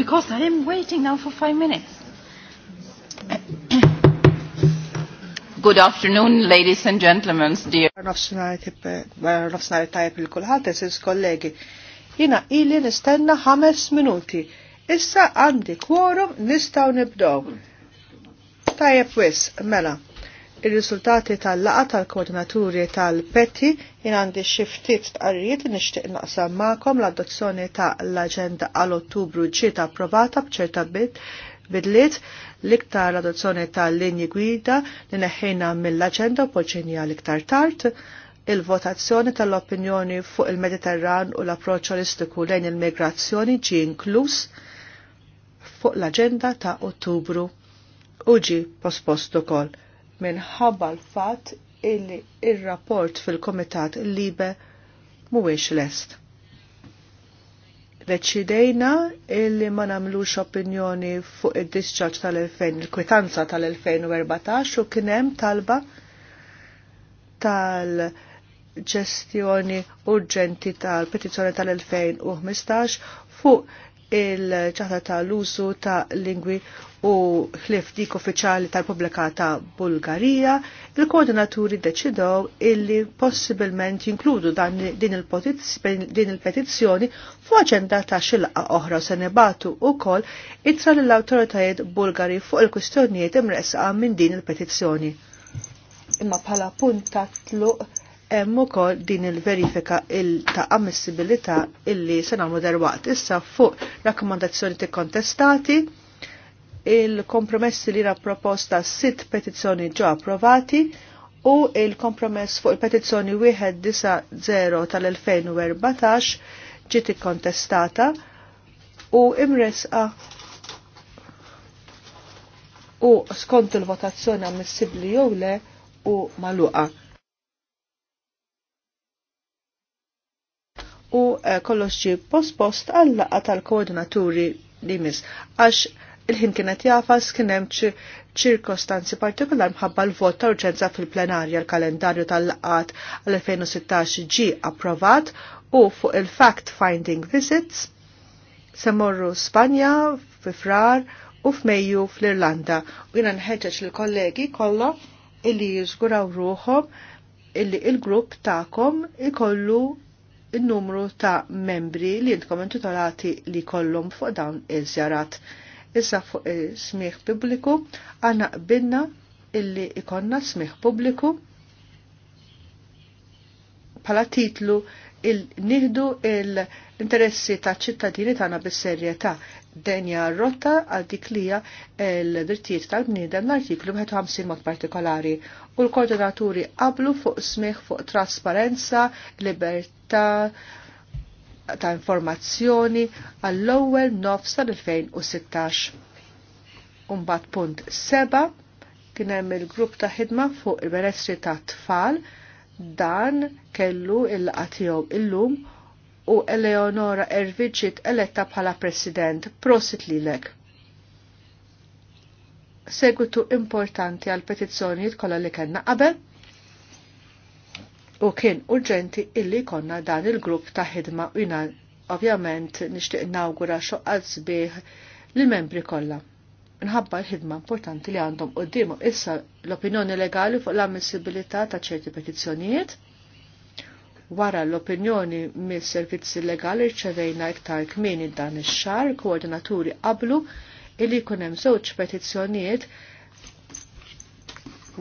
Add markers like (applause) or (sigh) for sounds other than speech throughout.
because I am waiting now for five minutes. Good afternoon, ladies and gentlemen, dear. Nofsnari tajb il Jina ili nistenna ħames minuti. Issa għandi kworum nistaw nibdow. Tajep wis, mela il-risultati tal-laqa tal-koordinaturi tal-PETI jien għandi xi ftit tqarrijiet nixtieq naqsam magħkom l-adozzjoni ta' l-aġenda għal Ottubru ġiet approvata b'ċerta bidliet l-iktar adozzjoni tal-linji gwida li neħħejna mill-aġenda poġinja l-iktar tard il-votazzjoni tal-opinjoni fuq il-Mediterran u l-approċċ holistiku lejn il-migrazzjoni ġie inkluż fuq l-aġenda ta' Ottubru u ġi pospost ukoll minħabba l-fat illi il-rapport fil-Komitat Libe mhuwiex lest. Deċidejna illi ma namlux opinjoni fuq id disċaċ tal-2000, il-kwitanza tal-2014 u kien hemm talba tal-ġestjoni urġenti tal-petizzjoni tal-2015 fuq il ċata tal-użu ta' lingwi u ħlif dik uffiċjali tal-Pubblika ta' Bulgarija, il-koordinaturi deċidew illi possibilment jinkludu din il-petizzjoni fuq aġenda ta' xilqa oħra se nibatu wkoll ittra lill awtoritajiet Bulgari fuq il-kwistjonijiet imresqa minn din il-petizzjoni. Imma bħala punt ta' tluq hemm ukoll din il-verifika il ta' ammissibilità illi se nagħmlu derwaqt issa fuq rakkomandazzjoni tikkontestati il-kompromessi li proposta sitt petizzjoni ġo approvati u il-kompromess fuq il-petizzjoni 190 tal-2014 ġiet ikkontestata u imresqa u skont il-votazzjoni ammissibli jew le u maluqa. U eh, kollox ġi pospost għall-laqa tal-koordinaturi li mis għax il-ħin kienet jafas kien hemm ċirkostanzi partikolar mħabba l-vot ta' urġenza fil-plenarja l-kalendarju tal-laqat għal-2016 ġi approvat u fuq il-fact-finding visits semmorru Spanja, fifrar u f'Mejju fl-Irlanda. U jina nħeġġeġ l-kollegi kollha illi jiżguraw ruħom illi il-grupp ta'kom ikollu il-numru ta' membri li jintkom intitolati li kollum fuq dawn il żjarat Issa fuq smieħ pubbliku għana binna illi ikonna smieħ pubbliku pala titlu il nieħdu l-interessi ta' ċittadini tagħna bis-serjetà denja rotta għal dik lija l-drittijiet tal-bniedem l-artiklu 51 mod partikolari u l-koordinaturi qablu fuq smih fuq trasparenza, libertà, ta' informazzjoni għall-ewwel nofs tal-2016. Umbat punt seba' kien hemm il-grupp ta' ħidma fuq il-benessri ta' tfal dan kellu il-qatijom illum u Eleonora Erviċit eletta bħala president. Prosit lilek. Segwitu importanti għal petizzjonijiet kollha li kellna qabel u kien urġenti illi konna dan il-grupp ta' ħidma u jina ovvjament nishtiq nawgura xoqqad sbieħ l-membri kollha. Nħabba l-ħidma importanti li għandhom d-dimu issa l-opinjoni legali fuq l-ammissibilità ta' ċerti petizzjonijiet. Wara l-opinjoni mis servizzi legali rċevejna iktar kmini dan ix-xar, koordinaturi qablu illi jkun hemm żewġ petizzjonijiet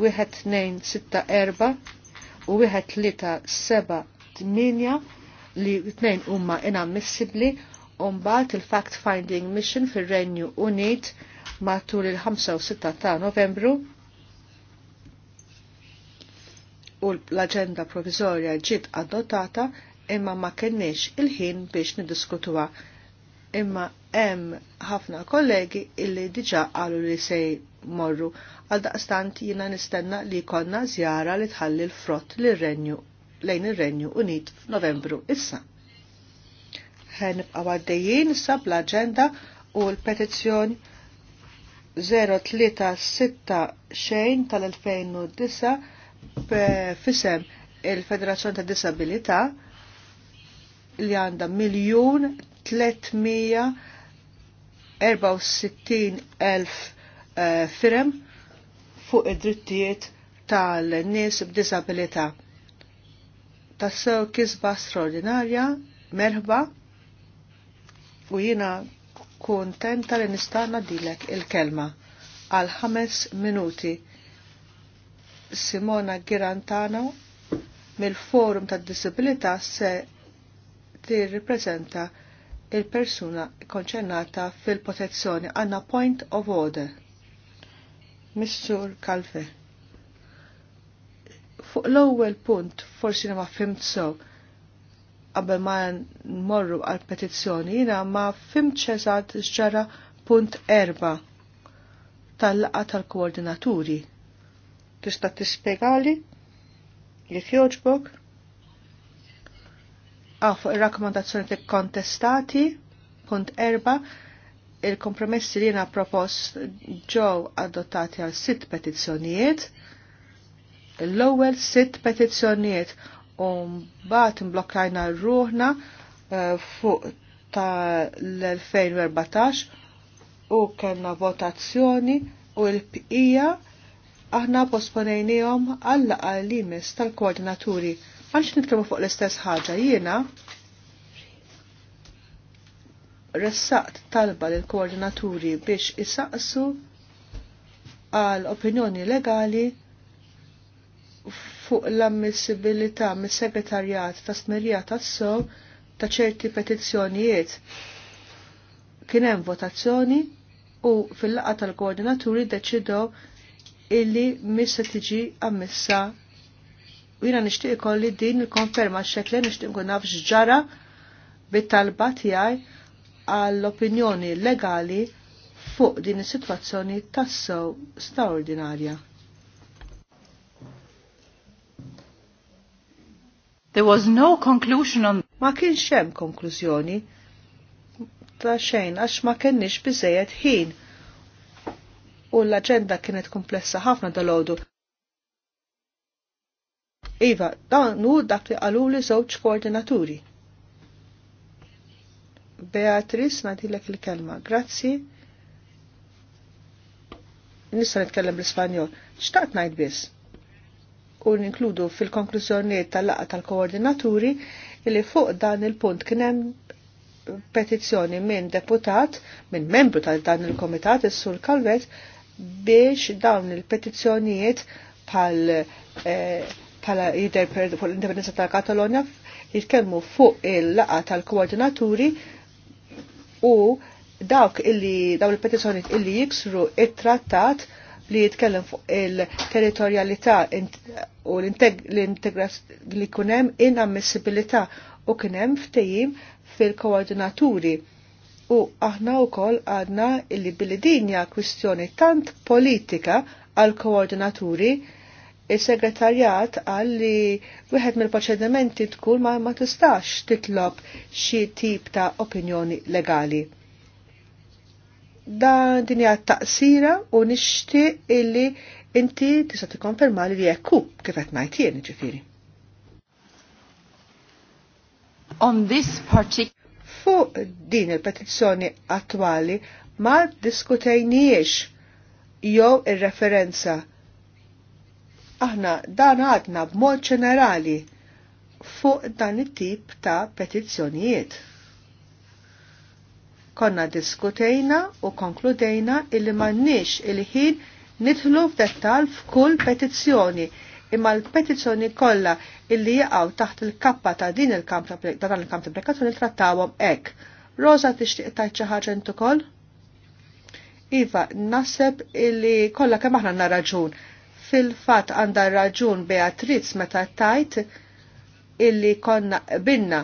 1264 u wieħed tlieta seba' tminja li tnejn huma inammissibbli u mbagħad il-fact finding mission fir-Renju Unit matul il-5 u 6 ta' Novembru u l-aġenda provizorja ġiet adottata imma ma kenniex il-ħin biex niddiskutuha. Imma hemm ħafna kollegi illi diġà qalu li se morru għal daqstant jina nistenna li konna zjara li tħalli l-frott l-renju lejn il-Renju Unit f'Novembru issa. Ħen nibqa' għaddejjin sab l aġenda u l-petizzjoni 0366 tal-2009 fisem il-Federazzjoni ta' Disabilità li għandha miljun 364 elf eh, firem fuq id-drittijiet tal-nies b'disabilità. Tassew kisba straordinarja, merħba u jiena kontenta li nistana dilek il-kelma għal ħames minuti. Simona Girantano mill-Forum tad disabilità se tirrippreżenta il-persuna konċernata fil-protezzjoni għanna point of order. Missur Kalfe. Fuq l-ewwel punt forsi ma fimt so qabel ma nmorru għal petizzjoni jiena ma fimt ċeżat ġara punt erba tal-laqa tal-koordinaturi. Tista' tispjegali li jogħġbok? Ah, fuq ir-rakkomandazzjoni kontestati, punt erba' il-kompromessi li jena propost ġew adottati għal sitt petizzjonijiet, l-ewwel sitt petizzjonijiet u mbagħad imblokkajna ruħna eh, fuq ta' l-2014 u kellna votazzjoni u l-bqija aħna posponejnijom għalla għal-limis tal-koordinaturi. Għanx nitkellmu fuq l-istess ħaġa jiena ressaqt talba l koordinaturi biex isaqsu għal opinjoni legali fuq l-ammissibilità mis-segretarjat ta' smerija tas-sow ta' ċerti petizzjonijiet. Kien hemm votazzjoni u fil-laqgħa tal-koordinaturi deċidu illi missa se tiġi ammissa u jina nishtiq ikolli din il-konferma xekle nishtiq nkun nafx ġara bit-talba tiegħi għall-opinjoni legali fuq din is-sitwazzjoni tassew straordinarja. There was no conclusion on Ma kienx hemm konklużjoni ta' xejn għax ma kenniex biżejjed ħin u l-aġenda kienet komplessa ħafna dal-għodu. Iva, dan hu dak li qalu li żewġ koordinaturi. Beatriz, nadilek il-kelma. Grazzi. Nista nitkellem l-Ispanjol. Xtaqt najt biss. U ninkludu fil konklużjoni tal-laqa tal-koordinaturi li fuq dan il-punt kien hemm petizzjoni minn deputat, minn membru tal dan il-komitat, is-Sur Kalvet, biex dawn il-petizzjonijiet pal eh, pala jider per l-indipendenza tal-Katalonja jitkellmu fuq il-laqa tal-koordinaturi u dawk illi dawn il petizjoni illi jiksru it-trattat li jitkellem fuq il-territorialità u l-integrazzjoni li kunem inammissibilità u kunem ftejim fil-koordinaturi. U aħna u koll għadna illi billi dinja kwistjoni tant politika għal koordinaturi il-segretarjat għalli li wieħed mill-proċedimenti tkun ma, ma tistax titlob xi tip ta' opinjoni legali. Da din hija taqsira u nixtieq illi inti tista' tikkonferma li jekk hu kif qed ngħid jien ġifieri. On this particular Fuq din il-petizzjoni attwali ma diskutejniex jew ir-referenza aħna dan għadna b'mod ġenerali fuq dan it-tip ta' petizzjonijiet. Konna diskutejna u konkludejna illi m'għandniex il-ħin nidħlu f'dettal f'kull petizzjoni imma l-petizzjoni kollha illi jaqgħu taħt il-kappa ta' din il-kamp ta' dan il-kamp ta' applikazzjoni trattawhom hekk. Rosa tixtieq tajt xi ħaġa int ukoll? Iva, naħseb illi kollha kemm aħna raġun Fil-fat għanda raġun Beatriz meta tajt illi konna binna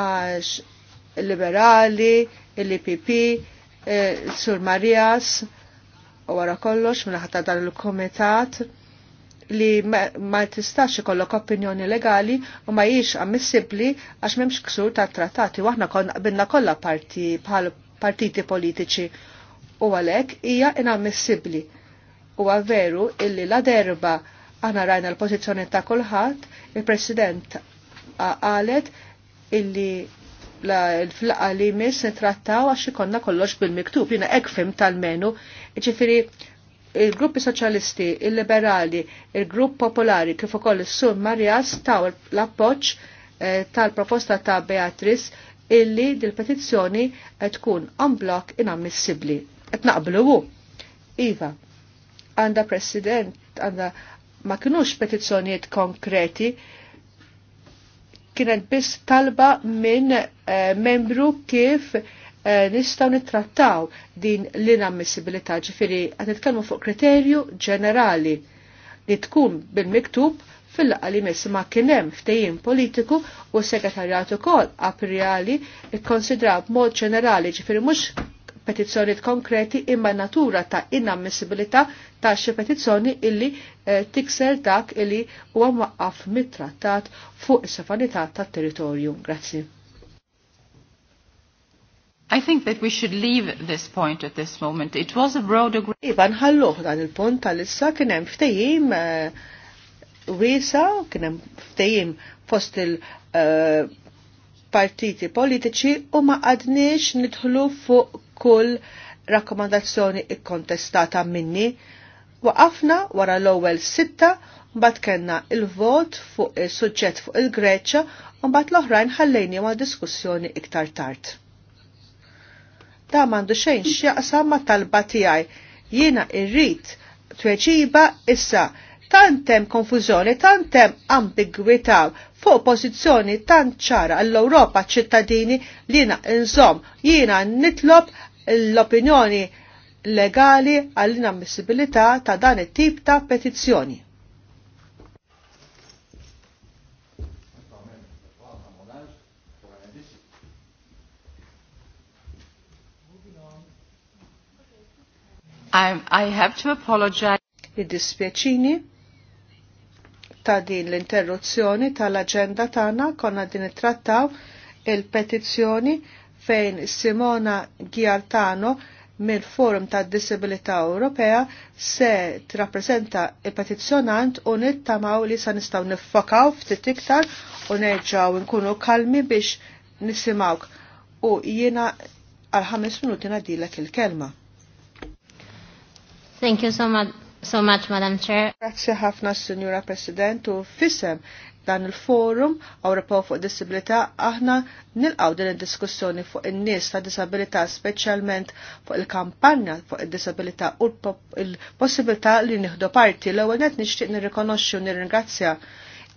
għax liberali, l-IPP, eh, Sur Marias, u għara kollox minnaħta dan il-komitat li ma, tistax ikollok opinjoni legali u ma jiex ammissibli għax memx ksur ta' trattati u aħna konna binna kollha parti partiti politiċi u għalek hija inammissibli u veru illi la derba għana rajna l-pozizjoni ta' kulħadd, il-President qalet illi l-flaqa li mis nitrattaw għax ikonna kollox bil-miktub, jina ekfim tal-menu, ġifiri il-gruppi soċjalisti, il-liberali, il-grupp popolari, kif ukoll is-sur Marjas staw l-appoġġ eh, tal-proposta ta' Beatriz illi dil-petizzjoni tkun on blok inammissibbli. Qed naqblu Iva, għanda president, għanda ma kienux petizzjonijiet konkreti, kienet biss talba minn eh, membru kif eh, nistaw nittrattaw din l-inammissibilità ġifiri għad nitkellmu fuq kriterju ġenerali li tkun bil-miktub fil-laqqa li miss ma kienem ftejjin politiku u segretarjat ukoll aprjali ikkonsidra b'mod ġenerali ġifiri mhux petizzjoniet konkreti imma natura ta' inammissibilità ta' xi petizzjoni illi eh, tikser dak illi huwa waqqaf mit-trattat fuq is-sovranità tat-territorju. Grazzi. I think that we should leave this point at this moment. It was a broad agreement. Iba ħalluħ dan il-punt tal-issa kien hemm ftehim eh, wiesa, kien hemm ftehim fost il- eh, partiti politiċi u ma għadniex nidħlu fuq kull rakkomandazzjoni ikkontestata minni. Waqafna wara l-ewwel sitta mbagħad kellna il-vot fuq is-suġġett fuq il-Greċċa u mbagħad l-oħrajn ħallejni ma' diskussjoni iktar tard. Da m'għandu xejn x'jaqsam ma' talba tiegħi. Jiena irrid tweġiba issa tantem konfużjoni, tantem ambigwità fuq pożizzjoni tant ċara għall-Ewropa ċittadini li jiena nżomm jiena nitlob l-opinjoni legali għall-inammissibilità ta' dan it-tip ta' petizzjoni. I, have to apologize. Id-dispieċini ta' din l-interruzzjoni tal-agenda tagħna konna din trattaw il-petizzjoni fejn Simona Gialtano mill-Forum ta' Disabilità Ewropea se trappreżenta il-petizzjonant u nittamaw li sa nistgħu niffokaw ftit iktar u nerġaw nkunu kalmi biex nisimawk u jiena għal ħames minuti nadilek il-kelma. Thank you so much, so much Madam Chair. Grazie ħafna, Signora President, u fissem dan il-forum Ewropew fuq disabilità aħna nilqgħu din id-diskussjoni fuq in-nies ta' disabilità speċjalment fuq il-kampanja fuq id-disabilità u l-possibilità li nieħdu parti. L-ewwel qed nixtieq nirrikonoxxi u nirringrazzja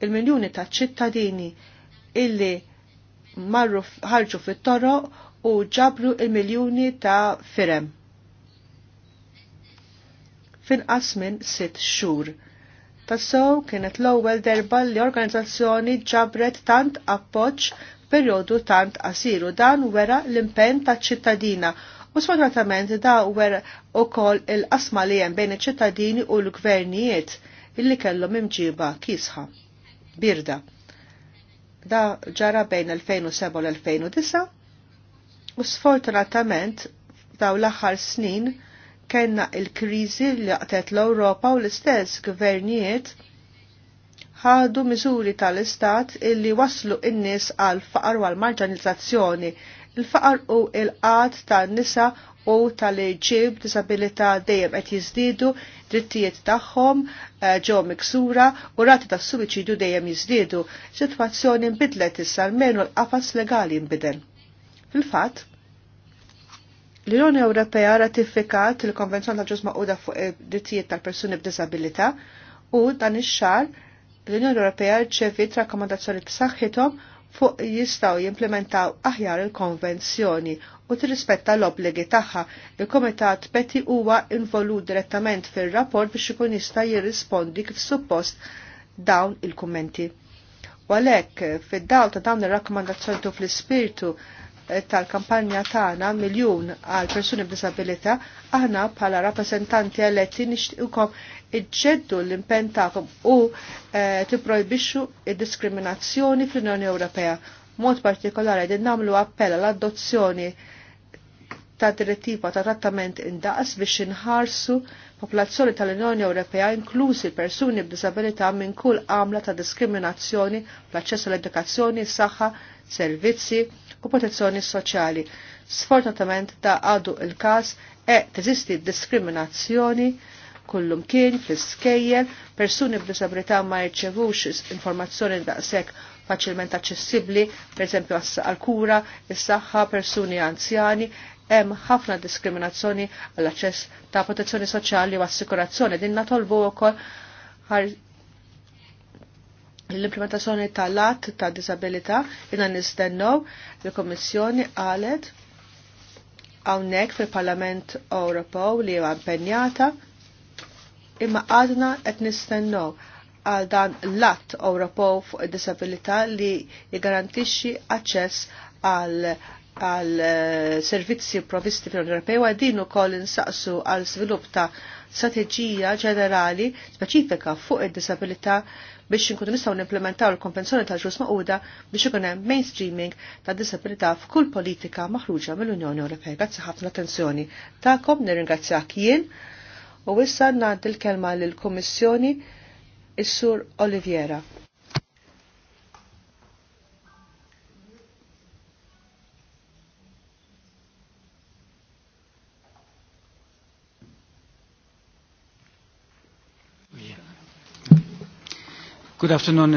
il-miljuni ta' ċittadini illi marru ħarġu fit-toro u ġabru il-miljuni ta' firem. Finqas minn sitt xhur Tasso kienet l-ewwel derba li organizzazzjoni ġabret tant appoġġ perjodu tant asiru dan wera l-impenn taċ-ċittadina u sfortunatament da wera wkoll il-qasma li hemm bejn iċ-ċittadini u l-gvernijiet illi kellhom imġiba kisħa. Birda. Da ġara bejn 2007 u l-2009 u sfortunatament daw l-aħħar snin kellna il-kriżi li għatet l-Ewropa u l-istess gvernijiet ħadu miżuri tal-istat illi waslu innis nies għal faqar u għal marġanizzazzjoni, il-faqar u il-qad tan-nisa u tal-ġib disabilita dejjem qed jiżdiedu, drittijiet tagħhom eh, ġew miksura u rati tas suwiċidu dejjem jiżdiedu. Sitwazzjoni nbidlet issa almenu l-qafas legali nbidel. Fil-fatt, L-Unjoni Ewropea ratifikat il-Konvenzjoni tal-Ġus Maquda fuq drittijiet tal-persuni b'disabilità u dan ix xahar l-Unjoni Ewropea rċevit rakkomandazzjoni b'saħħithom fuq jistgħu jimplementaw aħjar il-konvenzjoni u tirrispetta l-obbligi tagħha. Il-Komitat Peti huwa involut direttament fir-rapport biex ikun jista' jirrispondi kif suppost dawn il-kummenti. Walek, fid-dawl ta' dawn ir-rakkomandazzjoni fl-ispirtu tal-kampanja tagħna miljun għal persuni b'disabilità, aħna bħala rappresentanti eletti nixtiqkom iġġeddu l impen tagħkom u eh, tipprojbixxu id-diskriminazzjoni fl-Unjoni Ewropea. Mod partikolari din nagħmlu appell għall adozzjoni ta' direttiva ta' trattament indaqs biex inħarsu popolazzjoni tal-Unjoni Ewropea inklusi persuni b'disabilità minn kull għamla ta' diskriminazzjoni fl-aċċess għall-edukazzjoni, saħħa, servizzi, u protezzjoni soċjali. Sfortunatament ta' għadu il-każ e teżisti diskriminazzjoni kullum kien fl-iskejjel, persuni b'disabilità ma jirċevux informazzjoni sekk faċilment aċċessibbli, pereżempju għal-kura, is-saħħa, persuni anzjani, hemm ħafna diskriminazzjoni għall aċċess ta' protezzjoni soċjali u assikurazzjoni. Din tolbu wkoll l-implementazzjoni tal-att ta' disabilità jina nistennow il-Komissjoni għalet għawnek fil-Parlament Ewropew li huwa impenjata imma għadna qed nistennow għal dan l-att Ewropew fuq id-disabilità li jgarantixxi aċċess għal għal eh, servizzi provvisti fil Ewropew din ukoll insaqsu għal svilupp ta' strateġija ġenerali speċifika fuq id-disabilità biex inkunu nistgħu nimplementaw il-konvenzjoni tal-ġus maquda biex ikun hemm mainstreaming ta' disabilità f'kull politika maħruġa mill-Unjoni Ewropea. Grazzi ħafna attenzjoni tagħkom, nirringrazzjak jien u issa ngħaddi l-kelma lill-Kummissjoni is-Sur Oliviera. Good afternoon,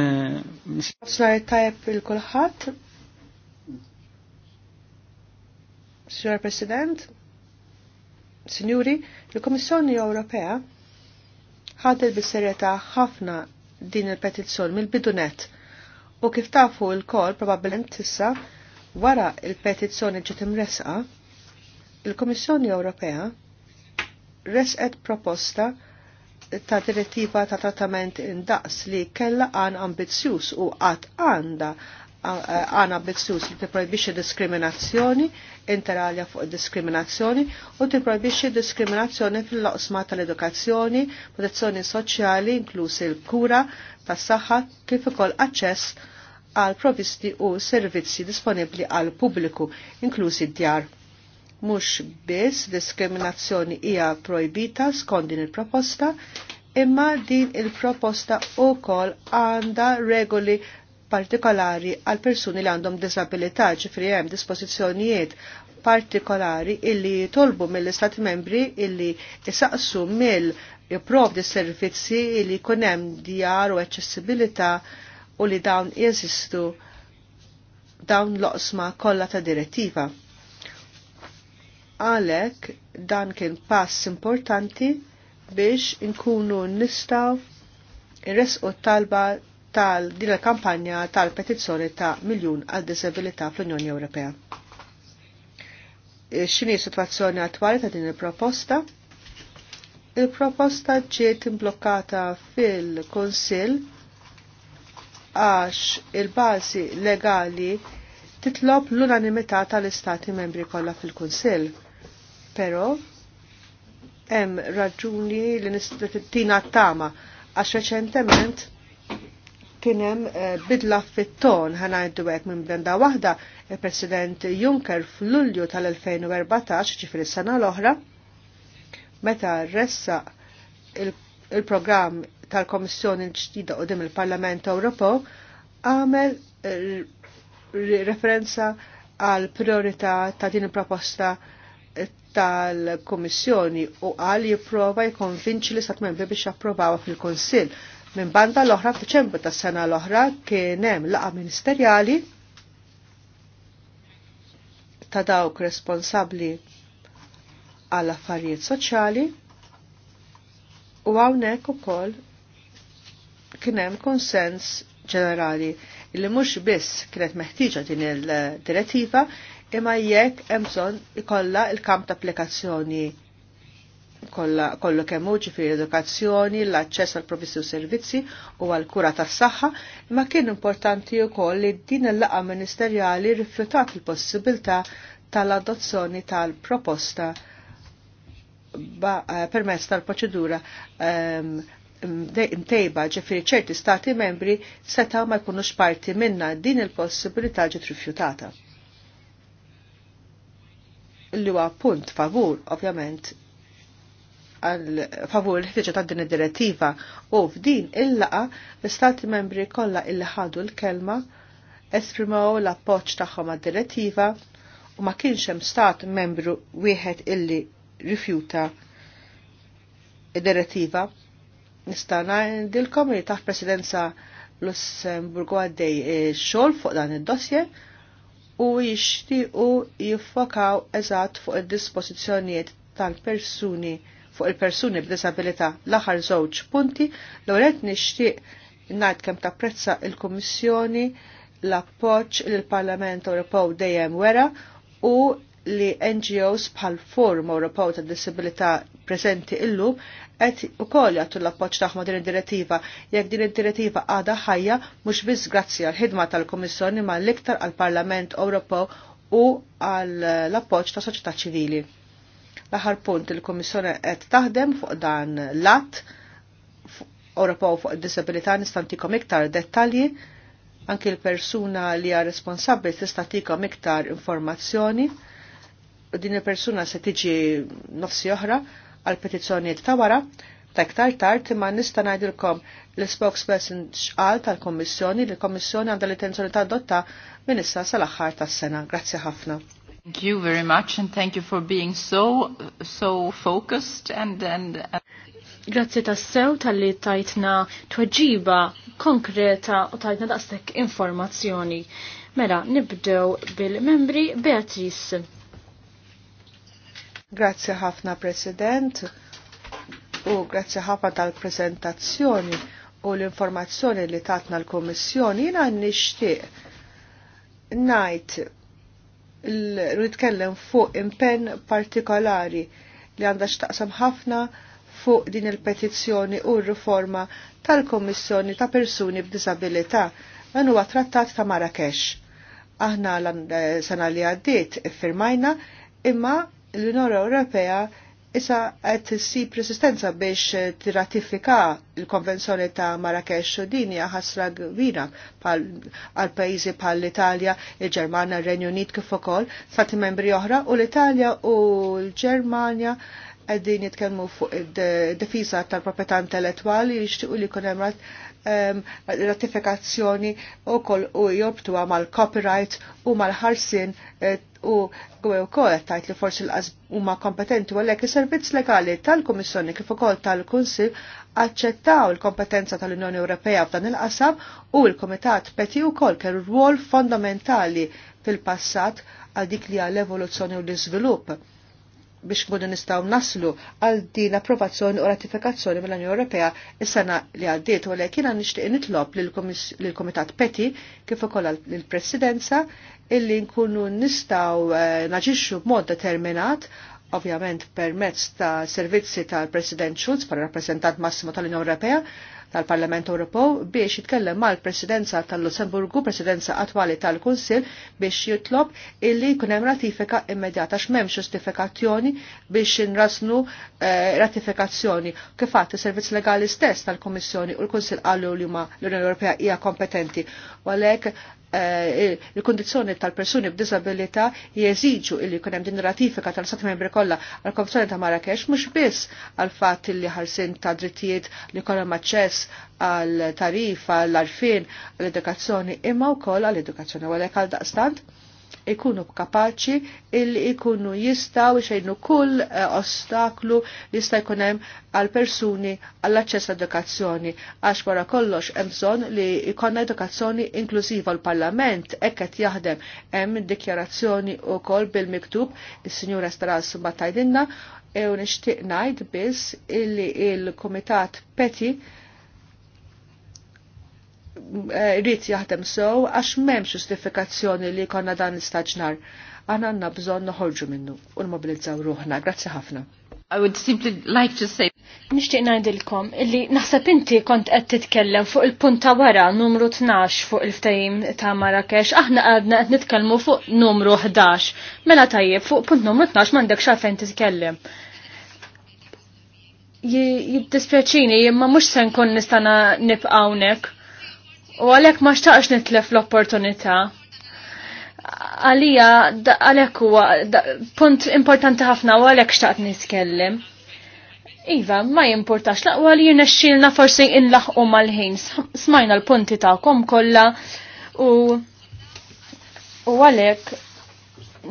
Mr. Uh, tajab Tayyip Ilkulhat. Sir President, Signori, il-Komissjoni Ewropea ħadet bis ħafna din il-petizzjoni mill-bidunet u kif tafu l-kol probabbilment tissa wara il-petizzjoni ġiet imresqa, il-Komissjoni Ewropea resqet proposta ta' direttiva ta' trattament indaqs li kella għan ambizjus u għat għanda għan ambizjus li tipprojbixxi diskriminazzjoni interalja fuq diskriminazzjoni u tipprojbixxi diskriminazzjoni fil-loqsma tal-edukazzjoni, protezzjoni soċjali inklusi l-kura tas-saħħa kif ukoll aċċess għal provisti u servizzi disponibbli għal pubbliku inklusi d-djar mhux biss diskriminazzjoni hija projbita skont din il-proposta, imma din il-proposta wkoll għandha regoli partikolari għal persuni li għandhom disabilità, ġifri hemm dispożizzjonijiet partikolari illi tolbu mill-Istati membri illi jisaqsu mill jipprovdi servizzi illi kunem djar u accessibilità u li dawn jeżistu dawn l-oqsma kollha ta' direttiva. Għalek dan kien pass importanti biex inkunu nistaw irresqu talba tal-din kampanja tal-petizzjoni ta' miljun għal disabilità fl-Unjoni Ewropea. E, x'inhi situazzjoni attwali ta' din il-proposta? Il-proposta ġiet imblokkata fil konsil għax il-bażi legali titlob l-unanimità tal-Istati membri kollha fil-Kunsill Pero hemm raġuni li nistina tama għax reċentement kien hemm eh, bidla fit-ton ħanajdu hekk minn bdenda waħda il-President Juncker f'Lulju tal-2014 ġifri s-sena l-oħra meta ressa il-programm tal-Komissjoni l u dim il-Parlament Ewropew għamel eh, referenza għal priorità ta' din il-proposta tal-Komissjoni u għal jiprofa jikonvinċi li sat membri biex approvawa fil-Konsil. Minn banda l-oħra f'Deċembru tas sena l-oħra kien hemm laqa ministerjali ta' dawk responsabbli għal affarijiet soċjali u hawnhekk ukoll kien hemm konsens ġenerali li mhux biss kienet meħtieġa din il-direttiva imma jekk hemm bżonn ikollha il-kamp ta' applikazzjoni kollu kemm hu ġifieri edukazzjoni, l-aċċess għal provvisti u servizzi u għal kura tas-saħħa, imma kien importanti wkoll li din il-laqgħa ministerjali rifjutat il-possibilità tal-adozzjoni tal-proposta eh, permezz tal-proċedura mtejba ehm, ġifiri ċerti stati membri setaw ma jkunux parti minna din il-possibilità ġiet rifjutata li huwa punt favur, ovvjament, għal favur l-ħtiġa ta' din id-direttiva u f'din il-laqa l istati membri kollha illi ħadu l-kelma esprimaw l-appoġġ tagħhom għad-direttiva u ma kienx hemm stat membru wieħed illi rifjuta id-direttiva. Nista' ngħidilkom li taħt presidenza Lussemburgu għaddej eh, xogħol fuq dan id-dossier u jixtiequ jiffokaw eżatt fuq id-dispożizzjonijiet tal-persuni fuq il-persuni b'disabilità l-aħħar żewġ punti l-oret nixtieq ngħid kemm tapprezza il-Kummissjoni l-appoġġ l parlament Ewropew dejjem wera u li NGOs bħal Forum Ewropew tad Disabilità preżenti illum qed ukoll jagħtu l-appoġġ tagħhom din id-direttiva jekk din id-direttiva għadha ħajja mhux biss grazzi għal ħidma tal-Kummissjoni ma l-iktar għall parlament Ewropew u għall appoġġ ta' soċjetà ċivili. L-aħħar punt il-Kummissjoni qed taħdem fuq dan l-att Ewropew fuq id-disabilità nistantikom iktar dettalji anki l-persuna li għar responsabbli tista' tikom iktar informazzjoni u din il-persuna se tiġi nofsi oħra għal petizzjonijiet ta' wara ta' iktar tard imma nista' ngħidilkom l-spokesperson xqal tal-Kommissjoni li l-Kommissjoni għandha l-intenzjoni ta' dotta minn issa sal-aħħar tas-sena. Grazzi ħafna. Thank you very much and thank you for being so so focused and and Grazzi tassew tal-li tajtna tweġiba konkreta u tajtna daqstek informazzjoni. Mela, nibdew bil-membri Beatrice. Grazzi ħafna President u grazzi ħafna tal-prezentazzjoni u l-informazzjoni li tatna l komissjoni jina nishtiq najt l-ritkellem fuq impenn partikolari li għandha xtaqsam ħafna fuq din il-petizzjoni u r-riforma tal komissjoni ta' Persuni b'Disabilità għan huwa trattat ta' Marrakesh. Aħna l-sena li għaddiet firmajna imma l-Unjoni Ewropea issa qed tissib resistenza biex tirratifika l-Konvenzjoni ta' Marrakesh u din hija ħasra kbira għal pajjiżi bħal l-Italja, il-Ġermanja, ir-Renju Unit kif ukoll, stati membri oħra u l-Italja u l-Ġermanja għeddin jitkelmu fuq id difiża tal intellettwali li jixtiqu li kun hemm ratifikazzjoni u u jorbtu mal copyright u mal ħarsien eh, u għu kol tajt li forsi l-qas huma kompetenti għalhekk is-servizz legali tal-Kummissjoni kif ukoll tal-Kunsil aċċettaw il-kompetenza tal-Unjoni Ewropea f'dan il-qasam u l-Komitat Peti wkoll kellu rwol fondamentali fil-passat għal dik li għall evoluzzjoni u l-iżvilupp biex kunu nistaw naslu għal din approvazzjoni u ratifikazzjoni mill-Unjoni Ewropea is-sena li għaddiet u lekin għan nixtieq nitlob lill-Kumitat Peti kif ukoll lill-Presidenza illi nkunu nistaw eh, naġixxu b'mod determinat ovvjament permezz ta' servizzi tal-President Schulz pal rappresentant massimo tal-Unjoni Ewropea tal-Parlament Ewropew biex jitkellem mal-Presidenza tal-Lussemburgu, Presidenza attwali tal-Kunsill biex jitlob illi jkun hemm ratifika immedjata x'memx ġustifikazzjoni biex inrasnu eh, ratifikazzjoni. Kif fatt is-servizz legali stess tal-Kummissjoni u l-Kunsill qalu li huma l-Unjoni Ewropea hija kompetenti. Walek Eh, il-kondizjoni tal-persuni b'disabilità jeżiġu il jkun hemm din ratifika tal-Stati Membri kollha għal konvenzjoni ta' Marrakesh mhux biss għal fatt li ħarsin ta' drittijiet li kollhom aċċess għal tarif għall arfin għall edukazzjoni imma wkoll għall edukazzjoni għalhekk għal daqstant ikunu kapaċi il ikunu jistaw xejnu kull eh, ostaklu jista' jkun hemm għal persuni għall aċċess edukazzjoni għax wara kollox hemm bżonn li jkollna edukazzjoni inklużiva l-Parlament hekk qed jaħdem hemm dikjarazzjoni wkoll bil-miktub is-Sinjura Staras ma tajdinna u nixtieq ngħid biss illi il-Kumitat Peti Eh, rrit jaħdem sew għax m'hemmx ġustifikazzjoni li konna dan l-istaġnar. Għana għanna bżon noħorġu minnu u l-mobilizzaw ruħna. Grazzi ħafna. I would simply like to say. Nishtiq najdilkom illi naħseb inti kont qed titkellem fuq il-punta wara numru 12 fuq il-ftajim ta' Marrakesh, aħna għadna qed nitkellmu fuq numru 11. Mela tajjeb fuq punt numru 12 m'għandek fejn titkellem jiddispjaċini, jimma mux sen kon nistana nibqawnek. U għalek ma xtaqx nitlef l-opportunità. Għalija, għalek huwa punt importanti ħafna u għalek xtaqt niskellim. Iva, ma jimportax laqwa li jirnexxilna forsi inlaħqu mal-ħin. Smajna l-punti kom kollha u u għalek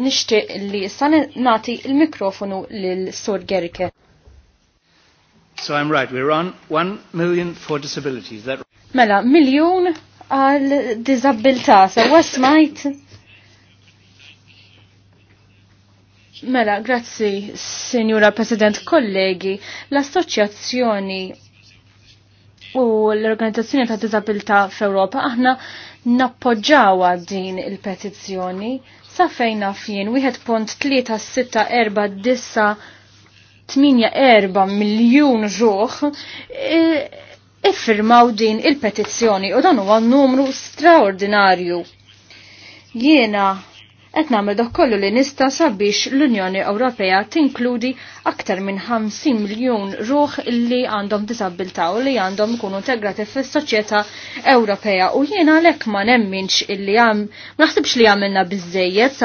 nixtieq li sa nagħti l mikrofonu lil Sur Gerke. So I'm right, we're on 1 million for disabilities. That... Mela, miljon għal disabilta, so wasmajt. Mela, grazzi, Signora President, kollegi, l-Assoċjazzjoni u l-Organizzazzjoni ta' Disabilità f'Ewropa aħna nappoġġawha din il-petizzjoni sa fejn naf jien 1.364 8-4 miljun ġuħ e, iffirmaw din il-petizzjoni u dan huwa numru straordinarju. Jiena qed nagħmel dak kollu li nista sabiex l-Unjoni Ewropea tinkludi aktar minn 50 miljun ruħ li għandhom disabilità u li għandhom ikunu integrati fis-soċjetà Ewropea u jiena għalhekk ma nemminx illi għam naħsibx li għamilna biżejjed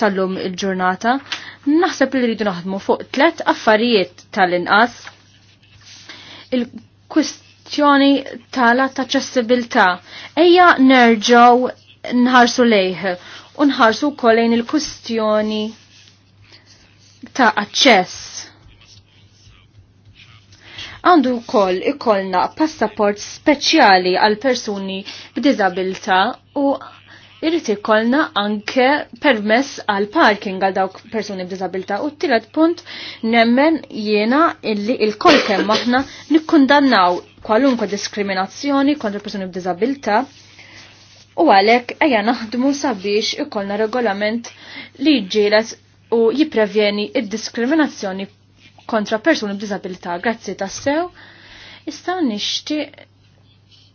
sal-lum il-ġurnata. Naħseb li rridu naħdmu fuq tlet affarijiet tal-inqas. Il-kwistjoni tal-attaċċessibilità. Ejja nerġgħu nħarsu lejh u nħarsu wkoll lejn il-kustjoni ta' aċċess. Għandu wkoll ikollna passaport speċjali għal persuni b'diżabilità u irrit ikollna anke permess għal parking għal dawk persuni b'diżabilità u t-tielet punt nemmen jiena illi il-kol kemm aħna nikkundannaw kwalunkwe diskriminazzjoni kontra persuni b'diżabilità U għalek eja naħdmu sabiex ikollna regolament li ġilas u jiprevjeni id-diskriminazzjoni kontra persuni b'disabilità. Grazzi tassew. Issa nixti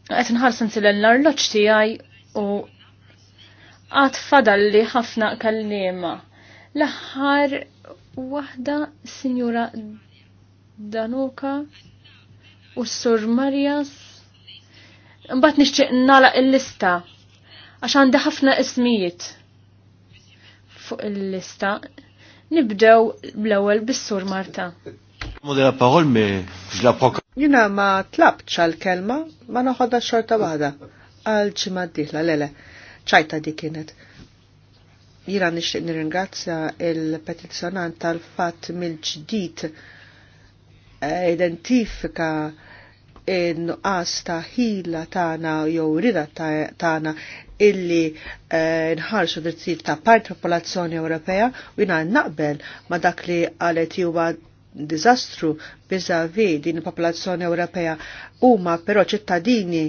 qed nħarsa nsilel l-arloġġ tiegħi u għad fadalli ħafna kallima. L-aħħar waħda Sinjura Danuka u Sur Marjas. Mbagħad nixtieq nala il-lista għax għandha ħafna ismijiet fuq il-lista. Nibdew bl-ewwel bis-sur Marta. Modela parol me proka. Jina ma tlabċ għal-kelma ma noħodha xorta waħda għal ġimgħa d lele. ċajta di kienet. Jina nixtieq nirringrazzja il-petizzjonant tal-fatt mill-ġdid eh, identifika nuqqas ta' ħila tagħna jew rida tagħna illi eh, nħarsu drittijiet ta' part popolazzjoni Ewropea u jina naqbel ma' dak li qalet juwa diżastru biżavi din il-popolazzjoni Ewropea huma però ċittadini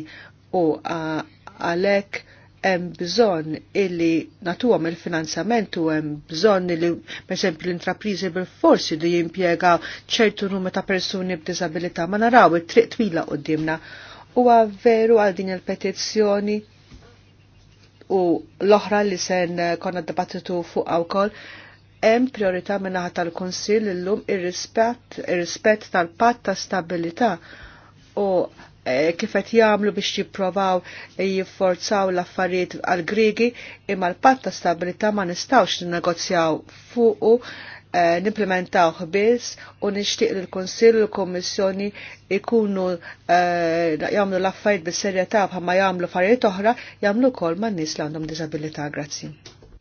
u għalhekk hemm bżonn illi natuhom il-finanzament u hemm bżonn illi pereżempju l-intrapriżi bil-forsi li jimpjegaw ċertu numru ta' persuni b'diżabilità ma naraw it-triq twila qudiemna. Huwa veru għal din il-petizzjoni u l-oħra li sen konna dibattitu fuq wkoll hemm priorità minnaħa tal-Kunsill illum ir-rispett ir-rispett tal-patt ta' stabilità u E, kif qed jagħmlu biex jipprovaw e, jifforzaw l-affarijiet għal Griegi imma l-patt ta' stabilità ma nistgħux ninnegozjaw fuq u e, nimplementaw biss u nixtieq li l-Kunsill u l-Kummissjoni ikunu jagħmlu l-affarijiet bis-serjetà bħalma jagħmlu affarijiet oħra jagħmlu wkoll man-nies li għandhom diżabilità. Grazzi.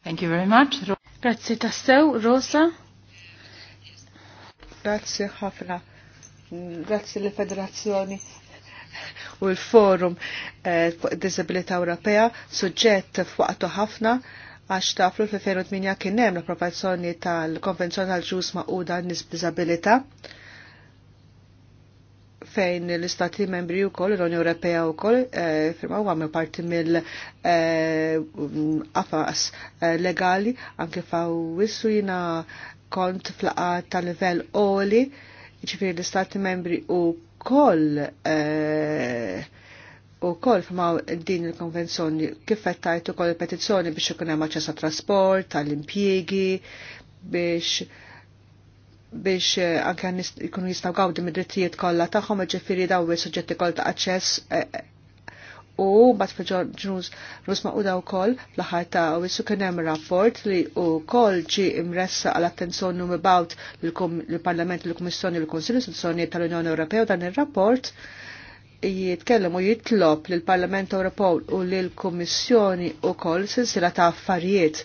Thank you very much. Grazzi tassew, Rosa. Grazzi ħafna. Grazzi l-Federazzjoni u l-Forum eh, Disabilita Ewropea suġġett f'waqtu ħafna għax taflu fl-2008 kien hemm l-approvazzjoni tal-Konvenzjoni tal-Ġus Maquda nis fejn l-istati membri u koll, l-Unjoni Ewropea u koll, e, eh, firmaw għamlu parti mill eh, affas legali, anke fawissu jina kont fl tal-level oli, ġifir l-istati membri u ukoll eh, u koll f'maw din il-konvenzjoni kif fettajtu koll il-petizzjoni biex ikun hemm aċċess trasport, tal-impjiegi, biex biex eh, anke jkunu jistgħu gawdi mid-drittijiet kollha tagħhom, ġifieri daw is-suġġetti koll ta' aċċess eh, u bat fil-ġuż rus maquda u koll laħar ta' u jissu kienem rapport li u koll ġi imressa għal attenzjoni mibawt l-Parlament, l komissjoni l-Konsil, istituzzjoni tal-Unjoni Ewropea dan il-rapport jitkellem u jitlob l parlament Ewropew u l komissjoni u koll silsila ta' affarijiet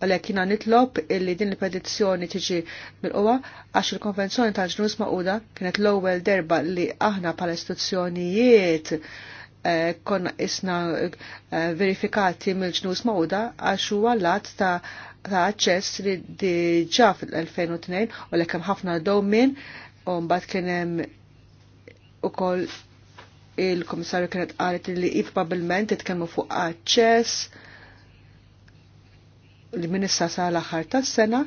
għalek jina nitlob illi din il-petizzjoni tiġi mil qwa għax il-konvenzjoni tal-ġnus uda kienet l-ewwel derba li aħna pal istituzzjonijiet Eh, konna isna eh, verifikati mill-ġnus mawda għax huwa għallat ta' ta' aċċess li diġa fil-2002 u l hemm ħafna domin u mbagħad kien hemm ukoll il-komissarju kienet qalet li probabilment titkellmu fuq aċċess li minissa sa l-aħħar tas-sena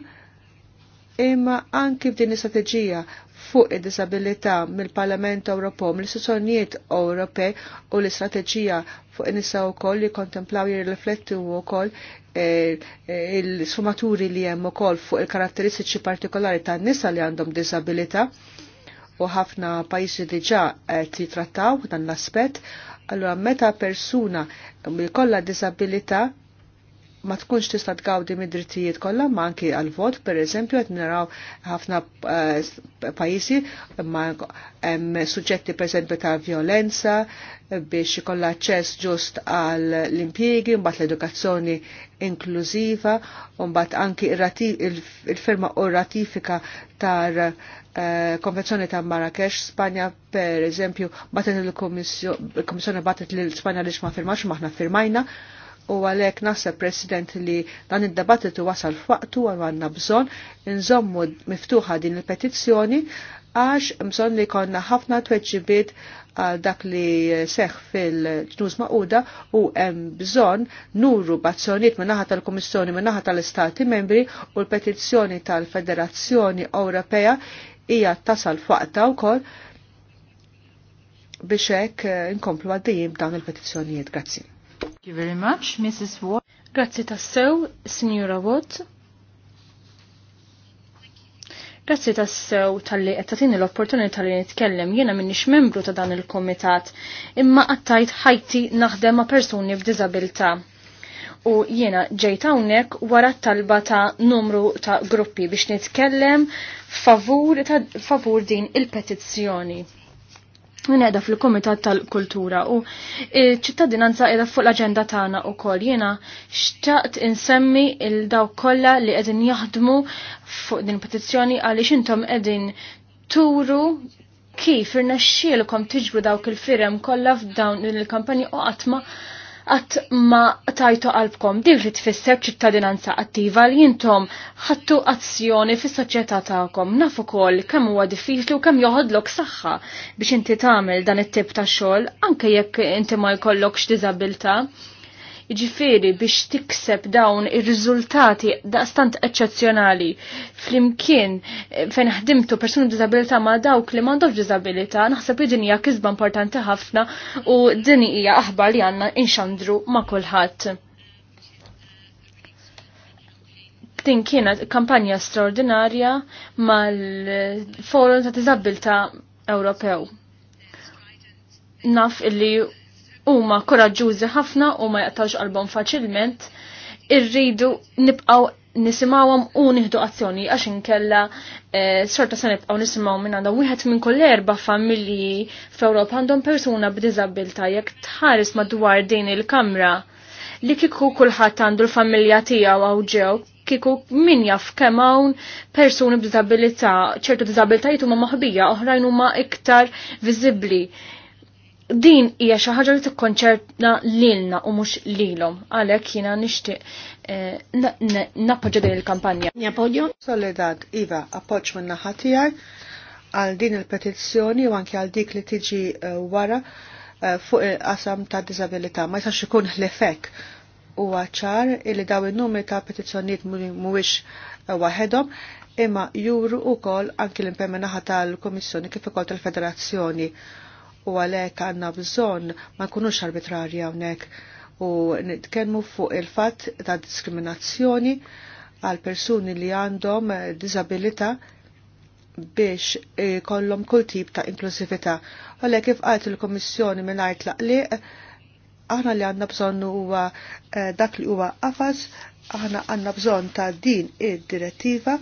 imma anki f'din is istrateġija fuq id-disabilità mill-Parlament Ewropew, mill-istituzzjonijiet Ewropej u l-istrateġija fuq in-nisa wkoll li kontemplaw jirriflettu wkoll eh, eh, il-sfumaturi li hemm ukoll fuq il-karatteristiċi partikolari tan-nisa li għandhom disabilità u ħafna pajjiżi diġà qed jitrattaw dan l-aspett, allura meta persuna kollha disabilità ma tkunx tista' tgawdi mid-drittijiet kollha ma anki għal vot pereżempju qed naraw ħafna eh, pajjiżi ma hemm suġġetti pereżempju ta' violenza eh, biex ikollha aċċess ġust għal l-impjiegi, mbagħad l-edukazzjoni inklużiva, u mbagħad anki il-firma u ratifika tar eh, konvenzjoni ta' Marrakesh, Spanja per eżempju, batet il-Komissjoni batet l-Spanja li ma firmax, maħna firmajna, u għalek naħseb President li dan id-dabattitu wasal f'waqtu għal għanna bżon nżommu miftuħa din il-petizzjoni għax bżon li konna ħafna tweġibit għal dak li seħ fil-ġnuż maquda u hemm bżon nuru bazzjoniet minn naħa tal-Kummissjoni minn naħa tal-Istati membri u l-petizzjoni tal-Federazzjoni Ewropea hija tasal f'waqta wkoll biex hekk inkomplu għaddejjim dan il-petizzjonijiet. Grazzi. Thank you very much, Mrs. Watt. Grazzi tassew, Signora Watt. Grazzi tassew tal-li għettatini l-opportunità li nitkellem jena minnix membru ta' dan il-komitat imma għattajt ħajti naħdem ma' persuni b'dizabilta' u jiena ġejt hawnhekk wara talba ta' numru ta' gruppi biex nitkellem favur, ta, favur din il-petizzjoni. Min edha fil-Komitat tal-Kultura u ċittadinanza edha fuq l-agenda tagħna wkoll jiena xtaqt insemmi il daw kollha li qegħdin jaħdmu fuq din petizzjoni għaliex intom qegħdin turu kif irnexxielkom tiġbru dawk il-firem kollha f'dawn il-kampanji u qatt ma għat ma tajtu qalbkom dik li tfisser ċittadinanza attiva li jintom ħattu azzjoni fis soċjetà tagħkom. Naf ukoll kemm huwa diffiċli u kemm joħodlok saħħa biex inti tagħmel dan it-tip ta' xogħol anke jekk inti ma jkollokx diżabilità. Jiġifieri biex tikseb dawn ir-riżultati daqstant eċċezzjonali flimkien eh, fejn ħdimtu persuni b'diżabilità ma' dawk li m'għandhomx diżabilità, naħseb li din hija kisba importanti ħafna u din hija aħbar li għandna inxandru ma' kulħadd. Din kienet kampanja straordinarja mal-Forum ta' Diżabilità Ewropew naf illi huma koraġġużi ħafna u ma jaqtawx qalbhom faċilment, irridu nibqgħu nisimawhom u nieħdu azzjoni għax inkella xorta eh, se nibqgħu nisimgħu minn għandhom wieħed minn kull erba' familji f'Ewropa għandhom persuna b'diżabilità jekk tħares madwar din il-kamra li kieku kulħadd għandu l-familja tiegħu għaw ġew kieku min jaf kemm hawn persuni b'diżabilità, ċertu diżabilitajiet huma maħbija, oħrajn huma iktar viżibbli din hija xi ħaġa li tikkonċerna lilna u mhux lilhom. Għalhekk jiena nixtieq eh, nappoġġa din il-kampanja. Nappoġġju Soledad iva appoġġ min naħa tiegħi għal din il-petizzjoni u anke għal dik li tiġi eh, wara eh, fuq il-qasam ta' disabilità. Ma jistax ikun l-effekt u ċar illi daw in-numri ta' petizzjonijiet mhuwiex waħedhom imma juru u kol anki l-impemenaħa tal-Komissjoni kif ukoll tal-Federazzjoni u għalhekk għandna bżonn ma kunux arbitrarji hawnhekk u nitkellmu fuq il-fatt ta' diskriminazzjoni għal persuni li għandhom disabilita biex kollom kull tip ta' inklusivita. Għalek kif għajt il-Komissjoni minn għajt laqli, aħna li għanna bżon huwa eh, dak li huwa qafas, aħna għanna bżon ta' din id-direttiva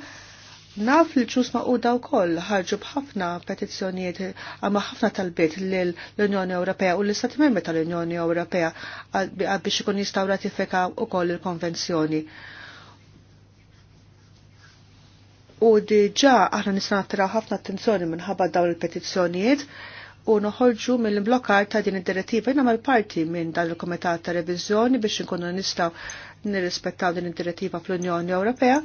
Naf li ġus maquda u koll ħarġu bħafna petizzjonijiet għamma ħafna tal-bit l-Unjoni Ewropea u l-Istati Membri tal-Unjoni Ewropea biex ikun jistaw ratifikaw u koll il-konvenzjoni. U diġa aħna nisna nattiraw ħafna attenzjoni minħabba dawn il-petizzjonijiet u noħolġu mill-blokkar ta' din id-direttiva jina mal-parti minn dan il-Komitat ta' Revizjoni biex nkunu nistaw nirrispettaw din id-direttiva fl-Unjoni Ewropea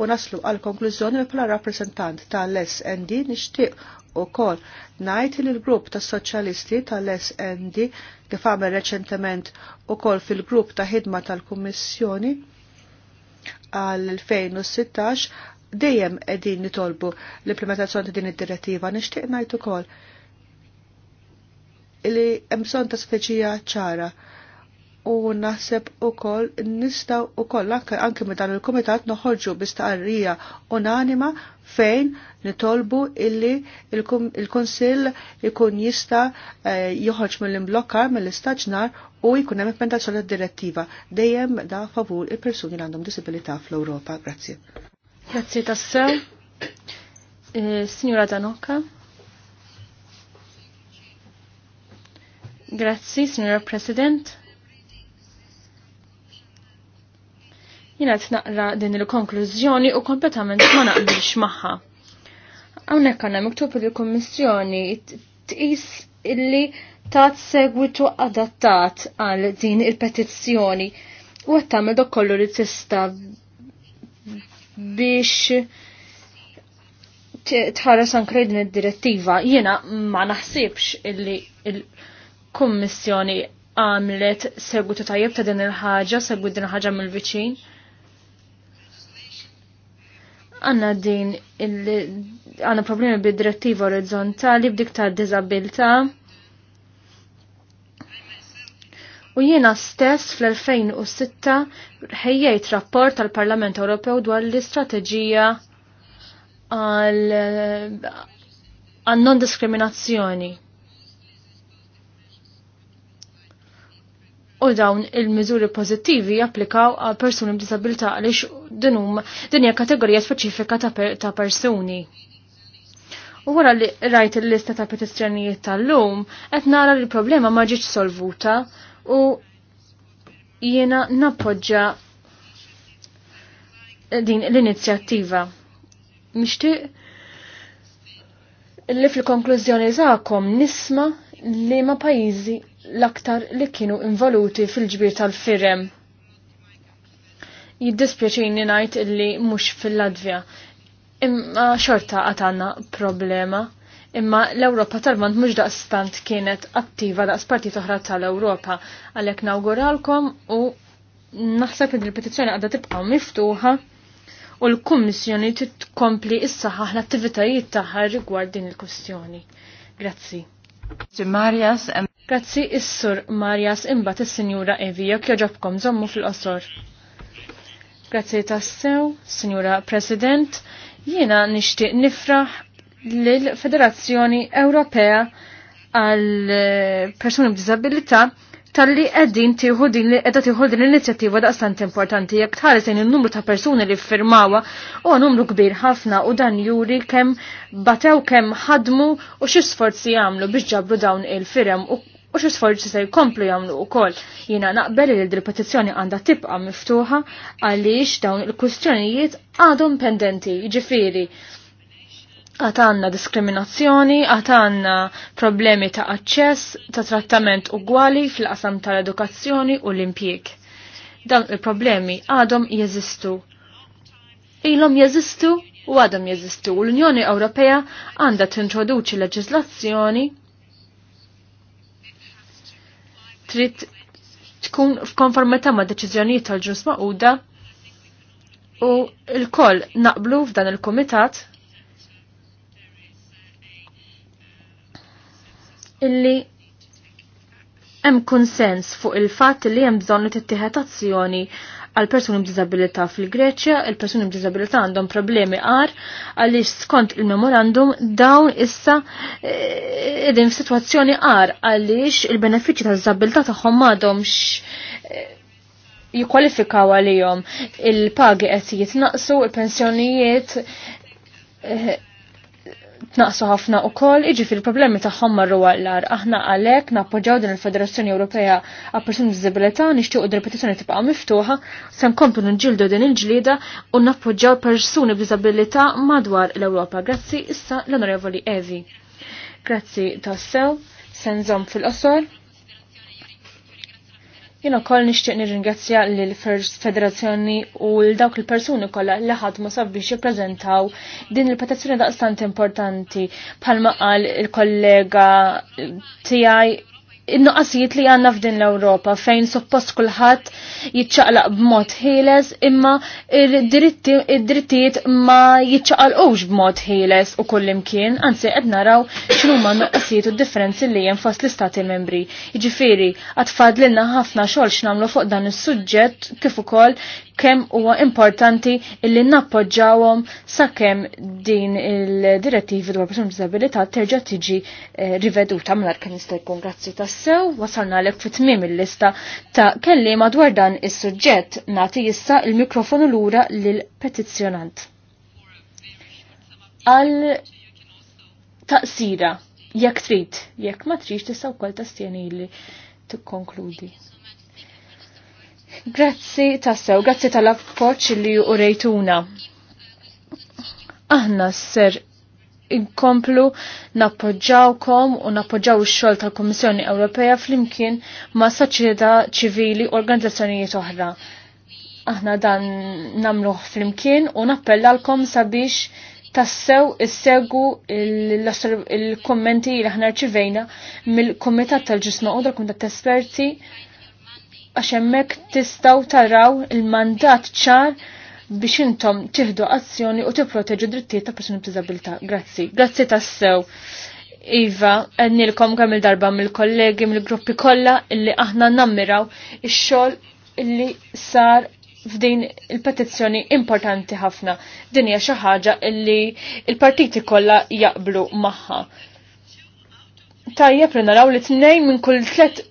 u naslu għal konklużjoni li bħala rappresentant tal-SND nixtieq ukoll ngħid li l-grupp tas soċjalisti tal-SND kif għamel reċentement ukoll fil-grupp ta' ħidma tal-Kummissjoni għal 2016 dejjem qegħdin nitolbu l-implementazzjoni ta' din id-direttiva nixtieq ngħid ukoll li hemm bżonn ta' speċija ċara u naħseb u koll nistaw u koll anke me dan il-komitat noħorġu bistaqarrija unanima fejn nitolbu illi il-konsil ikun jista eh, joħorġ mill-imblokkar mill-istaġnar u jkun hemm implementazzjoni direttiva dejjem da favur il-persuni li għandhom disabilità fl-Ewropa. Grazzi. Grazzi tassew. Eh, signora Danoka. Grazzi, signora President. Jina naqra din il-konklużjoni u kompletament ma naqbilx magħha. Hawnhekk għandna miktub il-Kummissjoni tqis illi tat segwitu adattat għal din il-petizzjoni u qed tagħmel dak kollu li tista' biex tħares anke din id-direttiva. Jiena ma naħsibx illi il-Kummissjoni għamlet segwitu tajjeb ta' din il-ħaġa, segwit din il-ħaġa mill-viċin għanna din għanna problemi bid-direttiva orizzontali b'dik ta' dizabilta. U jiena stess fl-2006 ħejjejt rapport tal-Parlament Ewropew dwar l-istrateġija għal non-diskriminazzjoni. u dawn il-miżuri pożittivi japplikaw għal persuni b'disabilità għaliex din dinja kategorija speċifika ta', per ta persuni. U wara li rajt il-lista ta' petizzjonijiet tal-lum, qed nara li l-problema ma ġietx solvuta u jiena nappoġġa din l-inizjattiva. Mishti li fil-konklużjoni zaqom nisma' li ma' pajjiżi l-aktar li kienu involuti fil-ġbir tal-firem. Jiddispjaċini najt illi mux fil-Latvja. Imma xorta għatanna problema. Imma l-Europa tal-Vant mux daqstant kienet attiva daqs partit tal-Europa. Għalek nawguralkom u naħseb li l-petizzjoni għadha tibqa' miftuħa u l-Kummissjoni titkompli issaħħaħ l-attivitajiet tagħha rigward din il-kwestjoni. Grazzi. Marjas. Grazzi is-sur Marjas imbat is-sinjura Evi, jekk joġobkom żommu fil-qosor. Grazzi tassew, sinjura President, jiena nixtieq nifraħ lill-Federazzjoni Ewropea għal eh, persuni b'Diżabilità tal-li qegħdin tieħu din li qiegħda tieħu din l-inizjattiva daqstant importanti jekk tħaresejn in-numru ta' persuni li ffirmawha huwa numru kbir ħafna u dan juri kemm batew kemm ħadmu u xi sforzi jagħmlu biex ġabru dawn il-firem u u xi sforzi se jkomplu jagħmlu wkoll. Jiena naqbel li l-petizzjoni għandha tibqa' miftuħa għaliex dawn il-kwistjonijiet għadhom pendenti, jiġifieri għatanna diskriminazzjoni, għatanna problemi ta' aċċess, ta' trattament ugwali fil-qasam tal-edukazzjoni u l-impjeg. Dan il-problemi għadhom jeżistu. Ilhom jeżistu u għadhom jeżistu. L-Unjoni Ewropea għandha tintroduċi leġiżlazzjoni trid tkun f'konformità ma' deċiżjonijiet tal-ġus maquda u l-koll naqblu f'dan il-kumitat illi hemm konsens fuq il-fatt li hemm bżonn li tittieħed azzjoni għal persuni b'diżabilità fil-Greċja, il-persuni b'diżabilità għandhom problemi għar, għaliex skont il-memorandum dawn issa eh, edin f'sitwazzjoni għar, għaliex il benefiċċji ta' diżabilità tagħhom m'għadhomx eh, jikwalifikaw għalihom il-pagi qed jitnaqsu, il-pensjonijiet eh, tnaqsu ħafna u kol, iġi fil-problemi taħħom marru għallar. Aħna għalek nappoġġaw din il-Federazzjoni Ewropea għal persuni b'disabilità u d repetizjoni tibqa' miftuħa se nkomplu nġildu din il-ġlieda u nappoġġaw persuni b'disabilità madwar l-Ewropa. Grazzi issa l-Onorevoli Evi. Grazzi tassew, zom fil-qosor Jina kol nishtiq nirringrazzja l-Federazzjoni u l-dawk il-persuni kolla li ħadmu sabiex jippreżentaw din il-petizzjoni daqstant importanti bħalma qal il-kollega tiegħi in-noqasijiet li għanna f'din l-Ewropa fejn suppost kulħadd jiċċaqlaq b'mod ħieles imma id-drittijiet ma jiċċaqalqux b'mod ħieles u kullimkien, anzi qed naraw x'huma n-noqasijiet u differenzi li hemm fost l-istati membri. Jiġifieri, għatfadlilna ħafna xogħol x'nagħmlu fuq dan is-suġġett kif ukoll kemm huwa importanti illi nappoġġawhom sakemm din il-direttivi dwar persuni b'disabilità terġa' tiġi eh, riveduta mingħajr kemm jista' jkun grazzi tassew wasalna lek fit tmiem il-lista ta' kelliema dwar dan is-suġġett nagħti issa il-mikrofonu lura lil petizzjonant. Għal taqsira jekk trid, jekk ma trid tista' wkoll tastjeni li tikkonkludi. Grazzi tassew, grazzi tal-appoċ li u rejtuna. Aħna ser inkomplu nappoġġawkom u nappoġġaw ix-xogħol tal-Kummissjoni Ewropea flimkien ma' soċjetà ċivili u organizzazzjonijiet oħra. Aħna dan namluħ flimkien u nappellalkom sabiex tassew issegu il-kommenti li aħna rċivejna mill-Kumitat tal-Ġisma u tal-Kumitat Esperti għax hemmhekk tistgħu taraw il-mandat ċar biex intom tieħdu azzjoni u tipproteġu drittijiet ta' persuni b'diżabilità. Grazzi. Grazzi tassew. Iva, għennilkom kemm il-darba mill-kollegi, mill-gruppi kollha illi aħna nammiraw ix-xogħol illi sar f'din il-petizzjoni importanti ħafna. Din hija xi ħaġa illi il-partiti kollha jaqblu magħha. Tajjeb li naraw li tnejn minn kull tliet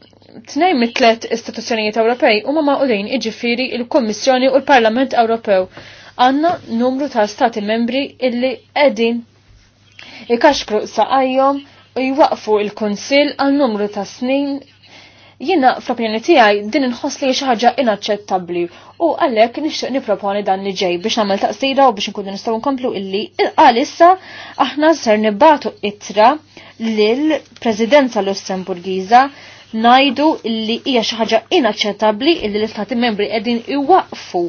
tnejn mit-tlet istituzzjonijiet Ewropej huma maqulin iġifieri il-Kummissjoni u l-Parlament Ewropew. Għandna numru ta' stati membri illi qegħdin ikaxkru saqajhom u jwaqfu il-Kunsill għal numru ta' snin jina fl-opinjoni tiegħi din inħoss li xi ħaġa inaċċettabbli u għalhekk nixtieq nipproponi dan li ġej biex nagħmel taqsira u biex inkunu nistgħu nkomplu illi għalissa aħna ser nibatu ittra lill-Presidenza Lussemburgiża najdu li hija xi ħaġa inaċċettabbli li l-istati membri qegħdin iwaqfu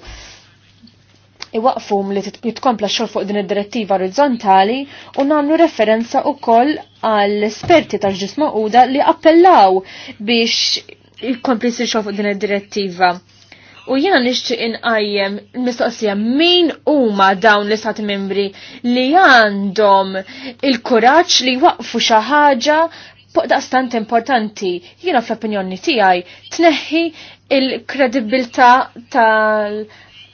iwaqfu li jitkompla xor fuq din id-direttiva orizzontali u nagħmlu referenza wkoll għall esperti ta' ġis maquda li appellaw biex jkompli si xor fuq din id-direttiva. U jiena nixtieq inqajjem mistoqsija min huma dawn l-istati membri li għandhom il-kuraġġ li waqfu xi ħaġa daqstant importanti, jiena fl-opinjoni tiegħi tneħħi il-kredibilità tal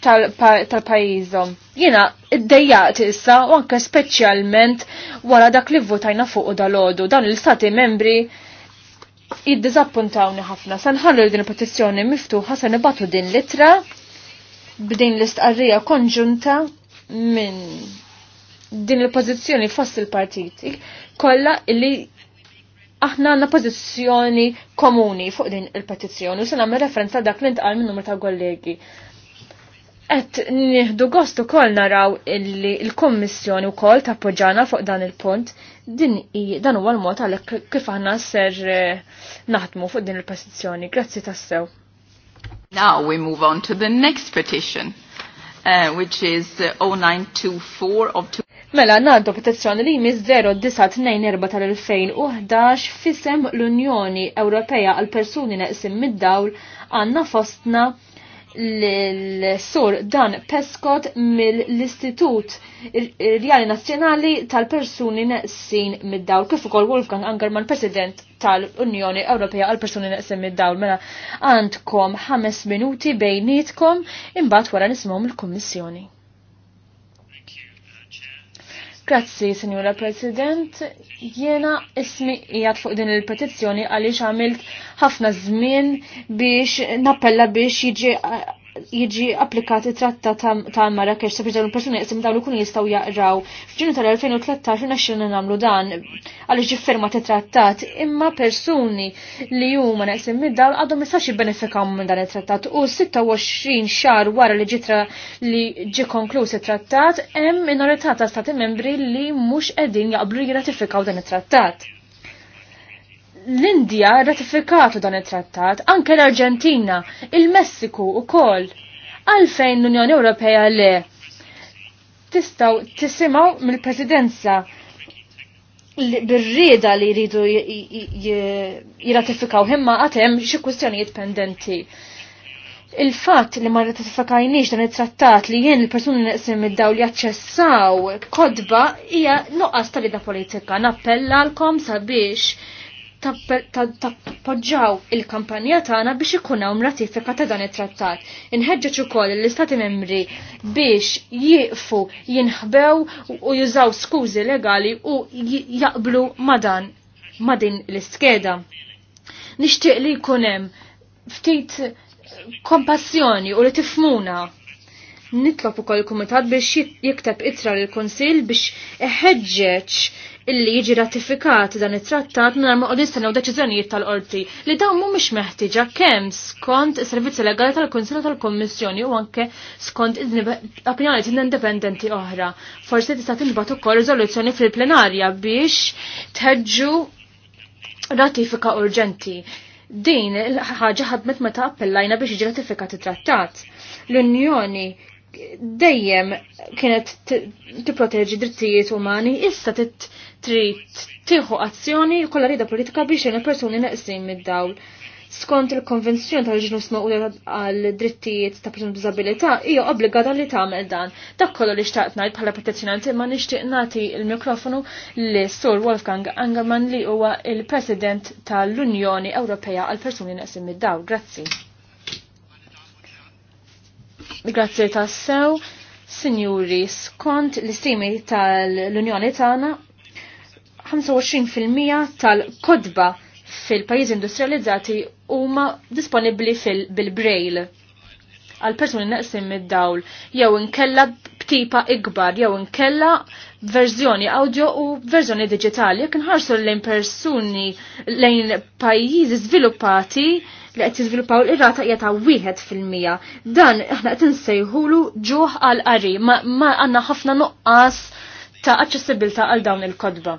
tal-pajizom. Jina id-dejjaqt issa, u anke speċjalment wara dak li votajna fuq u dal-ħodu, dan l stati membri id-dizappuntawni ħafna. Sanħallu din il petizjoni miftuħa, se nibatu din litra b'din l-istqarrija konġunta minn din il-pozizjoni fost il-partit kolla illi aħna għanna pozizjoni komuni fuq din il-petizzjoni u se nagħmel referenza dak li ntqal minn numru ta' kollegi. Et nieħdu gostu kol naraw illi il-Kommissjoni wkoll poġana fuq dan il-punt din dan huwa l-mod għalek kif aħna ser eh, naħdmu fuq din il-petizzjoni. Grazzi tassew. Now we move on to the next petition, uh, which is uh, 0924 of Mela għandu petizzjoni li jmiss 0924 tal-2011 fisem l-Unjoni Ewropea għal persuni neqsim mid-dawl għanna fostna l-sur Dan Peskot mill-Istitut Rjali Nazzjonali tal-Persuni Neqsin mid-dawl. Kif ukoll Wolfgang Angerman, President tal-Unjoni Ewropea għal persuni neqsim mid-dawl. Mela għandkom ħames minuti bejnietkom imbagħad wara nisimgħu mill-Kummissjoni. Grazzi, Signora President. Jiena ismi jgħat fuq din il-petizzjoni għaliex għamilt ħafna żmien biex nappella biex jiġi jiġi applikat it-trattat ta' Marrakesh sabiex dawn il-persuni jisim dawn ikunu jistgħu jaqraw. F'ġinu tal-2013 nexxilna nagħmlu dan għaliex firmat it-trattat imma persuni li huma naqsim mid-dawl għadhom jistax jibbenefikaw minn dan it-trattat u 26 xahar wara li ġitra li ġi konkluż it-trattat hemm minorità ta' stati membri li mhux qegħdin jaqblu jirratifikaw dan it-trattat l-Indja ratifikatu dan it-trattat, anke l-Arġentina, il-Messiku u kol. Għalfejn l-Unjoni Ewropea le. Tistaw tisimaw mill-Presidenza bil-rida li jridu jiratifikaw imma għatem xie kustjonijiet pendenti. Il-fat li ma ratifikajniex dan it-trattat li jien il-persuni neqsim id-daw li jaċċessaw kodba hija nuqqas tal-ida politika. Nappellalkom sabiex tappoġġaw il-kampanja tagħna biex ikun hawn ratifika ta' dan it-trattat. Inħeġġeġ ukoll l-Istati Membri biex jieqfu jinħbew u jużaw skużi legali u jaqblu ma' ma' din l-iskeda. Nixtieq li jkun hemm ftit kompassjoni u li tifmuna nitlob ukoll il-Kumitat biex jikteb itra l kunsil biex iħeġġeġ illi jiġi ratifikat dan it-trattat nar ma qod deċiżjonijiet tal-qorti li dawn mhumiex meħtieġa kemm skont is-servizzi legali tal-Kunsill tal-Kommissjoni u anke skont opinjonijiet indipendenti oħra. Forsi tista' tinbagħat ukoll riżoluzzjoni fil-plenarja biex tħeġġu ratifika urġenti. Din il ħaġa ħadmet meta appellajna biex jiġi ratifikat it-trattat. L-Unjoni dejjem kienet tiproteġi drittijiet umani, issa trid tieħu azzjoni kollha rida politika biex jena persuni neqsin mid-dawl. Skont il-konvenzjoni tal-ġnus maqula għal drittijiet ta' persuni b'disabilità hija obbligata li tagħmel dan. Dak kollu li xtaqt ngħid bħala protezzjonanti ma nixtieq nagħti l-mikrofonu li Sur Wolfgang Angerman li huwa il-President tal-Unjoni Ewropea għal persuni neqsin mid-dawl. Grazzi. Grazzi tassew, sinjuri, skont l-istimi tal-Unjoni tagħna 25% tal-kodba fil-pajjiżi industrializzati huma disponibbli bil-brail għal persuni naqsim mid-dawl, jew inkella b'tipa ikbar, jew inkella verżjoni audio u verżjoni digitali. Jekk nħarsu lejn persuni lejn pajjiżi żviluppati li qed jiżviluppaw ir-rata hija wieħed fil-mija. Dan aħna qed insejħulu ġuħ għal qari ma għandna ħafna nuqqas ta' aċċessibilta għal dawn il-kodba.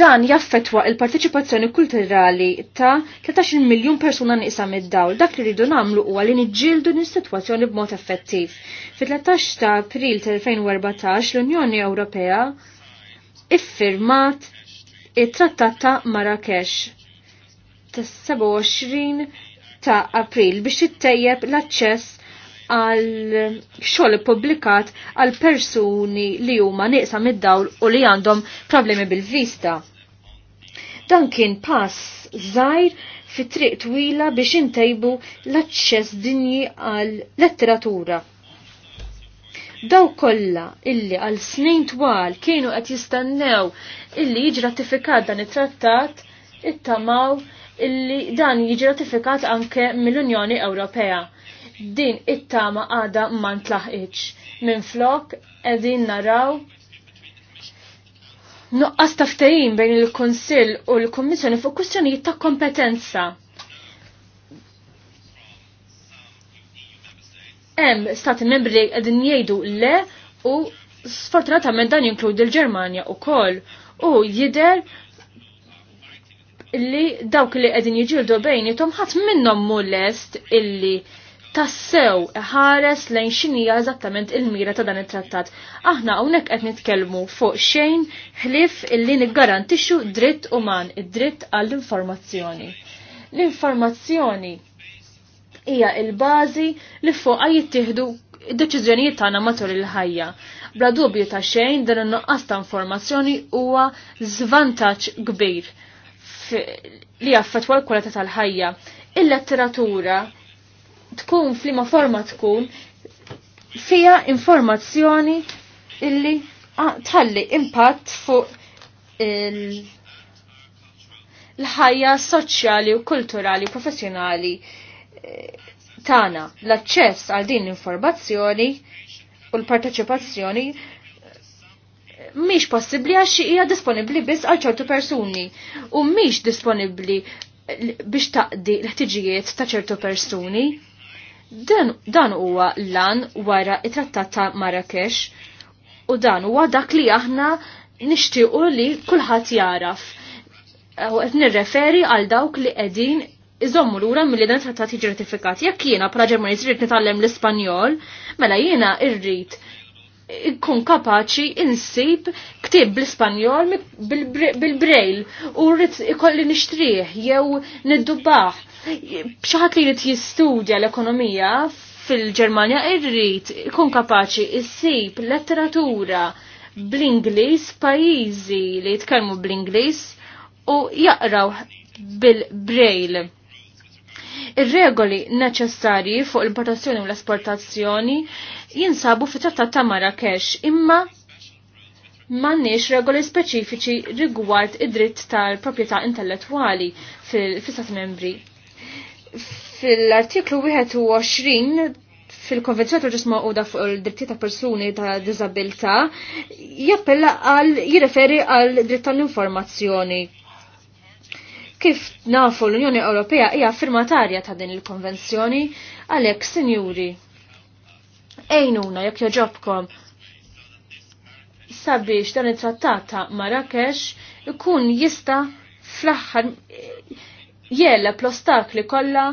Dan jaffetwa il-parteċipazzjoni kulturali ta' 13 miljun persuna nisa mid-dawl. Dak li rridu nagħmlu huwa li niġġieldu din is-sitwazzjoni b'mod effettiv. Fit-13 ta' April 2014 l-Unjoni Ewropea iffirmat it-trattat ta' Marrakesh tas-27 ta' April biex ittejjeb l-aċċess għal xogħol pubblikat għal persuni li huma nieqsa mid-dawl u li għandhom problemi bil-vista. Dan kien pass żgħir fit triq twila biex intejbu l-aċċess dinji għal letteratura. Daw kollha illi għal snin twal kienu qed jistennew illi jiġi ratifikat dan it-trattat ittamaw it illi dan jiġi ratifikat anke mill-Unjoni Ewropea. Din it-tama għada man tlaħiċ. Minn flok edin naraw nuqqas taftajin bejn il-Konsil u l-Kommissjoni fuq kwistjonijiet ta' kompetenza. Hemm stati membri qegħdin jgħidu le u sfortunatament dan jinkludi l-Ġermanja ukoll u jidher Illi dawk li qegħdin jiġildu bejnietom ħadd minnhom mu lest illi tassew ħares lejn xinija eżattament il-mira ta' dan it-trattat. Aħna hawnhekk qed nitkellmu fuq xejn ħlif illi niggarantixxu dritt uman, id-dritt għall-informazzjoni. L-informazzjoni hija l-bażi li fuqha jittieħdu id-deċiżjonijiet tagħna matul il-ħajja. Bla dubju ta' xejn dan in-nuqqas ta' informazzjoni huwa żvantaġġ kbir li għaffat l-kwalità tal-ħajja. Il-letteratura tkun flima forma tkun fija informazzjoni illi tħalli impatt fuq l-ħajja soċjali u kulturali u professjonali eh, tana l-aċċess għal din l-informazzjoni u l-parteċipazzjoni mhix possibbli għax hija disponibbli biss għal ċertu persuni u mhix disponibbli biex taqdi l-ħtiġijiet ta' ċertu persuni. Dan huwa lan wara it-trattat ta' Marrakesh u dan huwa dak li aħna nixtiequ li kulħadd jaraf. U qed nirreferi għal dawk li qegħdin iżommu lura milli dan trattat jiġi ratifikat. Jekk jiena bħala Ġermaniż irrid nitgħallem l-Ispanjol, mela jiena irrid Ikkun kapaċi insib ktib bl-Ispanjol bil brail u rrit ikolli nixtrih jew niddubbaħ. Bxaħat li jrid jistudja l-ekonomija fil-Ġermanja irrit ikun kapaċi insib letteratura bl-Ingliż, pajizi li jitkellmu bl-Ingliż u jaqraw bil brail Ir-regoli neċessarji fuq l-importazzjoni u l-esportazzjoni jinsabu fi trattat ta' Marrakesh imma m'għandniex regoli speċifiċi rigward id-dritt tal-proprjetà intellettwali fil-Istat membri. Fil-artiklu 21 fil-konvenzjoni tal ġisma u fuq fil dritti ta' persuni ta' disabilta jappella għal jirreferi għal dritt tal-informazzjoni. Kif nafu l-Unjoni Ewropea hija firmatarja ta' din il-konvenzjoni għalhekk sinjuri ejnuna jekk joġobkom sabiex dan it-trattat ta' Marrakesh ikun jista' fl-aħħar jella pl-ostakli kollha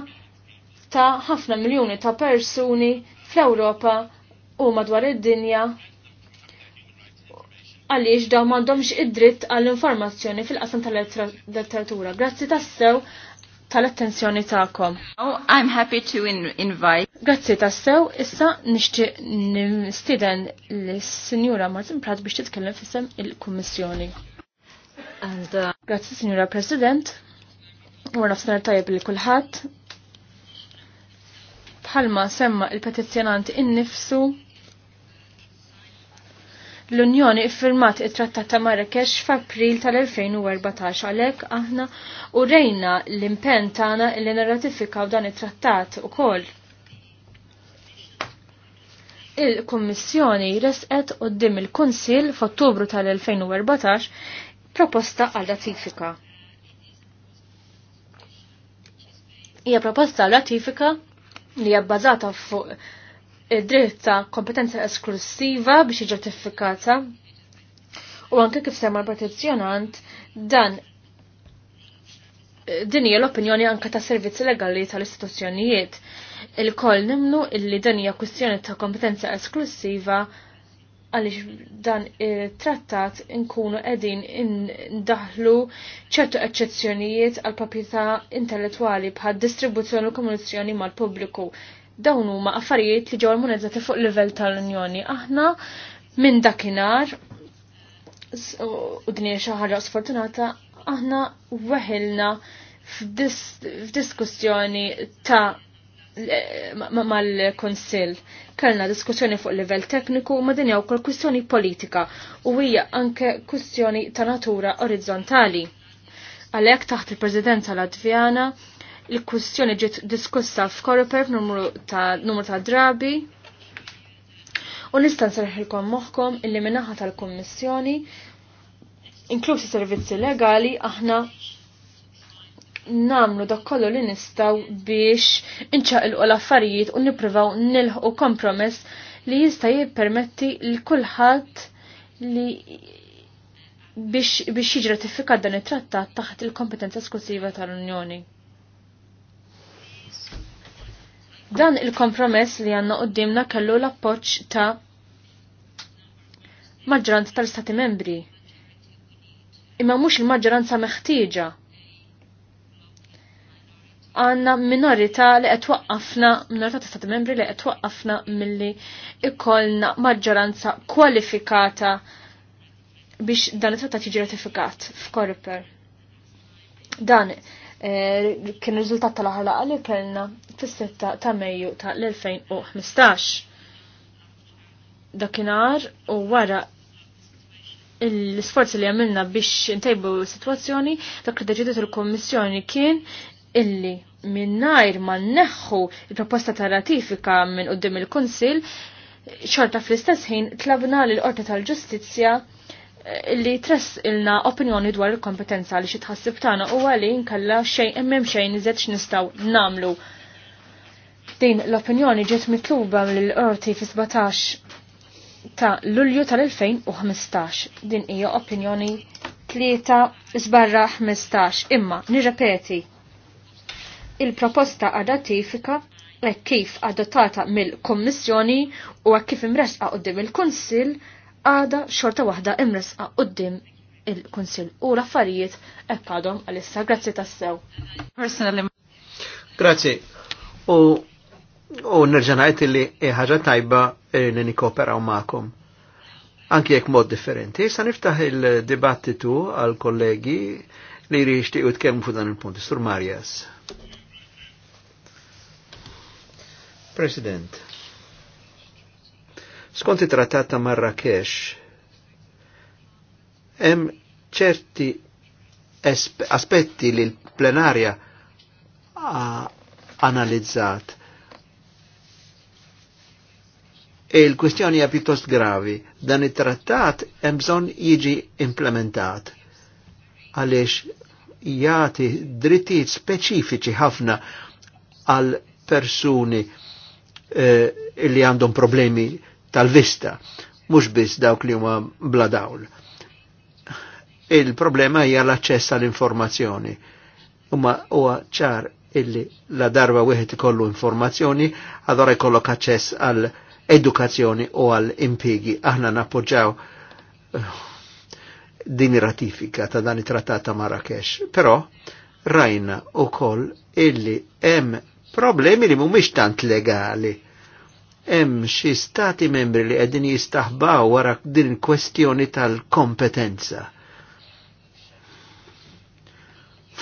ta' ħafna miljoni ta' persuni fl-Ewropa u madwar id-dinja għaliex daw m'għandhomx id-dritt għall-informazzjoni fil-qasam tal-letteratura. Grazzi tassew tal-attenzjoni tagħkom. Oh, I'm happy to in invite. Grazzi tassew, issa nixtieq nistiden l-Sinjura Martin Prat biex titkellem fissem il-Kummissjoni. And, uh... Grazzi Sinjura President, Wara nafsnar tajjeb li kullħat. Bħalma semma il-petizjonant in-nifsu L-Unjoni iffirmat it-Trattat ta' Marrakesh f'April tal-2014 għalhekk aħna u rejna l-impenn tagħna li nirratifikaw dan it-trattat ukoll. Il-Kummissjoni resqet qudiem il-Kunsill f'Ottubru tal-2014 proposta għal ratifika. Hija proposta ratifika li hija bbażata fuq id-dritt ta' kompetenza esklusiva biex iġertifikata u anke kif sema l-protezzjonant dan din hija l-opinjoni anke ta' servizzi legali tal-istituzzjonijiet. Il-koll nimnu illi dan hija kwistjoni ta' kompetenza esklusiva għaliex dan il-trattat nkunu qegħdin indaħlu ċertu eċċezzjonijiet għal proprjetà intellettwali bħal distribuzzjoni u komunizzjoni mal-pubbliku dawn huma affarijiet li ġew armonizzati fuq livell tal-Unjoni. Aħna minn dakinhar u din hija xi ħaġa sfortunata aħna weħilna f'diskussjoni ta' mal-konsil. Kellna diskussjoni fuq livell tekniku ma dinja wkoll kwistjoni politika u hija anke kwistjoni ta' natura orizzontali. Għalhekk taħt il-Presidenza Latvjana l-kwistjoni ġiet diskussa f'Koreper numru ta' numru ta' drabi. U nista' nserħilkom moħħkom illi minaħa tal-Kummissjoni, inklusi servizzi legali, aħna namlu dak kollu li nistaw biex inċaqilqu l-affarijiet u nippruvaw nilħu kompromess li jista' jippermetti l kulħadd li biex, biex ratifikat dan it-trattat taħt il-kompetenza esklusiva tal-Unjoni. Dan il-kompromess li għanna qoddimna kellu l-appoċ ta' maġġoranza tal-Stati membri. Imma mhux il-maġġoranza meħtieġa. Għanna minorita li qed waqqafna, minorita ta' Stati membri li qed waqqafna milli ikollna maġġoranza kwalifikata biex dan it-trattat jiġi ratifikat f'Koriper. Dan Eh, kien riżultat tal-ħalaqa li kellna fis-6 ta' Mejju ta' l-2015. Dakinhar u wara l isforzi li għamilna biex ntejbu situazzjoni dak li deċidiet il-Kommissjoni kien illi minnajr ma neħħu il-proposta ta' ratifika minn qudiem il-Kunsil xorta fl-istess ħin tlabna l qorti tal-Ġustizzja li tress ilna opinjoni dwar il-kompetenza li xitħassib tagħna u għali nkalla xejn emmem xejn nizet x'nistgħu namlu. Din l-opinjoni ġiet mitluba mill-qorti fi 17 ta' Lulju tal-2015. Din hija opinjoni 3 sbarra 15 imma nirrepeti. Il-proposta għadatifika e kif adottata mill-Kommissjoni u kif imresqa qudiem il-Kunsill il kunsill għada xorta waħda imresqa qoddim il konsil u l-affarijiet hekk għadhom għalissa. Grazzi tassew. Personally. Grazzi. U u nerġanajt li ħaġa tajba li nikoperaw ma'kom. Anki jekk mod differenti. Sa niftaħ il-dibattitu għal kollegi li jrixti u tkemmu fuq dan il-punt. Sur Marjas. President. Skont it-trattat ta' Marrakesh, hemm ċerti aspetti li l-plenarja analizzat. E l kwestjoni hija pjuttost gravi. Dan it-trattat hemm bżonn jiġi implementat għaliex jagħti drittijiet speċifiċi ħafna għal persuni eh, li għandhom problemi tal-vista, mhux biss dawk li huma bla dawl. Il-problema hija l-aċċess għall-informazzjoni. Huma huwa ċar illi la darba wieħed ikollu informazzjoni, allora jkollok aċċess għal edukazzjoni u għal impigi. Aħna nappoġġaw eh, din ratifika ta' dan it-trattat ta' Marrakesh. Però rajna u koll illi hemm problemi li mhumiex tant legali hemm xi stati membri li qegħdin jistaħbaw wara din il-kwestjoni tal-kompetenza.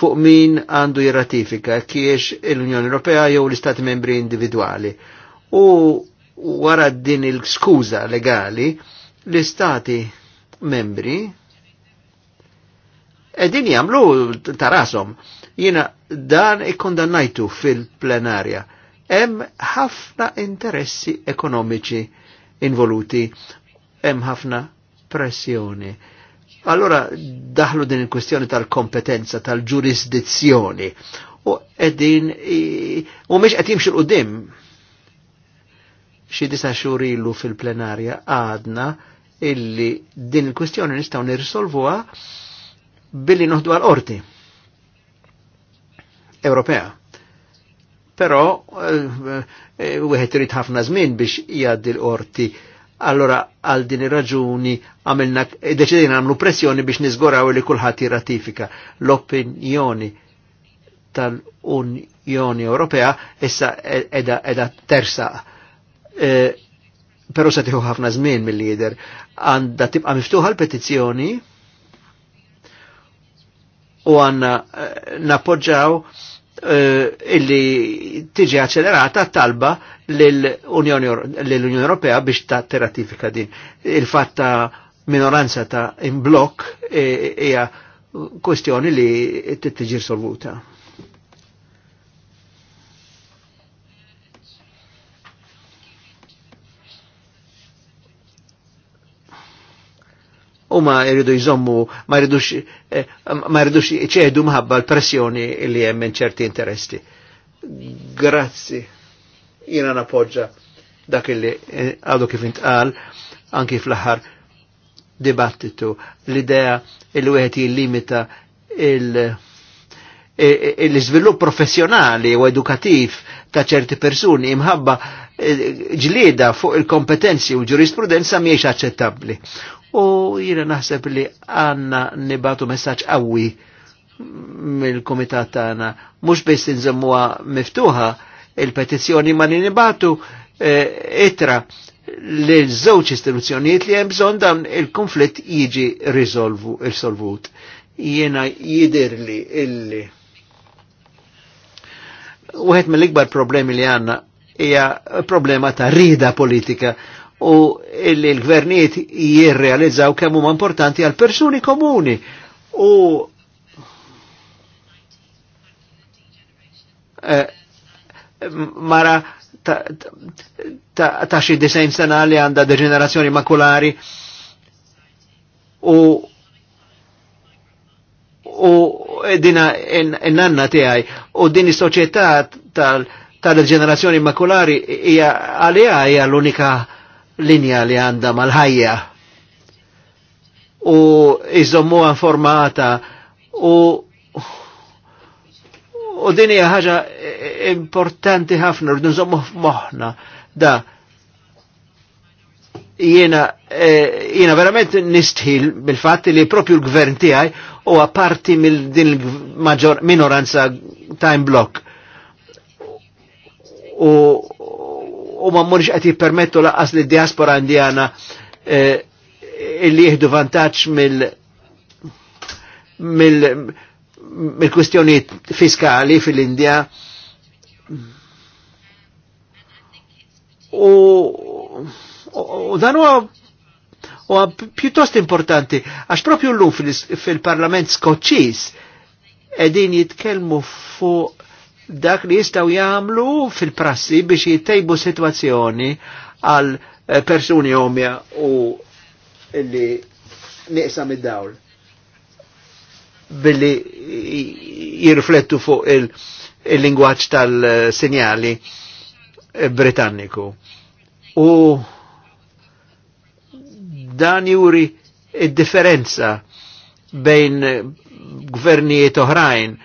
Fuq min għandu jirratifika kiex l-Unjoni Ewropea jew l-Istati membri individwali. U wara din il-skuża legali, l-Istati membri edin jamlu tarasom. Jina dan ikkondannajtu fil-plenarja Hemm ħafna interessi ekonomiċi involuti, hemm ħafna pressjoni. Allora daħlu din il-kwestjoni tal-kompetenza, tal-ġurisdizzjoni u edin u miex qed xil qudim xie Xi disa xhur ilu fil-plenarja għadna illi din il-kwestjoni nistgħu nirrisolvuha billi noħdu għal-qorti Ewropea. Però eh, eh, wieħed irid ħafna żmien biex jgħaddi l-qorti. Allora għal din raġuni għamilna deċedin għamlu pressjoni biex niżgoraw li kulħadd jirratifika l-opinjoni tal-Unjoni Ewropea issa edha edha tersa. E, Però se tieħu ħafna żmien mill-lider għanda tibqa' miftuħa l-petizzjoni u għanna nappoġġaw Eh, illi tiġi accelerata talba l-Unjoni Europea biex ta' teratifika din. Il-fat ta' minoranza ta' in blok eh, hija kwestjoni li tiġi solvuta. u ma jridu jżommu, ma jridux eh, ma jridux ċedu l-pressjoni li hemm minn ċerti interessi. Grazzi. Jiena napoġġa dak li eh, għadu kif intqal anki fl-aħħar dibattitu l-idea il wieħed jillimita l-iżvilupp eh, professjonali u edukativ ta' ċerti persuni imħabba ġlieda fuq il-kompetenzi u ġurisprudenza miex aċċettabbli u jiena naħseb li għanna nibatu messaġġ qawwi mill-komitat tagħna mhux biss inżemmuha miftuħa il-petizzjoni ma li nibatu eh, itra li żewġ istituzzjonijiet li hemm bżonn dan il-konflitt jiġi risolvu il-solvut. Jiena jidirli illi. Wieħed mill-ikbar problemi li għandna hija problema ta' rida politika u illi l-gvernijiet jirrealizzaw kemm huma importanti għal persuni komuni u eh, mara ta', xi disejn sena li għandha deġenerazzjoni makulari u u dina in-nanna tiegħi u din is-soċjetà tal-ġenerazzjoni makulari hija għalija hija l-unika linja li għanda mal-ħajja u iżommu informata u u din ħaġa importanti ħafna rridu nżommu moħna da jiena e, jena verament nistħil bil fat li propju l-gvern tiegħi u għaparti mill din il-minoranza time block u u ma mhux qed jippermettu laqqas li diaspora indjana eh, illi jieħdu vantaġġ mill mill mill-kwistjonijiet fiskali fil-Indja u, u dan huwa huwa pjuttost importanti għax propju llum fil-Parlament skoċċis edin qegħdin jitkellmu fuq dak li jistaw jamlu fil-prassi biex jittejbu situazzjoni għal eh, persuni omja u li neqsam id dawl billi jirriflettu fuq il-lingwaċ il lingwaċ tal sinjali eh, britanniku. U dan juri id-differenza bejn gvernijiet oħrajn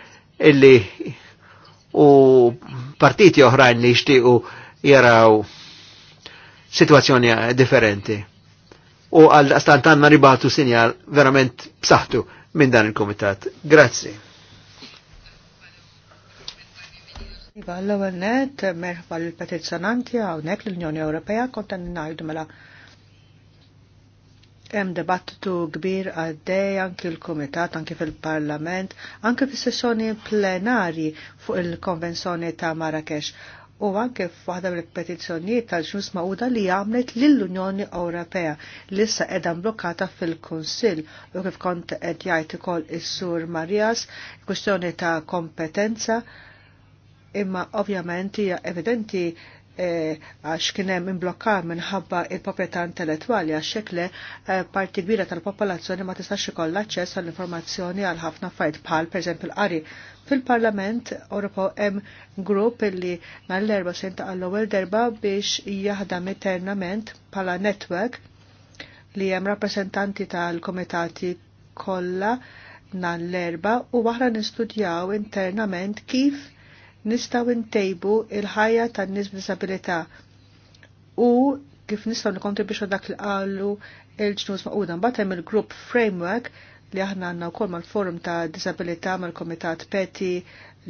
illi u partiti oħrajn li jixtiequ jaraw situazzjoni differenti. U għal stantanna ribatu sinjal verament psaħtu minn dan il-komitat. Grazzi. Iva, l-ewwel net, merħba l-petizzjonanti hawnhekk l-Unjoni Ewropea kontan najdu mela Hemm debattitu kbir għaddej anki l-Kumitat, anki fil-Parlament, anki fis-sessjoni plenarji fuq il-Konvenzjoni ta' Marrakesh u anke f'waħda mill-petizzjonijiet tal-ġnus Magħquda li għamlet lill-Unjoni Ewropea li issa qiegħda mblukkata fil-Kunsill u kif kont qed jgħid ukoll is-Sur Marias kwistjoni ta' kompetenza imma ovvjament hija evidenti E, għax kien hemm imblokkar minħabba il-proprjetà intellettwali għax xekle e, parti kbira tal-popolazzjoni ma tistax ikollha aċċess għall informazzjoni għal ħafna fajt bħal pereżempju l-qari. Fil-Parlament Ewropew hemm grupp illi l erba se jintaqal l-ewwel derba biex jaħdem eternament bħala network li hemm rappresentanti tal-komitati kollha nhar l-erba' u aħna nistudjaw internament kif nistaw intejbu il-ħajja tan-nies b'disabilità u kif nistaw nikontribuxu dak li qalu il-ġnus maquda. Mbagħad hemm il-grupp framework li aħna għandna wkoll mal-forum ta' disabilità mal-Komitat Peti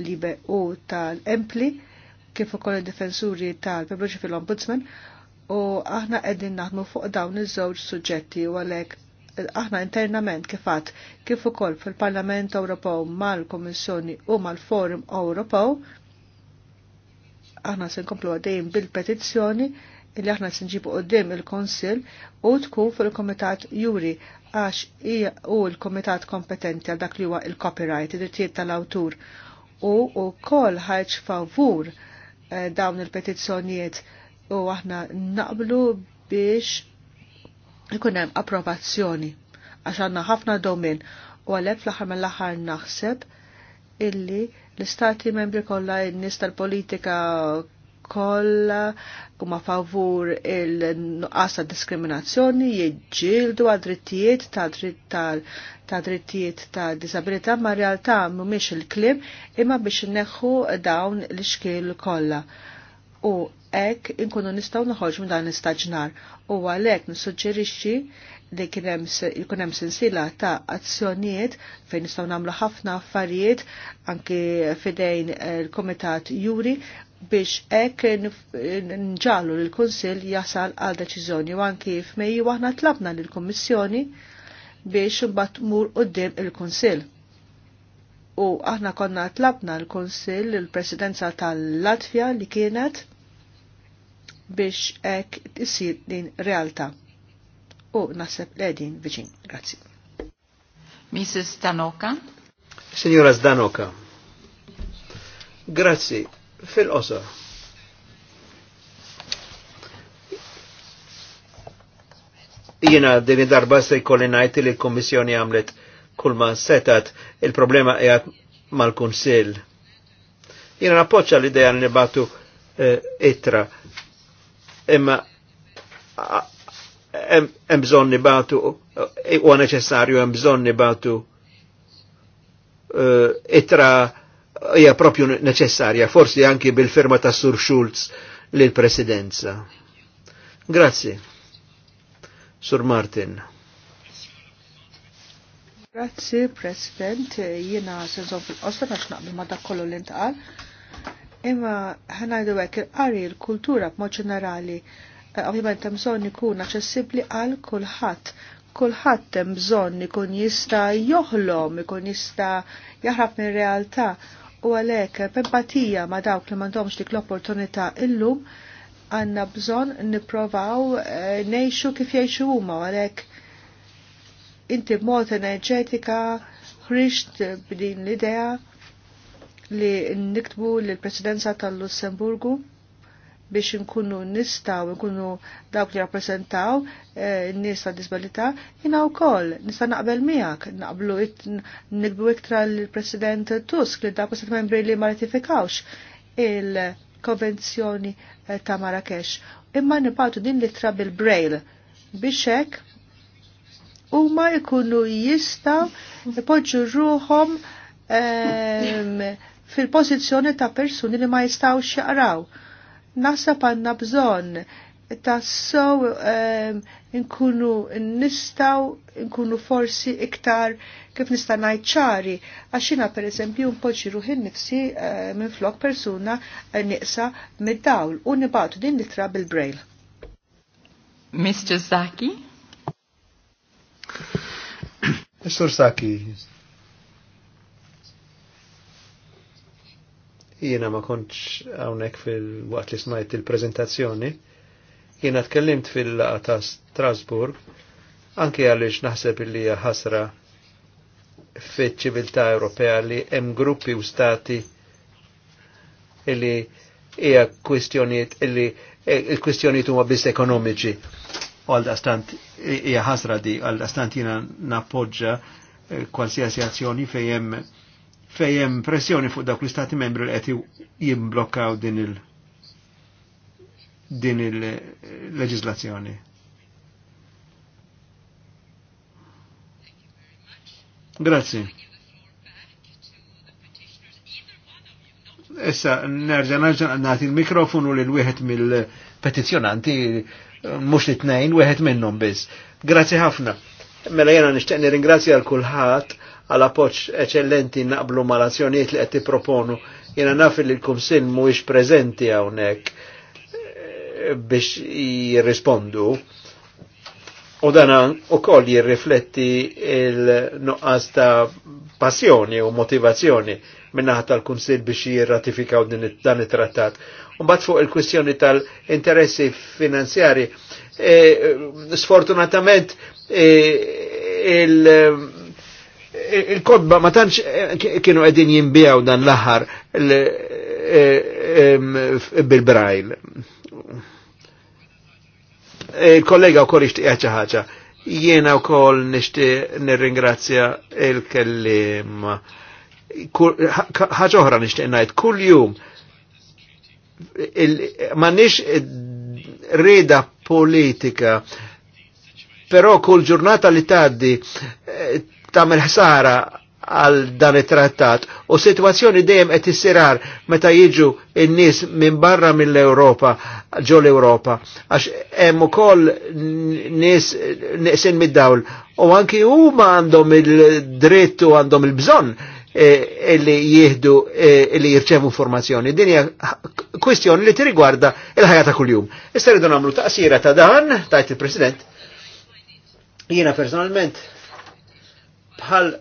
Libe u tal-Empli kif ukoll id-difensuri tal-Pubbliċi fil-Ombudsman u aħna qegħdin naħdmu fuq dawn iż-żewġ suġġetti u għalhekk aħna internament kif kifat kif ukoll fil-Parlament Ewropew mal-Kommissjoni u mal-Forum Ewropew aħna se nkomplu għaddejn bil-petizzjoni illi aħna se nġibu qoddim il-Konsil u tkun fil-Komitat Juri għax hija u l-Komitat kompetenti għal dak li huwa il-copyright, id-drittijiet tal-awtur u wkoll ħarġ favur eh, dawn il-petizzjonijiet u aħna naqblu biex ikun hemm approvazzjoni għax għandna ħafna domin u għalhekk fl-aħħar mill-aħħar naħseb illi l-istati membri kollha n-nies tal-politika kollha huma favur il-nuqqas ta' diskriminazzjoni jiġġieldu għad-drittijiet ta' drittijiet ta' disabilità ma' realtà mhumiex il-klim imma biex inneħħu dawn l-ixkiel kollha. U hekk inkunu nistgħu noħorġu minn dan l-istaġnar u għalhekk nissuġġerixxi li kienem hemm sensila ta' azzjonijiet fejn nistgħu nagħmlu ħafna affarijiet anki fidejn il-Komitat Juri biex ek nġallu l kunsil jasal għal deċiżjoni u anki f'Mejju aħna tlabna l kummissjoni biex mbagħad tmur qudiem il-Kunsill. U aħna konna tlabna l-Kunsill il-Presidenza tal-Latvja li kienet biex ek tisir din realtà u naħseb l-edin viċin. Grazie. Mrs. Danoka. Signora Stanoka. Grazie. fil osa Jena din darba se jkolli ngħid li l-Kommissjoni għamlet kulma setat il-problema jgħat mal kunsil Jena napoċa l-idea li batu eh, itra imma hemm bżonn nibatu eh, huwa neċessarju hemm bżonn nibatu eh, itra hija propju neċessarja, forsi anki bil-firma ta' Sur Schulz lil presidenza Grazzi. Sur Martin. Grazzi, President. Jiena senżon fil qosta għax naqbel ma dak kollu li ntqal. Imma ħanajdu għek il-qari il kultura b'mod ġenerali Eh, ovvijament hemm bżonn ikun aċċessibbli għal kulħadd. Kulħadd hemm bżonn ikun jista' joħlom, ikun jista' jaħrab minn realtà u għalhekk eh, b'empatija ma' dawk li m'għandhomx dik l-opportunità illum għandna bżonn nipprovaw eh, nejxu kif jgħixu huma għalhekk inti b'mod enerġetika ħriġt b'din l-idea li niktbu l-Presidenza tal-Lussemburgu biex nkunu nistaw, nkunu dawk li rappresentaw eh, n-nies ta' disabilità, jina u kol, nista' naqbel miegħek, naqblu nikbu iktra l-President Tusk li dawk stat membri li ma ratifikawx il-konvenzjoni eh, ta' Marrakesh. Imma nipatu din litra bil-brail biex hekk huma jkunu jistaw ipoġġu ruhom ehm, fil-pożizzjoni ta' persuni li ma jistawx jaqraw Nasab għanna bżon tassow um, ehm, nkunu nistaw, nkunu forsi iktar kif nista' ngħid ċari. Għaxina per eżempju mpoġġi ruħi nnifsi uh, minn flok persuna uh, nieqsa mid-dawl u nibgħatu din litra bil brail Mr. Saki? Mr. Saki, Jiena ma kontx hawnhekk fil-waqt li smajt il prezentazzjoni Jiena tkellimt fil-laqa ta' Strasburg anke għaliex naħseb li hija ħasra fiċ-ċiviltà Ewropea li hemm gruppi u stati illi hija kwistjonijiet illi e, il-kwistjonijiet huma biss ekonomiċi. Għal dastant hija ħasra di, għal dastant jiena nappoġġa eh, kwalsiasi azzjoni fejn hemm fejjem pressjoni fuq dawk l-istati membri li qed jimblokkaw din il- din il-leġislazzjoni. Grazie. Issa, nerġa nerġa nati il-mikrofonu l wieħed mill-petizjonanti, mux li t-nejn, wieħed minnom biz. Grazzi ħafna. Mela jena nishtiq ringrazzja għal kulħadd għal appoġġ eċellenti naqblu mal-azzjonijiet li qed tipproponu. Jiena naf li l-Kumsil mhuwiex preżenti hawnhekk eh, biex jirrispondu. U dan ukoll jirrifletti il-nuqqas ta' passjoni u motivazzjoni minnaħat tal-Kunsil biex jirratifikaw dan it-trattat. Umbat fuq il-kwistjoni tal-interessi finanzjari, eh, sfortunatament e, il- il-kodba ma tantx eh, kienu qegħdin jinbijaw dan l-aħħar eh, bil-brajl. Il-kollega u koll ixtiqa ċaħġa. Jiena nirringrazzja il-kellim. ħaġa oħra kull jum nix reda politika, però kull ġurnata li taddi eh, tagħmel ħsara għal dan it-trattat u situazzjoni dejjem qed issirar meta jiġu n-nies minn barra mill-Ewropa ġol l-Ewropa għax hemm ukoll nies neqsin mid-dawl u anki huma għandhom il-dritt u għandhom il-bżonn eh, illi jihdu eh, illi jirċevu informazzjoni. Din hija kwistjoni li tirigwarda il-ħajja ta' kuljum. Issa rridu nagħmlu taqsira ta' dan, tajt il-President. Jiena personalment bħal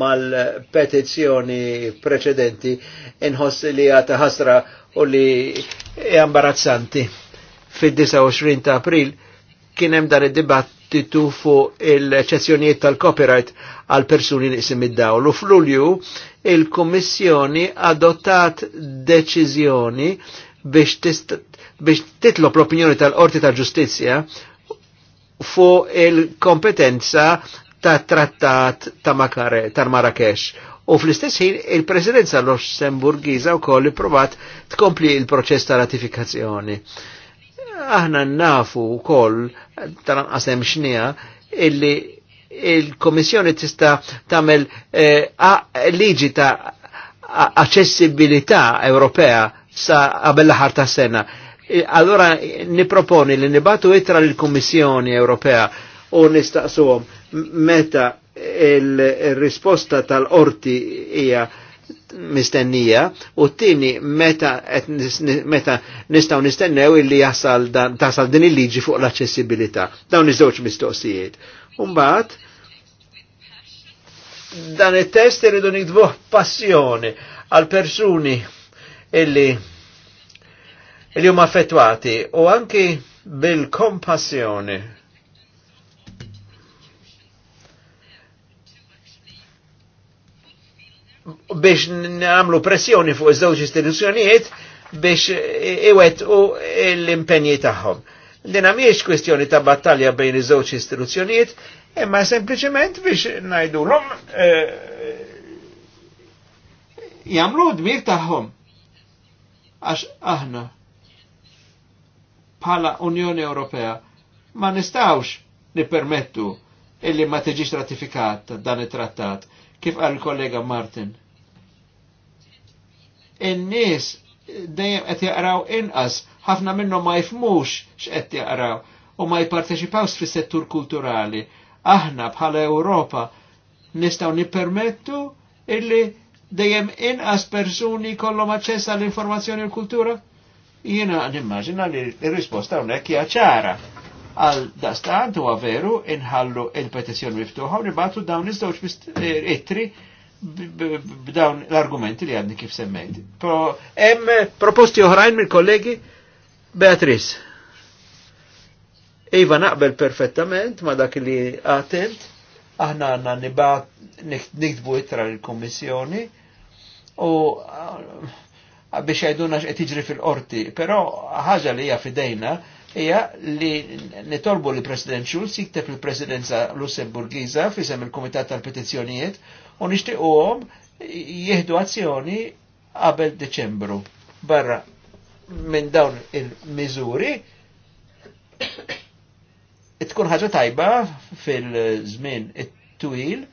mal-petizjoni preċedenti inħoss li għata ħasra u li jambarazzanti e Fid-29 ta' april kienem dar id-dibattitu fuq il-ċezzjonijiet tal-copyright għal persuni li isim id-dawlu. F'Lulju il-Kommissjoni adottat deċiżjoni biex, biex titlob l-opinjoni tal-Qorti tal-Ġustizzja fuq il-kompetenza ta' trattat ta' Makare, ta' Marrakesh. U fl-istess ħin il-presidenza u wkoll ipprovat tkompli il-proċess ta' ratifikazzjoni. Aħna nafu wkoll tal-anqas hemm xnija illi il-Komissjoni tista' tagħmel eh, liġi ta' aċċessibilità Ewropea sa għabella ħarta' sena. Eh, allora niproponi li nibatu itra l komissjoni Ewropea u nistaqsuhom meta il-risposta tal-orti hija mistennija u t-tini meta, meta nistaw nistennew illi jasal dan, tasal din il-liġi fuq l-accessibilità. Dawn iż-żewġ mistoqsijiet. Umbat, dan il-test irridu nikdbuħ passjoni għal persuni illi illi huma affettwati u anki bil-kompassjoni biex għamlu pressjoni fuq iż-żewġ istituzzjonijiet biex iwettqu l-impenji tagħhom. Dina mhijiex kwestjoni ta' battalja bejn iż-żewġ istituzzjonijiet, imma sempliċement biex ngħidulhom eh, jagħmlu d-dmir tagħhom. Għax aħna bħala Unjoni Ewropea ma nistawx nippermettu illi ma tiġix ratifikat dan it-trattat kif għal kollega Martin. In-nies dejjem qed jaqraw inqas, ħafna minnhom ma jifmux x'qed jaqraw u ma jipparteċipawx fis-settur kulturali. Aħna bħala Ewropa nistgħu nippermettu illi dejjem inqas persuni kollhom aċċess għall-informazzjoni u l-kultura? Jiena nimmaġina li r-risposta hawnhekk hija ċara. Għal dastant u għaveru inħallu il petizjon miftuħa u nibatu dawn iż-żewġ eh, ittri b'dawn l-argumenti li għadni kif semmejt. hemm proposti oħrajn mill-kollegi Beatriz. Iva naqbel perfettament ma dak li għatent, aħna għanna nibat niktbu itra l-Kommissjoni u eh, biex għajduna xqed jiġri fil-qorti, però ħaġa li hija fidejna hija li nitolbu li President Schulz jikteb il-Presidenza Lussemburgiza fisem il-Kumitat tal-Petizzjonijiet u nixtiequhom jieħdu azzjoni qabel Deċembru. Barra minn dawn il-miżuri tkun ħaġa tajba fil-żmien it-twil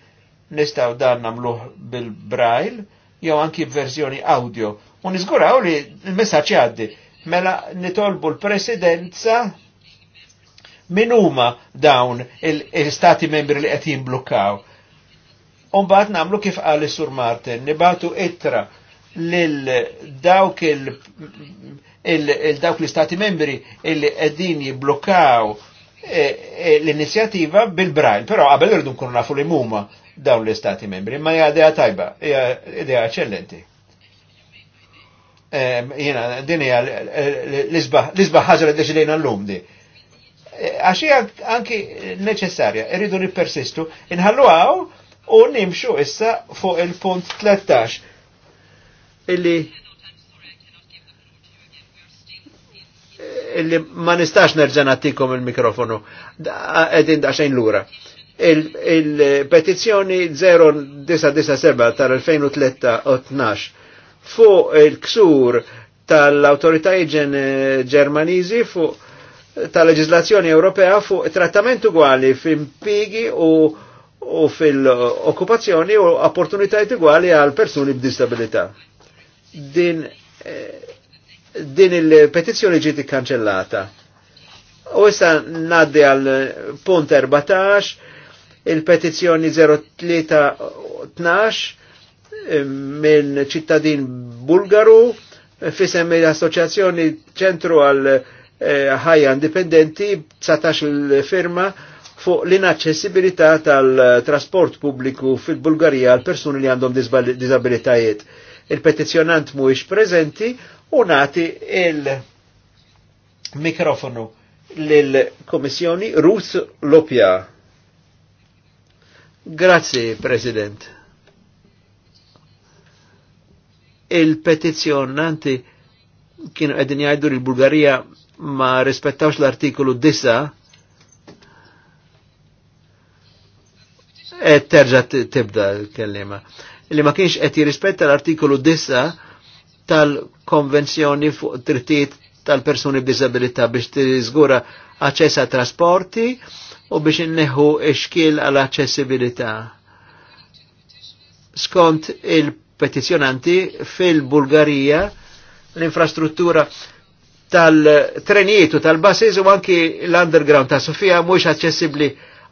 nistgħu dan nagħmluh bil-brajl jew anki verżjoni audio u niżguraw li l-messaġġ jgħaddi Mela nitolbu l-presidenza min huma dawn il-stati il membri li qed jimblukkaw. Umbat namlu kif għal sur Martin, nibatu ittra lil dawk il, il, dawk l Stati membri illi qegħdin jibblukkaw e, e, l inizjativa bil-brajl, però qabel irdu nkunu nafu li muma dawn l membri, ma hija idea tajba, hija idea jena, din hija l-isbaħ ħaġa li deċidejna l-lum di. E, għaxi anki neċessarja, irridu nippersistu, inħallu għaw u nimxu issa fuq il-punt 13 illi illi ma nistax nerġan għattikom il-mikrofonu, għedin daċħin l-ura. Il-petizjoni il 0997 tal-2013 fuq il-ksur tal-autoritajiet ġermanizi fuq tal leġizlazzjoni Ewropea fuq trattament ugwali fil-impigi u u fil-okkupazzjoni u opportunitajiet ugwali għal persuni b'disabilità. Din, eh, din il-petizzjoni ġiet ikkanċellata. U issa naddi għal punt 14, il-petizzjoni 0312 minn ċittadin Bulgaru fisem l associazzjoni ċentru għal eh, ħajja Indipendenti indipendenti 19 firma fuq l-inaċċessibilità tal-trasport pubbliku fil-Bulgarija għal persuni li għandhom disabilitajiet. Il-petizjonant mhuwiex preżenti u nati il-mikrofonu lill-Komissjoni Ruth Lopja. Grazie, President. il-petizjonanti kienu għedin jgħidu li l-Bulgarija ma rispettawx l-artikolu 10 et terġa tibda l-kellima. Li ma kienx qed jirrispetta l-artikolu 9 tal-konvenzjoni fuq trittijiet tal-persuni b'disabilità biex tiżgura aċċess għat trasporti u biex inneħu ixkil għal aċċessibilità. Skont il petizjonanti fil-Bulgarija l-infrastruttura tal-trenijiet u tal-basis u anki l-underground ta' Sofija mhux aċċessibbli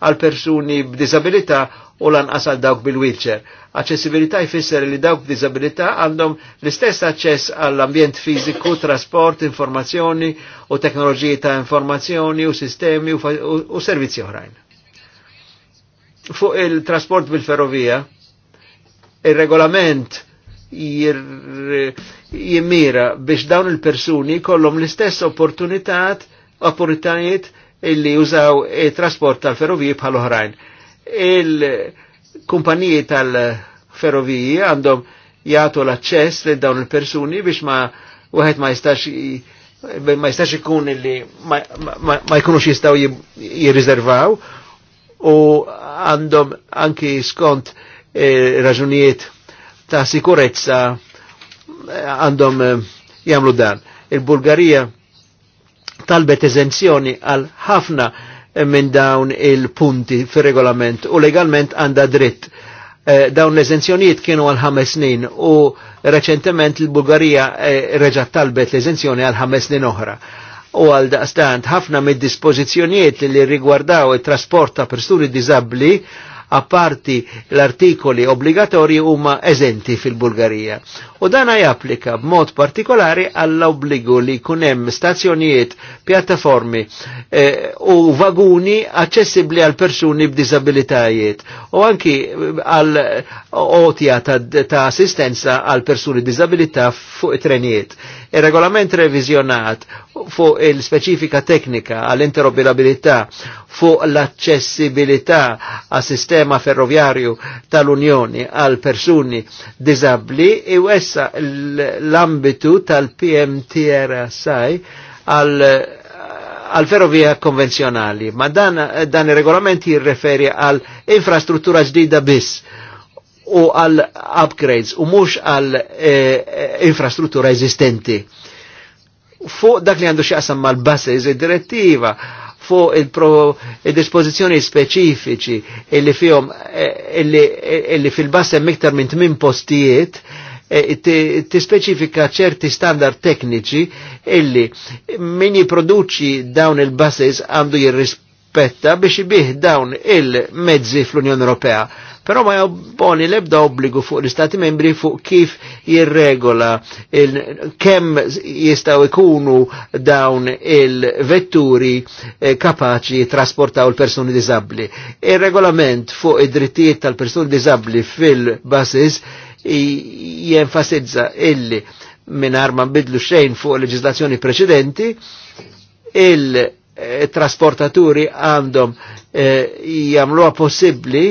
għal persuni b'disabilità u lanqas għal dawk bil-wheelchair. Aċċessibilità jfisser li dawk b'disabilità għandhom l-istess aċċess għall-ambjent fiziku, trasport, informazzjoni u teknoloġiji ta' informazzjoni u sistemi u, u servizzi oħrajn. Fuq il-trasport bil-ferrovija, il-regolament jimmira biex dawn il-persuni kollom l-istess opportunitat, opportunitajiet illi jużaw il-trasport tal-ferroviji bħal oħrajn. Il-kumpaniji tal-ferroviji għandhom jgħatu l-access li dawn il-persuni biex ma wieħed ma jistax ma jistax ikun illi ma, ma, ma jkunux jistaw jirriservaw u għandhom anki skont E, raġunijiet ta' sikurezza e, għandhom e, jagħmlu dan. Il-Bulgarija talbet eżenzjoni għal ħafna minn dawn il-punti fir-regolament u legalment għandha dritt. dawn l-eżenzjonijiet kienu għal ħames snin u reċentement il-Bulgarija reġa talbet l-eżenzjoni għal ħames snin oħra. U għal daqstant ħafna mid dispozizjonijiet li rigwardaw it-trasport ta' persuni diżabbli apparti l-artikoli obbligatorji huma eżenti fil-Bulgarija. U dana japplika b'mod partikolari għall-obbligu li kunem stazzjonijiet, pjattaformi eh, u vaguni aċċessibbli għal persuni b'disabilitajiet u anki eh, għal otja ta', ta assistenza għal persuni b'diżabilità fuq trenijiet. Il-regolament revizjonat fuq il-speċifika teknika għall-interoperabilità fuq l-accessibilità għas sistema ferroviarju tal-Unjoni għal persuni disabli wessa l-ambitu tal-PMTRSI għal għal ferrovija konvenzjonali, ma dan, dan il-regolament jirreferi għal infrastruttura ġdida biss u għal upgrades u mux għal e, infrastruttura eżistenti. Fuq dak li għandu xaqsam mal buses id-direttiva, fuq il-dispozizjoni il speċifiċi illi fihom eh, illi, illi fil basse miktar minn tmien postijiet ti speċifika ċerti standard tekniċi illi min jiproduċi dawn il-buses għandu jirrispetta biex jibih dawn il-mezzi fl-Unjoni Ewropea Però ma jobboni lebda obbligu fuq l-Istati membri fuq kif jirregola kemm jistaw ikunu dawn il-vetturi eh, kapaċi trasportaw l-persuni disabli. Il-regolament fuq id-drittijiet tal-persuni disabli fil-basis jenfasizza illi minn ma bidlu xejn fuq leġislazzjoni preċedenti, il-trasportaturi eh, għandhom eh, jamluha possibbli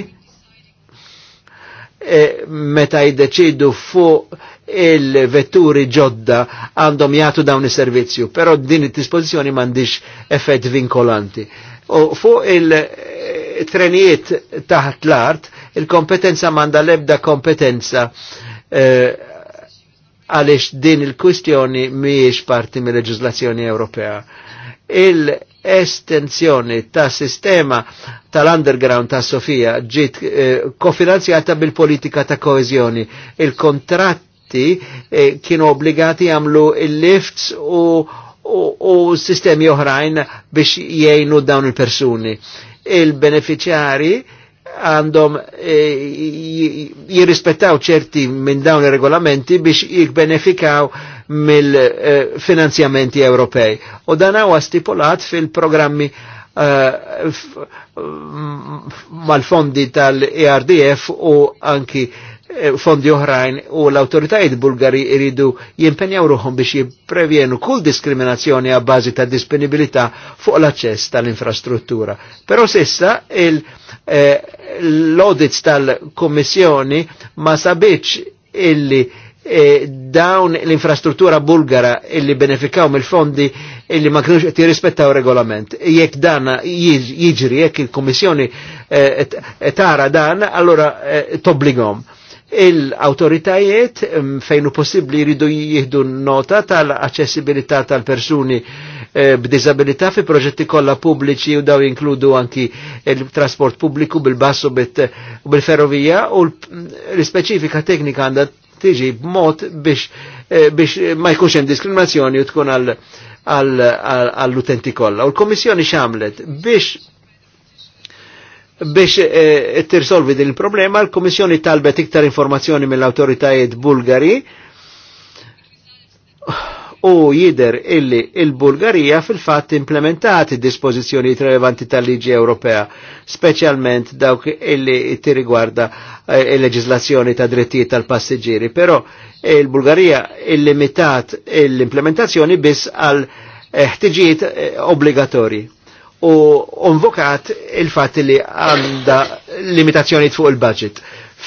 e, meta jiddeċidu fuq il-vetturi ġodda għandhom jagħtu dawn is-servizzju, però din id-dispożizzjoni m'għandix effett vinkolanti. U fuq il-trenijiet taħt l-art, il-kompetenza manda lebda kompetenza e, għaliex din il-kwistjoni miex parti mill-leġislazzjoni Ewropea il-estenzjoni ta' sistema tal-underground ta' Sofija ġit eh, kofinanzjata bil-politika ta' koezjoni. Il-kontratti eh, kienu obbligati għamlu il-lifts u, u, u sistemi oħrajn biex jgħinu dawn il-persuni. Il-beneficjari għandhom eh, jirrispettaw ċerti minn dawn il-regolamenti biex jikbenefikaw mill-finanzjamenti Ewropej. U dan huwa stipulat fil-programmi eh, mal-fondi tal-ERDF u anki eh, fondi oħrajn u l-autoritajiet bulgari iridu jimpenjaw ruhom biex jiprevjenu kull diskriminazzjoni a bazi ta' disponibilità fuq l-aċċess tal-infrastruttura. Però sissa eh, l-audits tal-Kommissjoni ma sabiex illi E dawn l-infrastruttura bulgara illi benefikaw mill-fondi illi ma kienux qed jirrispettaw regolament. Jekk dan jiġri, jekk il-Kummissjoni e, e tara dan, allora e, tobbligom. Il-autoritajiet fejn hu possibbli jridu jieħdu nota tal-aċċessibilità tal-persuni b'disabilità fi proġetti kollha pubbliċi u daw jinkludu anki il-trasport pubbliku bil-bassu u bil-ferrovija u l ispeċifika teknika għandha tiġi b'mod biex eh, biex ma jkunx hemm diskriminazzjoni u tkun għall-utenti kollha. U l-Kommissjoni x'għamlet biex biex e, tirsolvi din il-problema, l-Komissjoni talbet iktar informazzjoni mill-autoritajiet Bulgari u jider illi il-Bulgarija fil-fatt implementati dispozizjoni relevanti tal-liġi Ewropea, specialment dawk illi tirrigwarda eh, il-leġislazzjoni ta' drittijiet tal-passiġġieri, però il-Bulgarija il-limitat l-implementazzjoni biss għal eh, ħtiġijiet eh, obbligatorji u unvokat il-fatt li għanda limitazzjoni fuq il-budget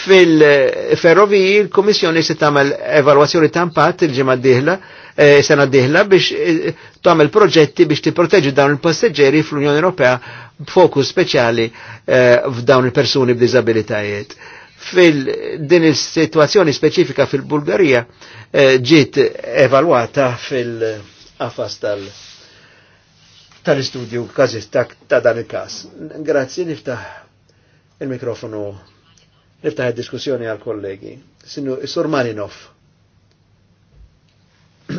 fil-ferroviji il-Komissjoni se tagħmel evalwazzjoni ta' impatt il-ġimgħa d-dieħla Eh, sena diħla biex eh, tagħmel proġetti biex tipproteġi dawn il-passeġġeri fl-Unjoni Ewropea b'fokus speċjali eh, f'dawn il-persuni b'diżabilitajiet. Fil-din il-situazzjoni speċifika fil-Bulgarija ġiet evalwata fil-qafas tal- tal-istudju kazis ta' dan il-kas. Grazzi niftaħ il-mikrofonu, niftaħ il-diskussjoni għal-kollegi. Sur Malinov.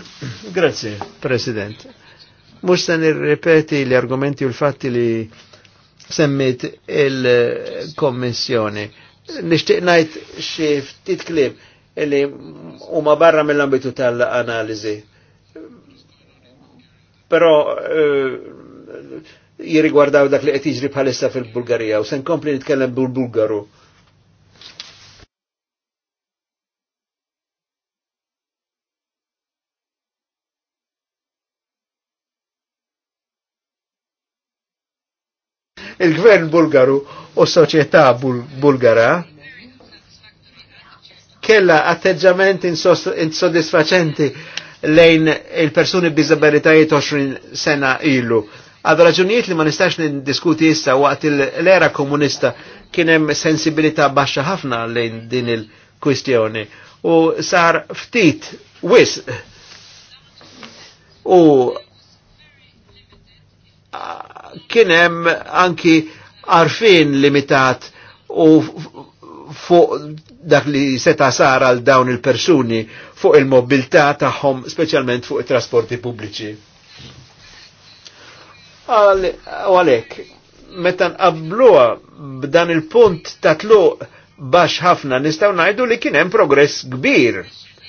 (coughs) Grazie, President. Mux se nirripeti l argumenti u l-fatti li semmit il-Kommissjoni. Nishtiq najt xie ftit klib li huma barra mill-ambitu tal-analizi. Però eh, jirrigwardaw dak li qed jiġri bħalissa fil-Bulgarija u se nkompli nitkellem bil-Bulgaru. bil bulgaru il-gvern bulgaru u soċieta bul bulgara kella atteġġament insoddisfaċenti lejn il-persuni b'dizabilitajiet 20 sena ilu. Għad raġunijiet li ma nistax diskuti issa waqt l-era komunista kienem hemm sensibilità baxxa ħafna lejn din il-kwistjoni u sar ftit wis u kienem anki arfin limitat u fuq dak li seta sar għal dawn il-persuni fuq il-mobilità tagħhom speċjalment fuq it-trasporti pubbliċi. U għalek, meta nqabbluha b'dan il-punt ta' tluq baxx ħafna nistgħu ngħidu li kien hemm progress kbir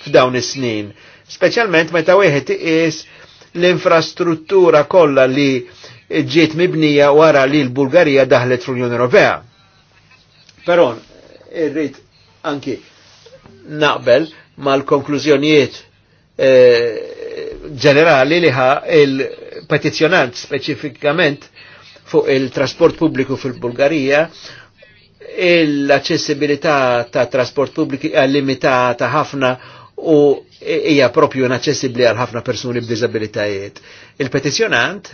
f'dawn is-snin, speċjalment meta wieħed is l-infrastruttura kollha li ġiet mibnija wara li l-Bulgarija daħlet fl-Unjoni Ewropea. Però irrid anki naqbel mal-konklużjonijiet eh, ġenerali li ħa il-petizjonant speċifikament fuq il-trasport pubbliku fil-Bulgarija l-accessibilità ta' trasport pubbliki hija limitata ħafna u hija propju inaċċessibbli għal ħafna persuni b'diżabilitajiet. Il-petizjonant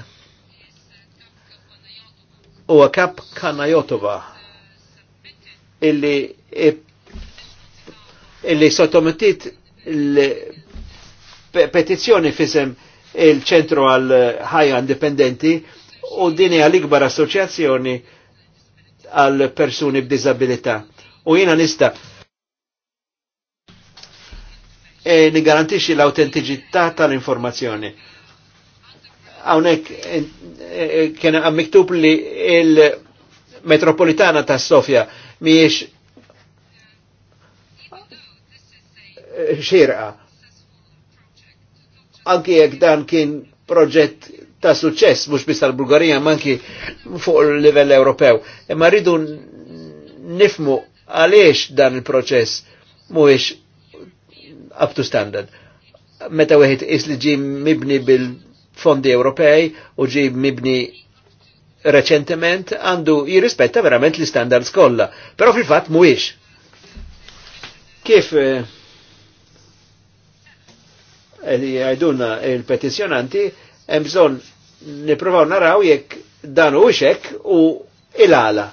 u kap Kanajotova illi illi sottomettit l-petizjoni fisem il-ċentru għal ħajja indipendenti u dini għal-ikbar assoċjazzjoni għal persuni b'dizabilità. U jina nista e, nigarantixi l-autentiċità tal-informazzjoni Hawnhekk eh, eh, kena għammiktub li il-metropolitana ta' Sofja miex eh, xirqa. Anki jek dan kien proġett ta' suċess, mux bis tal-Bulgarija, manki fuq il level Ewropew. Imma rridu nifmu għaliex dan il-proċess mhuwiex up to standard. Meta wieħed is li ġi mibni bil- fondi Ewropej u ġi mibni reċentement għandu jirrispetta verament li standards kollha, però fil-fatt mhuwiex. Kif eh, għajduna il-petizjonanti, hemm bżonn nippruvaw naraw jekk dan u xek u il-għala.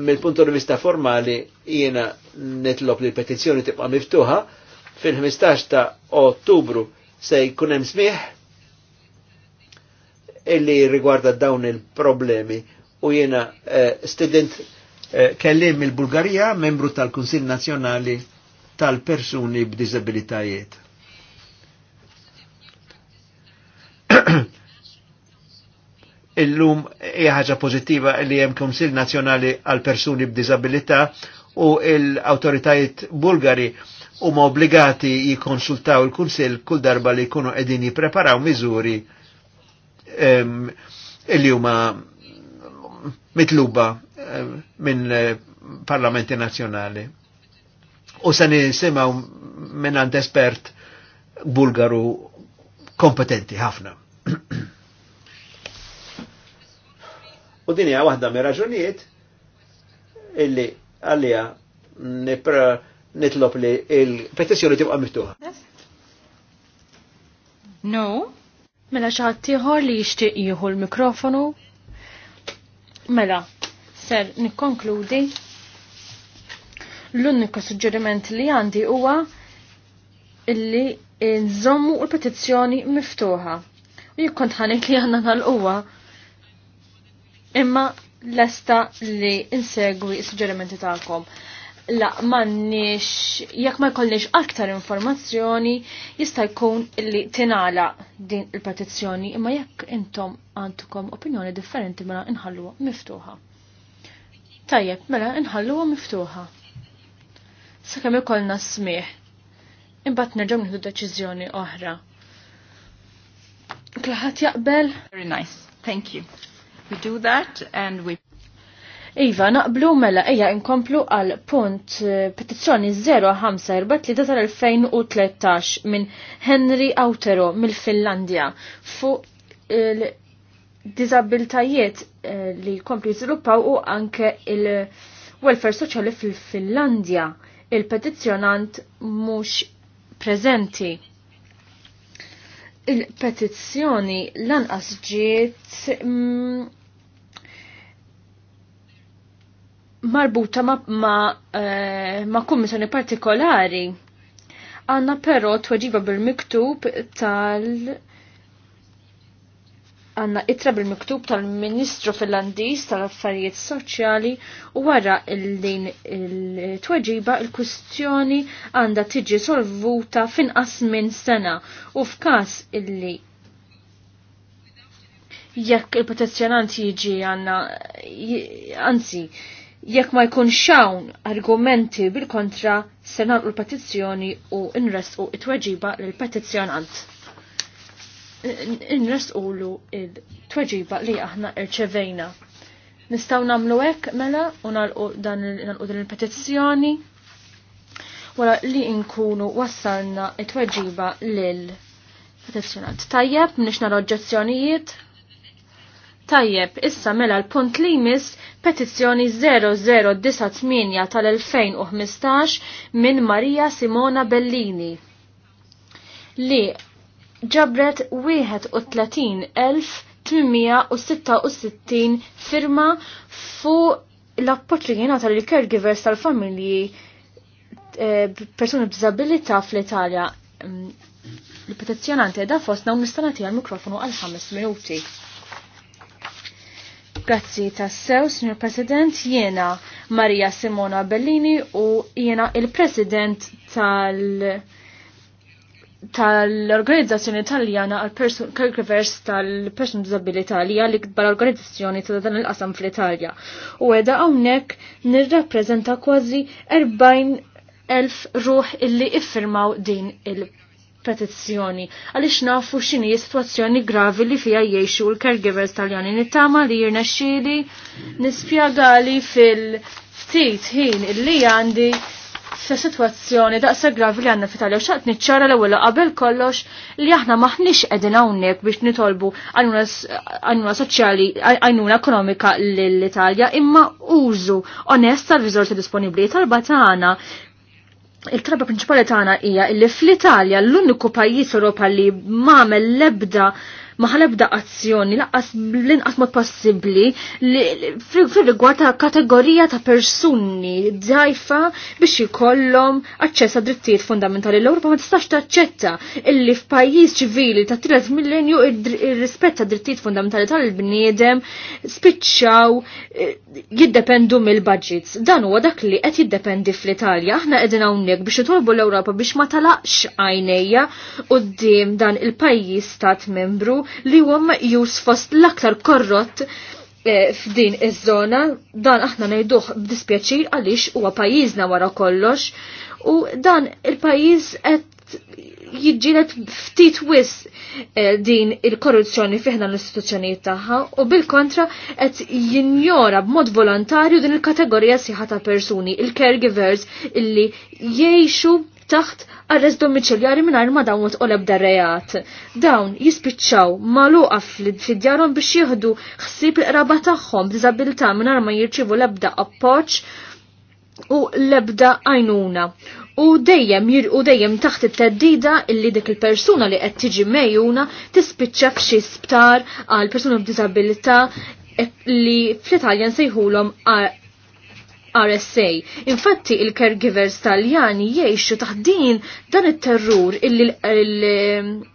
Mill-punto di vista formali jiena nitlob li l-petizzjoni tibqa' miftuħa fil-15 ta' Ottubru se jkun hemm smieħ illi rigwarda dawn il-problemi u jena uh, student uh, kellim il-Bulgarija, membru tal konsil Nazjonali tal-Persuni b'Disabilitajiet. (clears throat) Illum hija ħaġa pożittiva li hemm Kunsil Nazzjonali għal persuni b'Disabilità u l-awtoritajiet Bulgari huma obbligati jikkonsultaw il kunsil kull darba li jkunu qegħdin jippreparaw miżuri il huma mitluba minn eh, parlamenti nazjonali. U se nisimaw għand espert bulgaru kompetenti ħafna. (clears throat) U din hija waħda mir raġunijiet illi għalija nipra nitlob li il-petizjoni tibqa' miftuħa. No, Mela xaħtiħor li jishtiq jieħu l-mikrofonu. Mela, ser nikkonkludi. L-unika suġġeriment li għandi huwa illi nżommu l-petizzjoni miftuħa. U jikkont ħanik li għanna nal-uwa. Imma l-esta li insegwi suġġerimenti ta'kom la mannix, jekk ma jkollniex aktar informazzjoni, jista' jkun li tinala din il-petizzjoni, imma jekk intom għandkom opinjoni differenti mela inħalluha miftuħa. Tajjeb, mela inħalluha miftuħa. Sakemm ikollna smih, imbagħad nerġgħu nieħdu deċiżjoni oħra. Klaħat jaqbel? Very nice. Thank you. We do that and we Iva, naqblu mela eja inkomplu għal punt eh, petizzjoni 054 tal-2013 minn Henry Autero mill-Finlandja fuq il-dizabiltajiet eh, li komplu jizviluppaw u anke il-welfare soċjali fil-Finlandja. Il-petizzjonant mhux prezenti. Il-petizzjoni lanqas ġiet mm, marbuta ma, ma, eh, ma kummissjoni partikolari. Għanna però tweġiba bil-miktub tal- għanna itra bil-miktub tal-Ministru Finlandiż tal-Affarijiet Soċjali u wara din il-tweġiba il-kustjoni għanda tiġi solvuta finqas minn sena u f'każ illi jekk il-petizjonant jiġi għanna anzi jekk ma jkun xawn argumenti bil-kontra se u l-petizzjoni u u it-tweġiba lill-petizzjonant. u l tweġiba li aħna irċevejna. Nistgħu nagħmlu hekk mela u nagħlqu dan din il-petizzjoni wara li nkunu wassalna it-tweġiba lil petizzjonant. Tajjeb, nix nara oġġezzjonijiet? Tajjeb, issa mela l-punt li jmiss petizzjoni 0098 tal-2015 minn Marija Simona Bellini li ġabret 31,866 firma fu l-appoċ li jenata li caregivers tal-familji eh, persuni b'zabilita fl-Italja. Mm, Il-petizjonanti da fost naw nistanati għal-mikrofonu għal 5 minuti. Grazzi tassew, Signor President, jiena Maria Simona Bellini u jiena il-President tal- tal-Organizzazzjoni Italjana għal caregivers tal-Person Disabilità li għal ikbar organizzazzjoni ta' dan il-qasam fl-Italja. U għeda hawnhekk nirrappreżenta kważi 40 elf ruħ illi iffirmaw din il-Person petizzjoni għaliex nafu xini situazzjoni gravi li fija jgħixu l-caregivers jani nittama li jirnexxieli nispjagali fil-ftit ħin illi għandi sa situazzjoni daqsa gravi li għanna f'Italja u xaqt niċċara l-ewwel qabel kollox li aħna maħniex qegħdin hawnhekk biex nitolbu għannuna soċjali għajnuna ekonomika lill-Italja imma użu onest tal-riżorsi disponibbli talba tagħna il traba prinċipali tagħna hija li fl-Italja l-uniku pajjiż Ewropa li m'amel l-ebda maħalebda azzjoni laqas l-inqas mod possibbli fil-rigward ta' kategorija ta' persuni dajfa biex jkollhom aċċess ta' drittijiet fundamentali. L-Ewropa ma tistax taċċetta illi f'pajjiż ċivili ta' tliet millenju ir-rispett ta' drittijiet fundamentali tal-bniedem spiċċaw eh, jiddependu mill-budgets. Dan huwa dak li qed jiddependi fl-Italja. Aħna qegħdin hawnhekk biex itolbu l-Ewropa biex ma talaqx għajnejja qudiem dan il-pajjiż stat membru li huwa meqjus fost l-aktar korrott eh, f'din iż-żona dan aħna ngħiduh b'dispjaċir għaliex huwa pajjiżna wara kollox u dan il-pajjiż qed jiġġielet ftit wis eh, din il-korruzzjoni fiħna l-istituzzjonijiet tagħha u bil-kontra qed jinjora b'mod volontarju din il-kategorija sieħa ta' persuni, il-caregivers illi jgħixu taħt arrest domiciliari mingħajr ma dawn tqoleb darrejat. Dawn jispiċċaw magħluqa fid-djarhom biex jieħdu ħsieb il-qraba tagħhom b'diżabilità mingħajr ma jirċievu l-ebda appoġġ u l-ebda għajnuna. U dejjem u dejjem taħt it-teddida illi dik il-persuna li qed tiġi mejjuna tispiċċa f'xi sptar għal persuna b'diżabilità e- li fl italjan sejħulhom RSA. Infatti il-caregivers taljani jiexu taħdin dan it-terrur il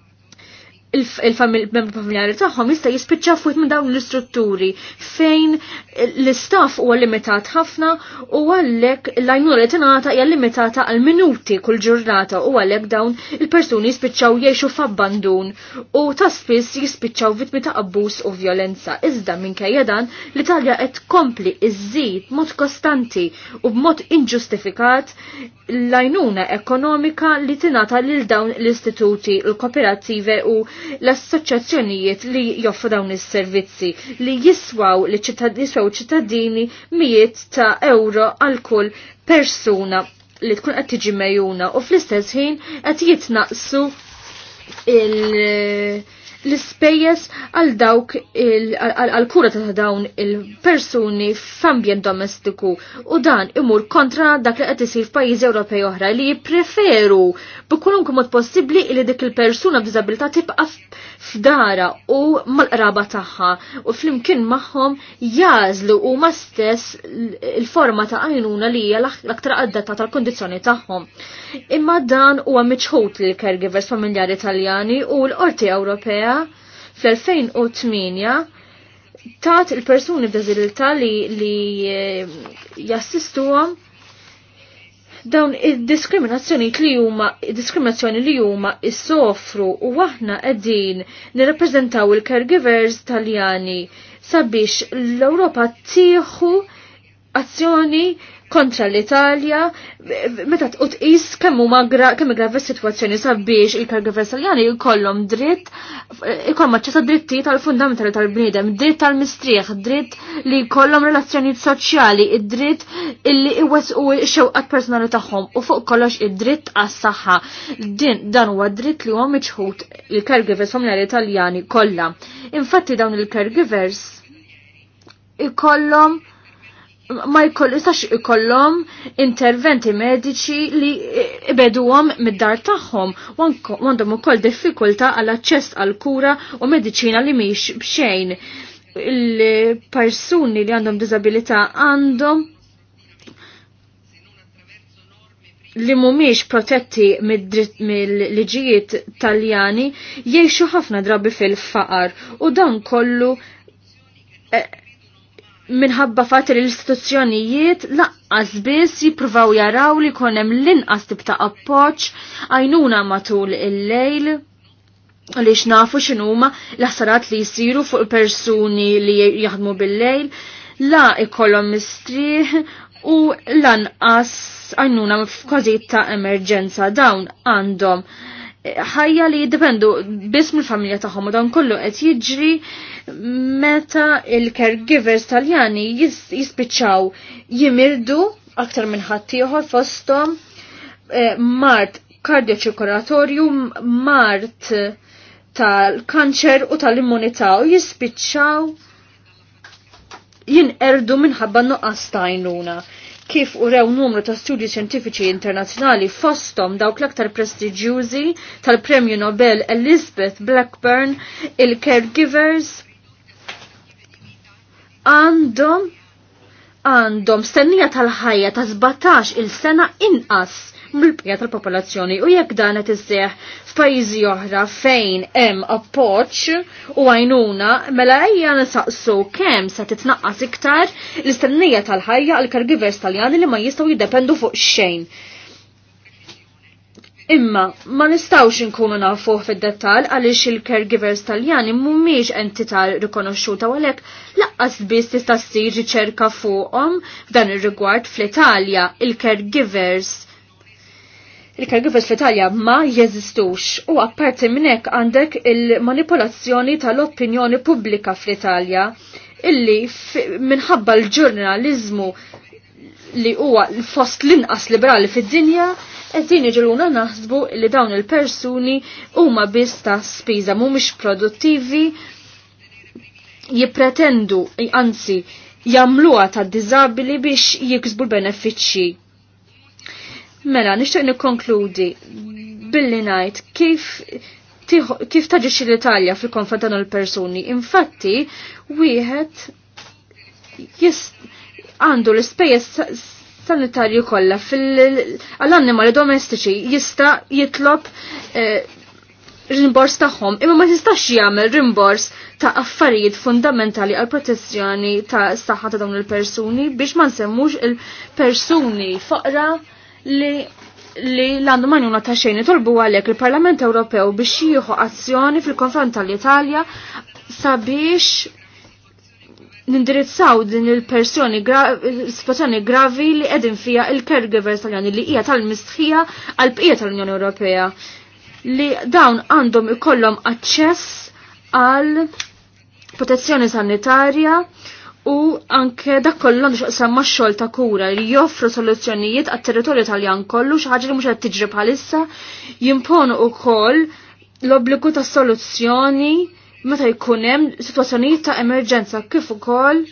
il-membru familjari tagħhom jista' jispiċċa fuq minn dawn l-istrutturi fejn l-istaff huwa limitat ħafna u għalhekk l-għajnuna li tingħata hija limitata għal minuti kull ġurnata u għalhekk dawn il-persuni jispiċċaw jgħixu f'abbandun u ta' spiss jispiċċaw vittmi ta' abbuż u vjolenza. Iżda minkejja dan l-Italja qed tkompli iżżid mod kostanti u b'mod inġustifikat l-għajnuna ekonomika li tingħata lil dawn l-istituti, l-kooperattive u l-assoċjazzjonijiet li joffru dawn is-servizzi li jiswaw li jiswaw ċittadini miet ta' euro għal kull persuna li tkun qed tiġi mejjuna u fl-istess ħin qed jitnaqsu il- l-ispejjeż għal dawk għal kura ta' dawn il-persuni f'ambjent domestiku u dan imur kontra dak li qed isir f'pajjiżi Ewropej oħra li jippreferu b'kulunkwe mod possibbli li dik il-persuna b'diżabilità tibqa' f'dara u mal-qraba tagħha u flimkien magħhom u huma stess il-forma ta' għajnuna li hija l-aktar adatta tal kondizjoni tagħhom. Imma dan huwa miċħut l caregivers familjari Taljani u l-Qorti Ewropea fl-2008 tat il-persuni b'diżilità li, li eh, jassistuhom dawn id-diskriminazzjoni li huma diskriminazzjoni li huma issofru u aħna qegħdin nirrappreżentaw il-caregivers taljani sabiex l-Ewropa tieħu azzjoni kontra l-Italja, meta tqut is kemm huma kemm gravi s-sitwazzjoni sabiex il-kargivers Taljani jkollhom dritt ikollhom aċċess dritti tal-fundamentali tal-bniedem, dritt tal-mistrieħ, dritt li jkollhom relazzjonijiet soċjali, id-dritt illi iwesqu x-xewqat personali tagħhom u fuq kollox id-dritt għas-saħħa. Din dan huwa dritt li huwa miċħud il-caregivers l Italjani kollha. Infatti dawn il-caregivers ikollhom il ma jkollistax ikollhom interventi mediċi li ibeduhom mid-dar tagħhom u għandhom ukoll diffikultà għall aċċess għal kura u mediċina li mhix bxejn. Il-persuni li għandhom diżabilità għandhom li mumiex protetti mill-liġijiet taljani jiexu ħafna drabi fil-faqar u dan kollu eh, minħabba fat l-istituzzjonijiet laqqas biss jippruvaw jaraw li konem l-inqas tibta' appoċ appoġġ għajnuna matul il-lejl li xnafu x'inhuma l-ħsarat li jsiru fuq persuni li jaħdmu bil-lejl la ikollhom mistrieħ u lanqas għajnuna f'każijiet ta' emerġenza dawn għandhom ħajja li jiddependu biss mill-familja tagħhom u dan kollu qed jiġri meta il-caregivers taljani jispiċċaw jimirdu aktar minn ħadd ieħor fosthom eh, mart kardioċirkolatorju, mart tal-kanċer u tal-immunità u jispiċċaw jinqerdu minħabba nuqqas tajnuna kif rew numru ta' studji xjentifiċi internazzjonali fostom dawk l-aktar prestiġjużi tal-Premju Nobel Elizabeth Blackburn, il-caregivers għandhom għandhom stennija tal-ħajja ta' 17 il-sena inqas mill-bqija tal-popolazzjoni u jekk dan qed isseħ f'pajjiżi oħra fejn hemm appoġġ u għajnuna mela ejja nisaqsu kemm se titnaqqas iktar l-istennija tal-ħajja għal kargivers taljani li ma jistgħu jiddependu fuq xejn. Imma ma nistawx inkunu nafuh fid-dettal għaliex il-caregivers taljani mhumiex entità rikonoxxuta għalhekk laqqas biss tista' ssir riċerka fuqhom f'dan ir-rigward fl-Italja il-caregivers il-kargifers fl-Italja ma jeżistux u apparti minnek għandek il-manipolazzjoni tal-opinjoni pubblika fl-Italja illi minħabba l-ġurnalizmu li huwa fost l-inqas liberali fid-dinja qegħdin jiġruna naħsbu li dawn il-persuni huma biss ta' spiża mhumiex produttivi jippretendu anzi jagħmluha ta' diżabili biex jiksbu l-benefiċċji Mela, nixtieq nikkonkludi billi ngħid kif kif taġiċi l-Italja fil-konfront ta' l-persuni. Infatti, wieħed għandu l-ispejjeż sanitarju kollha fil-annimali domestiċi jista' jitlob eh, rimbors tagħhom, imma ma tistax jagħmel rimbors ta' affarijiet fundamentali għal protezzjoni ta' saħħa ta' dawn il-persuni biex ma nsemmux il-persuni foqra li li l-għandu manjuna ta' xejn itolbu għalek il-Parlament Ewropew biex jieħu azzjoni fil-konfront tal-Italja sabiex nindirizzaw din il-personi situazzjoni gravi li edin fija il-caregivers tal-Unjoni li hija tal-mistħija għal bqija tal-Unjoni Ewropea li dawn għandhom ikollhom aċċess għal protezzjoni sanitarja U anke dak kollu għandu xaqsam xogħol ta' kura li joffru soluzzjonijiet għat territorju Taljan kollu xi ħaġa li mhux qed tiġri bħalissa jimponu wkoll l-obbligu ta' soluzzjoni meta jkun hemm sitwazzjonijiet ta' emerġenza kif ukoll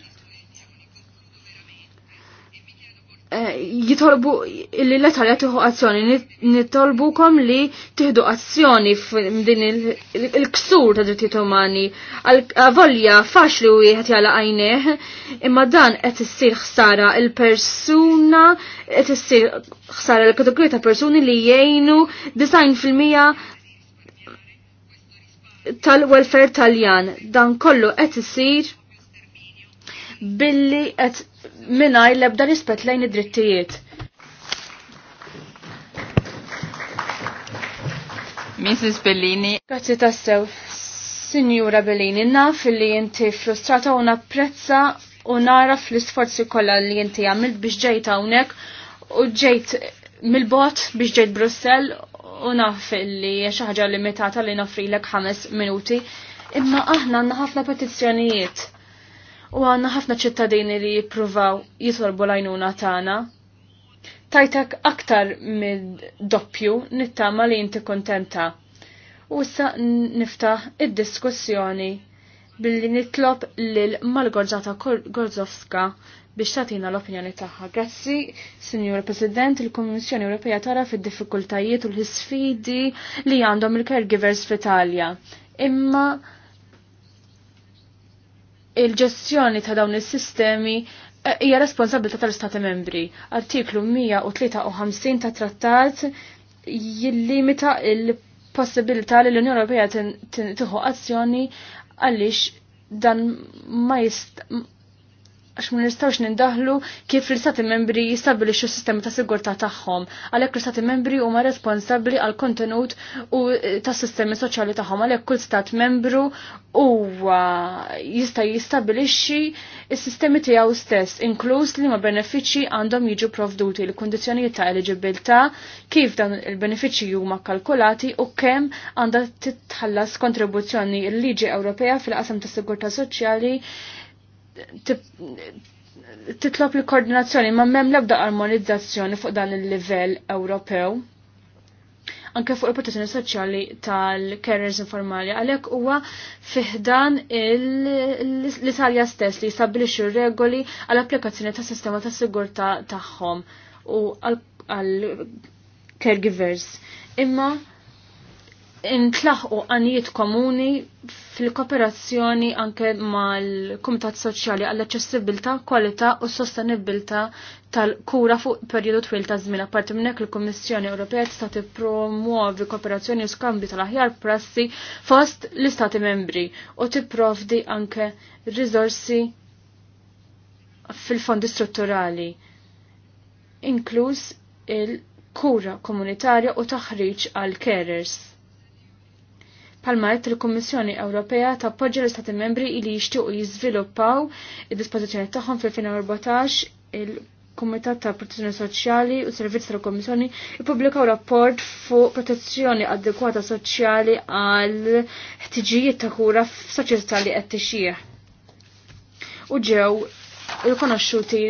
Eh, jitolbu li l azzjoni, nitolbukom li tiħdu azzjoni f'din il-ksur ta' drittijiet umani. Għavolja faċli u jħet jala għajneħ, imma dan qed issir ħsara il-persuna, qed issir ħsara l-kategorija ta' persuni li jgħinu 90% tal-welfare taljan. Dan kollu qed issir billi qed mingħajr l-ebda rispett lejn id-drittijiet. Mrs. Bellini. Grazzi tassew. Signora Bellini, naf li inti frustrata u napprezza u nara fl-isforzi kollha li jinti għamilt biex ġejt hawnhekk u ġejt mil bot biex ġejt Brussell u naf li xaħġa ħaġa limitata li l-ek ħames minuti. Imma aħna għandna ħafna petizzjonijiet u għanna ħafna ċittadini li jippruvaw jitolbu lajnuna tagħna. Tajtek aktar mid-doppju nittama li inti kontenta. U issa niftaħ id-diskussjoni billi nitlob lil Malgorġata Gorzowska biex tatina l-opinjoni tagħha. Grazzi, Signor President, il-Kommissjoni Ewropea tara fid-diffikultajiet u l-sfidi li għandhom il-caregivers f'Italja. Imma il-ġestjoni ta' dawn is-sistemi eh, hija responsabilità tal-Istati membri. Artiklu 153 ta' trattat jillimita il-possibilità li l-Unjoni Ewropea tieħu azzjoni għaliex dan ma jist għax ma nistawx nindaħlu kif l-istati membri jistabilixxu s-sistemi ta' sigurtà tagħhom. Għalhekk l-istati membri huma responsabbli għal kontenut u eh, tas sistemi soċjali tagħhom għalhekk kull stat membru huwa jista' jistabilixxi s-sistemi tiegħu stess, inkluż li ma benefiċċji għandhom jiġu provduti l-kundizzjonijiet ta' eliġibilità, kif dan il-benefiċċji huma kalkulati u kemm għandha titħallas kontribuzzjoni l-Liġi Ewropea fil-qasam tas sigurtà soċjali titlob l-koordinazzjoni ma memm l-ebda armonizzazzjoni fuq dan il-livell Ewropew. Anke fuq il-protezzjoni soċjali tal-carriers informali għalhekk huwa fiħdan l-Italja stess li jistabbilixxu regoli għall applikazzjoni tas sistema ta' sigurtà tagħhom u għall caregivers. Imma intlaħqu għanijiet komuni fil-kooperazzjoni anke mal-Kumitat Soċjali għall-aċċessibilità, kwalità u sostenibilità tal-kura fuq perjodu twil ta' żmien. Apparti minn hekk il-Kummissjoni Ewropea tista' tippromuovi kooperazzjoni u skambju tal-aħjar prassi fost l-Istati membri u tipprovdi anke riżorsi fil-fondi strutturali, inkluż il-kura komunitarja u taħriġ għal carers Palmart il-Kummissjoni Ewropea tappoġġa l-Istati membri li jixtiequ jiżviluppaw id-dispożizzjoni tagħhom fil-2014 il-Kumitat ta' Protezzjoni Soċjali u Servizzi tal-Kummissjoni ippubblikaw rapport fuq protezzjoni adekwata soċjali għal ħtiġijiet ta' kura f'soċjetà li qed tixjih. U ġew rikonoxxuti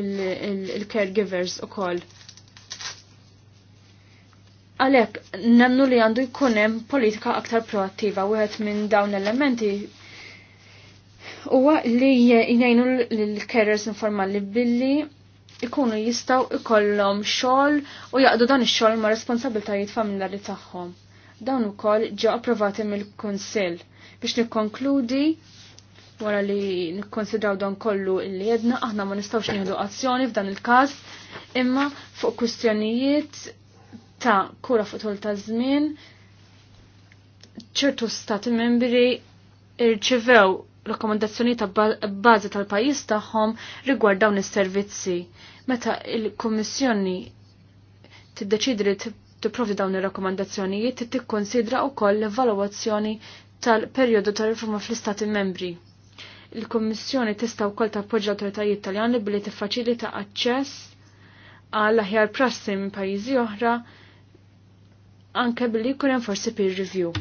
il-caregivers ukoll. Għalek, nemnu li għandu jkunem politika aktar proattiva u għet minn dawn elementi huwa li jgħinu l carers informali billi ikunu jistaw ikollom xogħol u jaqdu dan ix-xogħol ma' responsabiltajiet familjari tagħhom. Dawn ukoll ġew approvati mill-Kunsill biex nikkonkludi wara li nikkonsidraw dan kollu illi jedna aħna ma nistgħux nieħdu azzjoni f'dan il-każ imma fuq kwistjonijiet ta' kura futul ta' żmien ċertu stati membri irċivew rakkomandazzjoni ta' bażi tal-pajjiż tagħhom rigward dawn is-servizzi. Meta il-Kummissjoni tiddeċidi li tipprovdi dawn ir-rakkomandazzjonijiet tikkonsidra wkoll l-evalwazzjoni tal-perjodu tal riforma fl-Istati membri. Il-Kummissjoni tista' wkoll tappoġġja l-awtoritajiet Taljani billi tiffaċilita aċċess għal aħjar prassi minn pajjiżi oħra anke billi jkun hemm forsi peer review.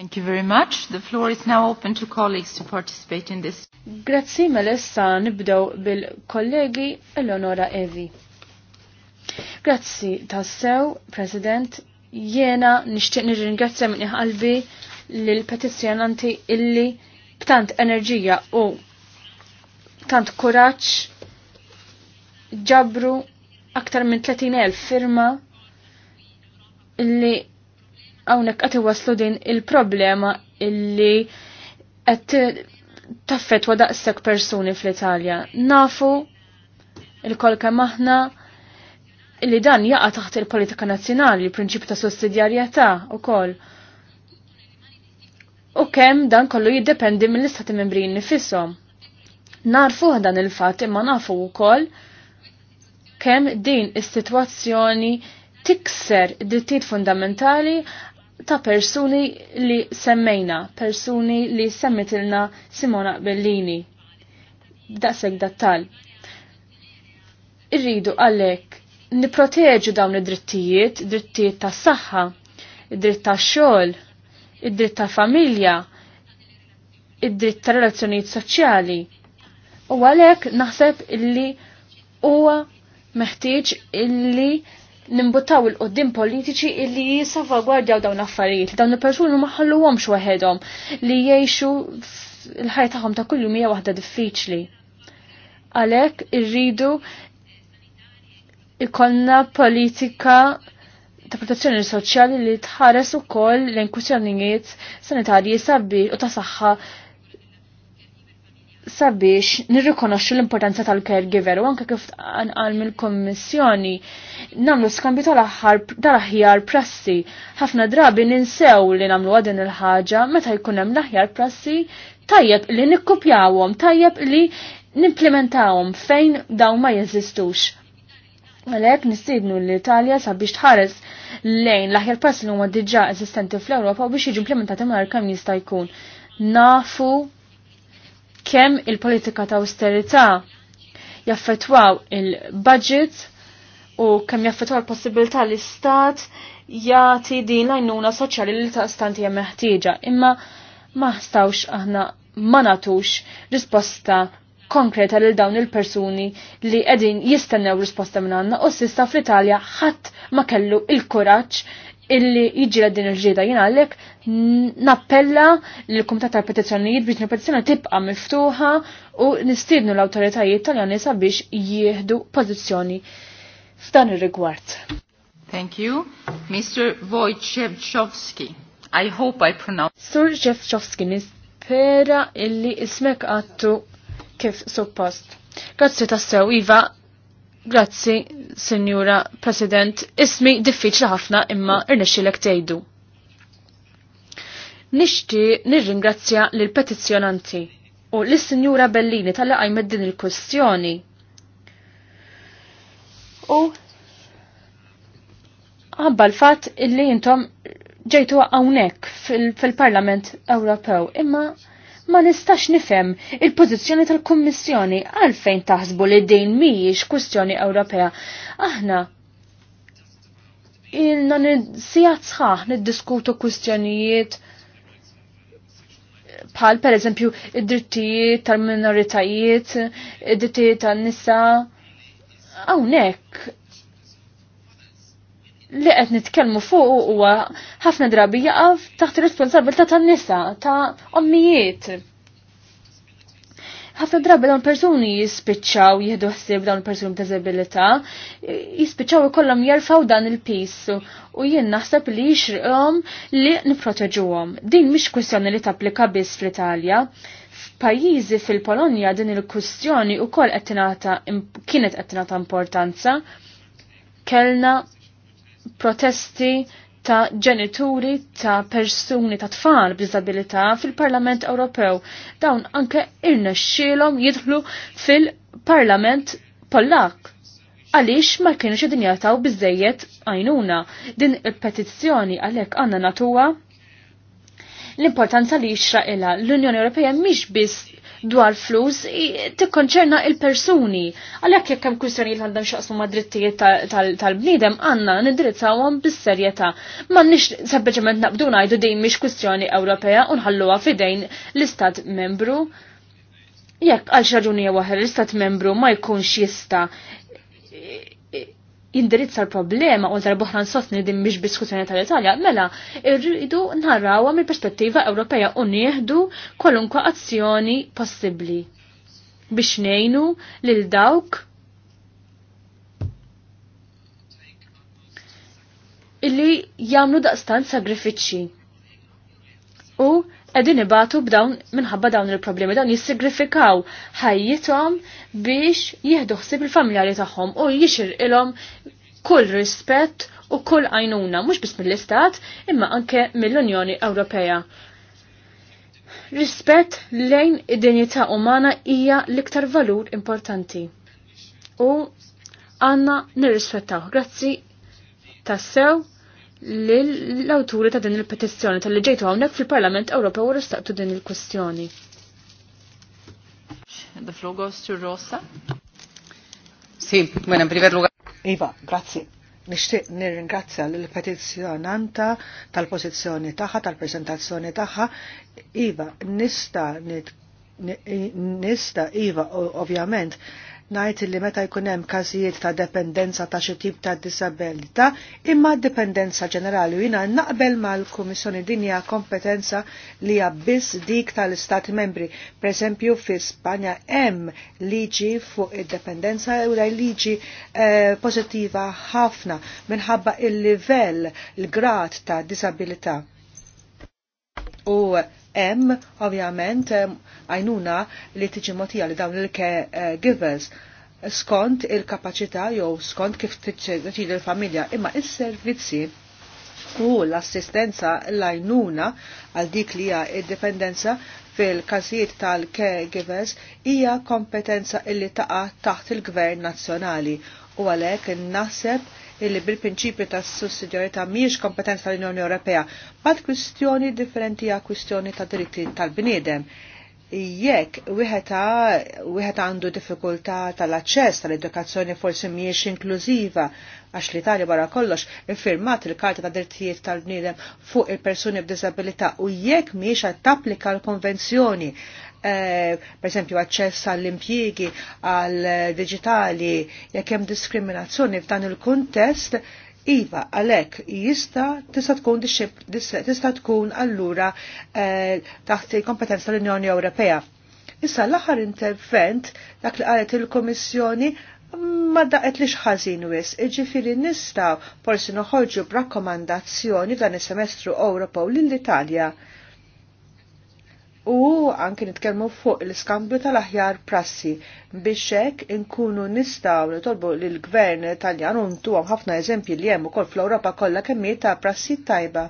Thank you very much. The floor is now open to colleagues to participate in this. Grazzi Melissa nibdew bil-kollegi Eleonora Evi. Grazzi tassew, President. Jena nixtieq nirringrazzja minn qalbi lil petizzjonanti illi b'tant enerġija u tant kuraġġ ġabru aktar minn 30.000 firma Illi għawnek għati waslu din il-problema illi għat taffet wadaqsek personi fl-Italja. Nafu il-kolka maħna li dan jaqa taħt il-politika nazzjonali, il prinċip ta' sussidjarjetà koll. U kemm dan kollu jiddependi mill-istati membri nifisom. Narfu dan il-fatt imma nafu wkoll kemm din is-sitwazzjoni tikser drittijiet fundamentali ta' persuni li semmejna, persuni li semmitilna Simona Bellini. Daqseg dattal. Irridu għalek niproteġu dawn id-drittijiet, drittijiet ta' saħħa, id-dritt ta' xogħol, id-dritt ta' familja, id-dritt ta' relazzjonijiet soċjali. U għalek naħseb illi huwa meħtieġ illi nimbuttaw il-qoddim politiċi illi jisavagwardjaw dawn affarijiet, dawn il-persuni ma ħalluhomx waħedhom li jgħixu l-ħajja tagħhom ta' kuljum hija waħda diffiċli. Għalhekk irridu ikollna politika ta' protezzjoni soċjali li tħares ukoll l inkwisjonijiet sanitarji sabbi u ta' saħħa sabiex nirrikonoxxu l-importanza tal-caregiver u anke kif għal mill-kommissjoni nagħmlu skambju tal-aħħar tal-aħjar prassi. Ħafna drabi ninsew li nagħmlu għadin il-ħaġa meta jkun hemm l-aħjar prassi tajjeb li nikkupjawhom, tajjeb li nimplementawhom fejn dawn ma jeżistux. Għalek nistidnu l-Italja sabiex tħares lejn l-aħjar prassi li huma diġà eżistenti fl-Ewropa u biex jiġu implementati mal kemm jista' jkun. Nafu kemm il-politika ta' austerità jaffetwaw il-budget u kemm jaffetwaw il-possibilità l-istat jagħti din l-għajnuna soċjali li ta' stanti hija meħtieġa. Imma ma stawx aħna ma natux risposta konkreta lil dawn il-persuni li qegħdin jistennew risposta minn għandna u sista fl-Italja ħadd ma kellu il-kuraġġ illi jiġi din il ġida jien nappella lill kumitat tal-petizzjonijiet biex il-petizzjoni tibqa' miftuħa u nistiednu l-awtoritajiet Taljani sabiex jieħdu pożizzjoni f'dan ir-rigward. Thank you. Mr. Wojciechowski. I hope I pronounce. Sur Jeffchowski nispera illi ismek għattu kif suppost. Grazzi tassew, Iva, Grazzi, Signora President. Ismi diffiċli ħafna imma irnexxilek tgħidu. Nixti nirringrazzja lil petizzjonanti u lis sinjura Bellini tal-li qajmet din il-kwestjoni. U għabba l-fat illi jintom ġejtu għawnek fil-Parlament Ewropew imma ma nistax nifhem il-pożizzjoni tal-Kummissjoni għalfejn taħsbu li din mhijiex kwestjoni Ewropea. Aħna ilna nisijat sħaħ niddiskutu kwistjonijiet bħal per eżempju id-drittijiet tal-minoritajiet, id-drittijiet tan-nisa, hawnhekk li qed nitkellmu fuq huwa ħafna drabi jaqaf taħt ir-responsabilità tan-nisa, ta' ommijiet. Ħafna drabi dawn persuni jispiċċaw jieħdu ħsieb dawn persuni b'diżabilità, jispiċċaw ikollhom jerfgħu dan il piss u jien naħseb li jixriqhom li nipproteġuhom. Din mhix kwistjoni li tapplika biss fl-Italja, f'pajjiżi fil-Polonja din il-kwistjoni wkoll qed kienet qed importanza kellna protesti ta' ġenituri ta' persuni ta' tfal b'disabilità fil-Parlament Ewropew. Dawn anke irnexxielhom jidħlu fil-Parlament Pollak. Għaliex ma kienu qegħdin jagħtaw biżejjed għajnuna din il-petizzjoni għalhekk għandna natuwa? l-importanza li jixra l-Unjoni Ewropea mhix biss dwar flus tikkonċerna il-persuni. Għalhekk jekk hemm li għandhom x'aqsmu ma' drittijiet tal-bniedem għandna nindirizzawhom bis-serjetà. M'għandniex sempliċement naqbdu ngħidu din mhix kwistjoni Ewropea u nħalluha f'idejn l-istat membru. Jekk għal xi raġuni jew l-istat membru ma jkunx jista' jindirizza l-problema u darbuħna nsostni din biex diskussjoni tal-Italja, mela irridu narrawa mill perspettiva Ewropea u nieħdu kwalunkwa azzjoni possibbli biex nejnu lil dawk illi jamlu daqstan sagrifiċċji u edin ibatu b'dawn minħabba dawn il-problemi, dawn jissigrifikaw ħajjithom biex jieħdu ħsieb il-familjari tagħhom u jixir ilhom kull rispett u kull għajnuna, mhux biss mill-Istat, imma anke mill-Unjoni Ewropea. Rispett lejn id-dinjità umana hija l-iktar valur importanti. U għanna nirrispettaw. Grazzi tassew l-awturi ta' din il-petizzjoni tal ġejtu hawnhekk fil-Parlament Ewropew u ristaqtu din il kwestjoni The floor goes to Rosa. Sì, buona priver primer Iva, grazie. Nixtieq nirringrazzja lill petizzjonanta tal-pożizzjoni tagħha, tal-preżentazzjoni tagħha. Iva, nista nista Iva ovvjament najt li meta jkunem kazijiet ta' dependenza ta' xi tip ta' disabilità imma dipendenza ġenerali u jina naqbel mal-Kummissjoni dinja kompetenza li biss dik tal-Istati membri. Per esempio, fi Spanja hemm liġi fuq id-dependenza u daj liġi eh, pozittiva ħafna minħabba il-livell, il-grad ta' disabilità. U hemm ovvjament għajnuna li tiġi motija li dawn il caregivers givers skont il-kapacità jew skont kif tiġi l-familja imma is-servizzi u l-assistenza l-għajnuna għal dik li hija id-dipendenza fil-każijiet tal-caregivers hija kompetenza illi taqa' taħt il-Gvern Nazzjonali u għalhekk naħseb illi bil-prinċipju tas sussidjarjetà mhijiex kompetenza tal-Unjoni Ewropea. Bad kwistjoni differenti għal kwistjoni ta' diritti tal-bniedem. Jekk wieħed għandu diffikultà tal-aċċess tal-edukazzjoni forsi mhijiex inklużiva għax l-Italja barra kollox iffirmat il-Karta ta' Drittijiet tal-Bniedem fuq il-persuni b'disabilità u jekk mhijiex tapplika l-Konvenzjoni Eh, per esempio aċċess għall-impjiegi, għall-digitali, jekk hemm diskriminazzjoni f'dan il-kuntest, Iva, għalek, jista tista tkun tista tkun allura eh, taħt il-kompetenza l-Unjoni Ewropea. Issa l-aħħar intervent dak li qalet il-Komissjoni ma daqet li xħazin wis, iġifiri nistaw forsi noħorġu b'rakkomandazzjoni f'dan is-semestru Ewropew lill-Italja u anki nitkellmu fuq l-iskambju tal-aħjar prassi biex hekk inkunu nistgħu nitolbu lil gvern Taljan untu hemm ħafna eżempji li hemm ukoll fl-Ewropa kollha kemm ta' prassi tajba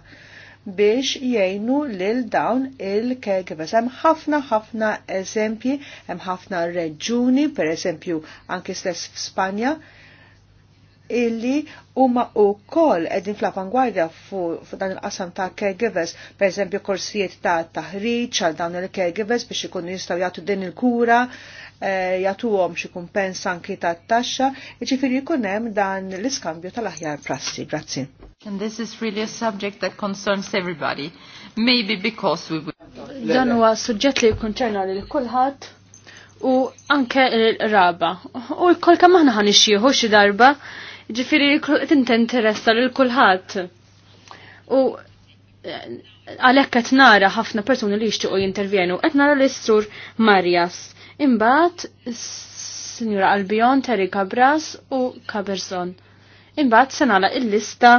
biex jgħinu lil dawn il-caregivers. Hemm ħafna ħafna eżempji, hemm ħafna reġuni, per eżempju anki stess f'Spanja, illi huma wkoll qegħdin fl-avangwardja fuq dan il-qasam ta' caregivers, pereżempju korsijiet ta' taħriġ għal dawn il-caregivers biex ikunu jistgħu jagħtu din il-kura, eh, jagħtuhom xi kumpens anki tat-taxxa, jiġifieri jkun hemm dan l-iskambju tal-aħjar prassi. Grazzi. And this is really a subject that concerns everybody. Maybe because we will. Dan huwa suġġett li jkunċerna lil kulħadd u anke l-raba. U kol kam aħna ħanixxieħu xi darba ġifiri tinta interessa lil kulħadd. U għalhekk qed nara ħafna persuni li jixtiequ jintervjenu, qed nara l-istrur Marjas. Imbagħad Sinjura Albion, Terry Cabras u Caberson. Imbagħad se nagħlaq il-lista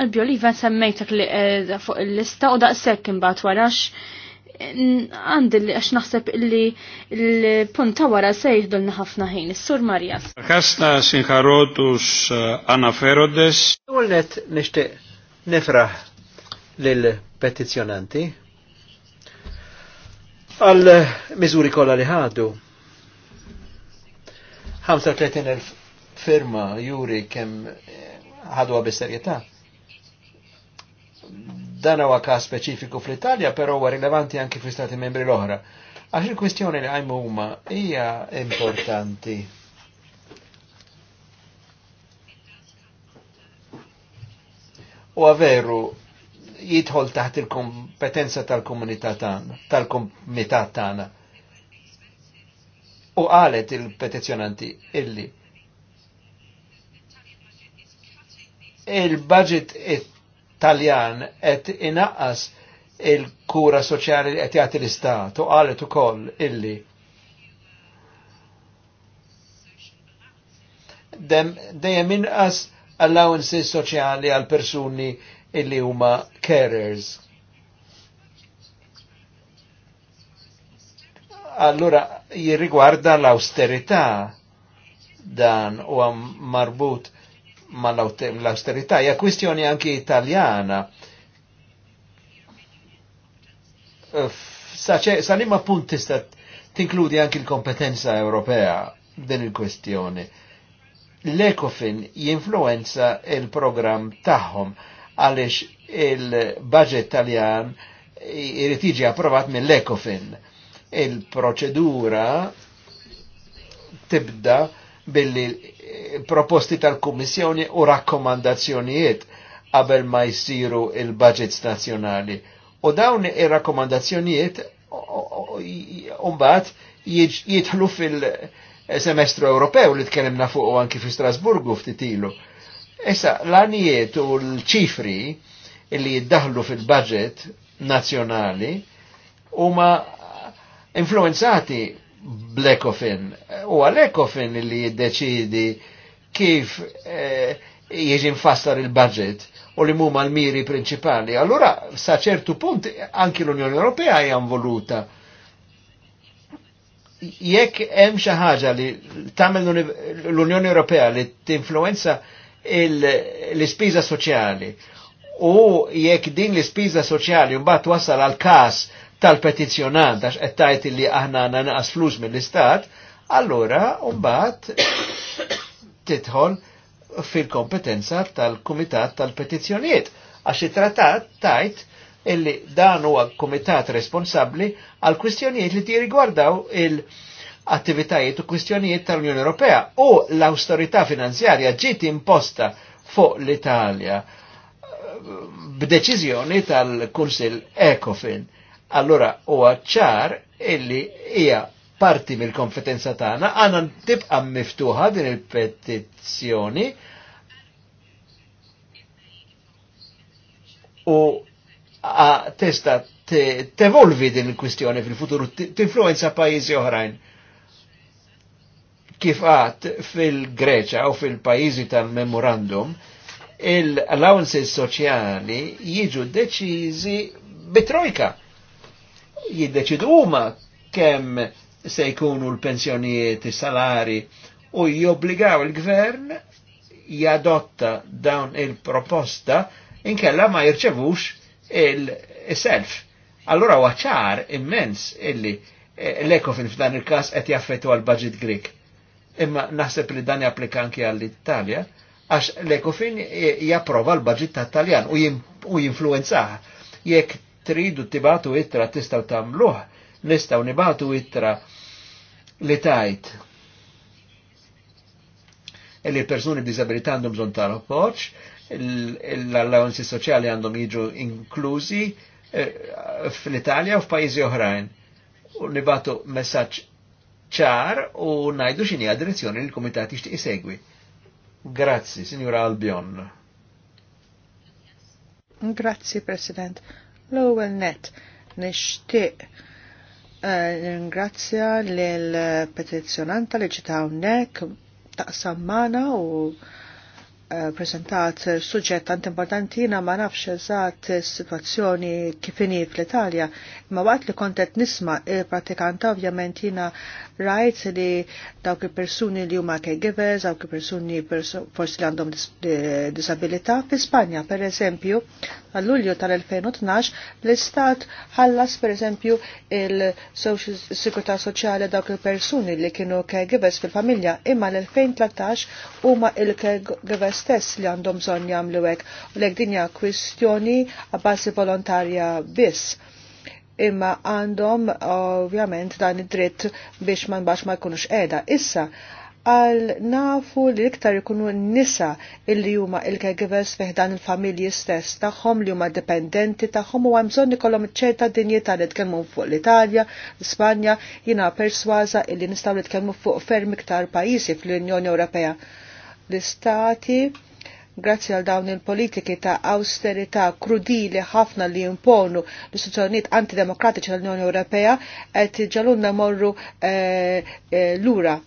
Albion iva, li semmejtak eh, li fuq il-lista u daqshekk imbagħad warax għandi li għax naħseb li l-punta wara se jihdulna ħafna ħin, s sur Marjas. Kasta sinħarotus għana eh, ferodes. Għolnet nishtiq nifraħ l petizjonanti għal miżuri kolla li ħadu. 35.000 firma juri kem ħadu għabis serjetà Dan huwa każ speċifiku fl-Italja, però huwa rilevanti anke fl-Stati membri l-oħra. Għax il-kwistjoni li għajmu huma hija importanti. U għaveru jidħol taħt il-kompetenza tal-komunità tagħna, tal-komitat tagħna. U qalet il-petizjonanti illi il-budget Taljan et inaqqas il-kura soċjali et jgħati l-istat u għalet u koll illi dejjem inqas allowances soċjali għal persuni illi huma carers. Allura jirrigwarda l-austerità dan u marbut mal-austerità. Ja kwistjoni anki italjana. Salimma punt tista tinkludi anki l-kompetenza Ewropea din il kwistjoni L-Ecofin jinfluenza il-program tagħhom għaliex il-budget taljan irrid jiġi approvat mill-Ecofin. Il-proċedura tibda billi eh, proposti tal-Kummissjoni u rakkomandazzjonijiet qabel ma jsiru il-budgets nazzjonali. U dawn ir-rakkomandazzjonijiet umbat jidħlu fil-semestru Ewropew li tkellimna fuq anki fi Strasburgu f'titilu. Issa l-anijiet u l-ċifri li jiddaħlu fil-budget nazjonali huma influenzati bl-Ecofin. U għal-Ecofin li jiddeċidi kif eh, jieġi mfassar il-budget u li mumma l-miri principali. Allora, sa ċertu punt, anki l-Unjoni Ewropea hija voluta. Jekk hemm xi ħaġa li tagħmel l-Unjoni Ewropea li tinfluenza l-ispiża soċjali u jekk din l-ispiża soċjali mbagħad wasal għal każ tal-petizjonant għax qed li aħna naqas flus mill-istat, allora mbagħad (coughs) titħol fil-kompetenza tal-Kumitat tal-Petizzjonijiet għax trattat tajt illi dan huwa kumitat responsabbli għal kwistjonijiet li tirigwardaw il-attivitajiet u kwistjonijiet tal-Unjoni Ewropea u l-austerità finanzjarja ġiet imposta fuq l-Italja b'deċiżjoni tal-Kunsil Ecofin allora u għacċar illi hija parti mill-kompetenza tagħna, għandna tibqa' miftuħa din il-petizzjoni u testa tevolvi din il-kwistjoni fil-futur, tinfluenza pajjiżi oħrajn. Kif għat fil-Greċa u fil-pajjiżi tal-memorandum, il-allowances soċjali jiġu deċiżi bitrojka jiddeċidu huma kemm se jkunu l-pensjonijiet, salari u jobbligaw il-gvern jadotta dawn il-proposta inkella ma jirċevux il-self. Allora waċar immens illi e, l-ekofin f'dan il-kas qed jaffettu għal budget Grek. Imma naħseb li dan japplika anki għall-Italja, għax l-ekofin e, japprova l-budget tal Taljan u jinfluenzaħ. Jekk tridu tibatu ittra tistaw tamluħ, nistaw nibatu ittra li tajt. Illi personi persuni għandhom bżon tal l-allowanzi soċjali għandhom jiġu inklużi eh, fl-Italja u f'pajjiżi oħrajn. U nibatu messaġġ ċar u najdu xini direzzjoni li l komitat jixtieq isegwi. Grazzi, Signora Albion. Grazzi, President. L-ewwel net nixtieq eh, ringrazzja lil petizzjonanta li ġita hawnhekk taqsam magħna u eh, presentat suġġett tant importanti ma nafx eżatt is-sitwazzjoni kif inhi fl-Italja ma waqt li kontet nisma il-pratikanta ovvjament jina rajt li dawk il-persuni li huma caregivers, dawk il-persuni forsi li għandhom disabilità. Fi Spanja, per eżempju, għall-Lulju tal-2012, l-Istat ħallas per eżempju il Sikurta Soċjali dawk il-persuni li kienu caregivers fil-familja, imma l-2013 huma il-caregivers stess li għandhom bżonn jagħmlu hekk. U l-ek dinja kwistjoni għabbasi volontarja biss imma għandhom ovvjament dan id-dritt biex man bax ma jkunux edha. Issa, għal nafu li iktar ikunu nisa illi huma il-caregivers fiħdan il-familji stess tagħhom li huma dipendenti tagħhom u hemm bżonn ikollhom ċerta ta' li tkellmu fuq l-Italja, l-Ispanja, jiena persważa illi nistgħu nitkellmu fuq ferm iktar pajjiżi fl-Unjoni Ewropea. L-istati grazzi għal dawn il-politiki ta' austerità krudili ħafna li imponu l-istituzzjonijiet antidemokratiċi l-Unjoni Ewropea qed ġalunna morru eh, eh, lura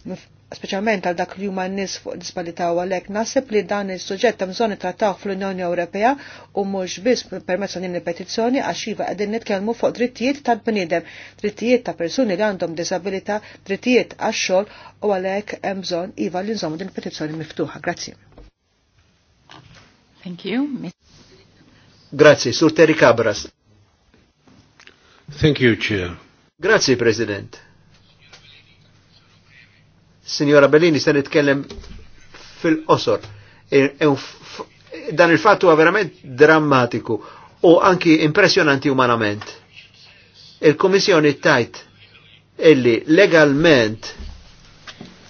speċjalment għal dak li huma nies fuq disparità u għalhekk naħseb li dan is-suġġett hemm bżonn trattaw fl-Unjoni Ewropea u mhux biss permezz din il-petizzjoni għax iva qegħdin nitkellmu fuq drittijiet tal-bniedem, drittijiet ta' persuni li għandhom disabilità, drittijiet għax-xogħol u għalhekk hemm bżonn iva li nżommu din il-petizzjoni miftuħa. Grazzi. Thank you. Grazie, Sur Terry Cabras. Thank you, Chair. Grazie, President. Signora Bellini, se nitkellem fil Osor, e, e dan il-fattu verament drammatiku u anki impressionanti umanament. Il-Komissjoni tajt illi legalment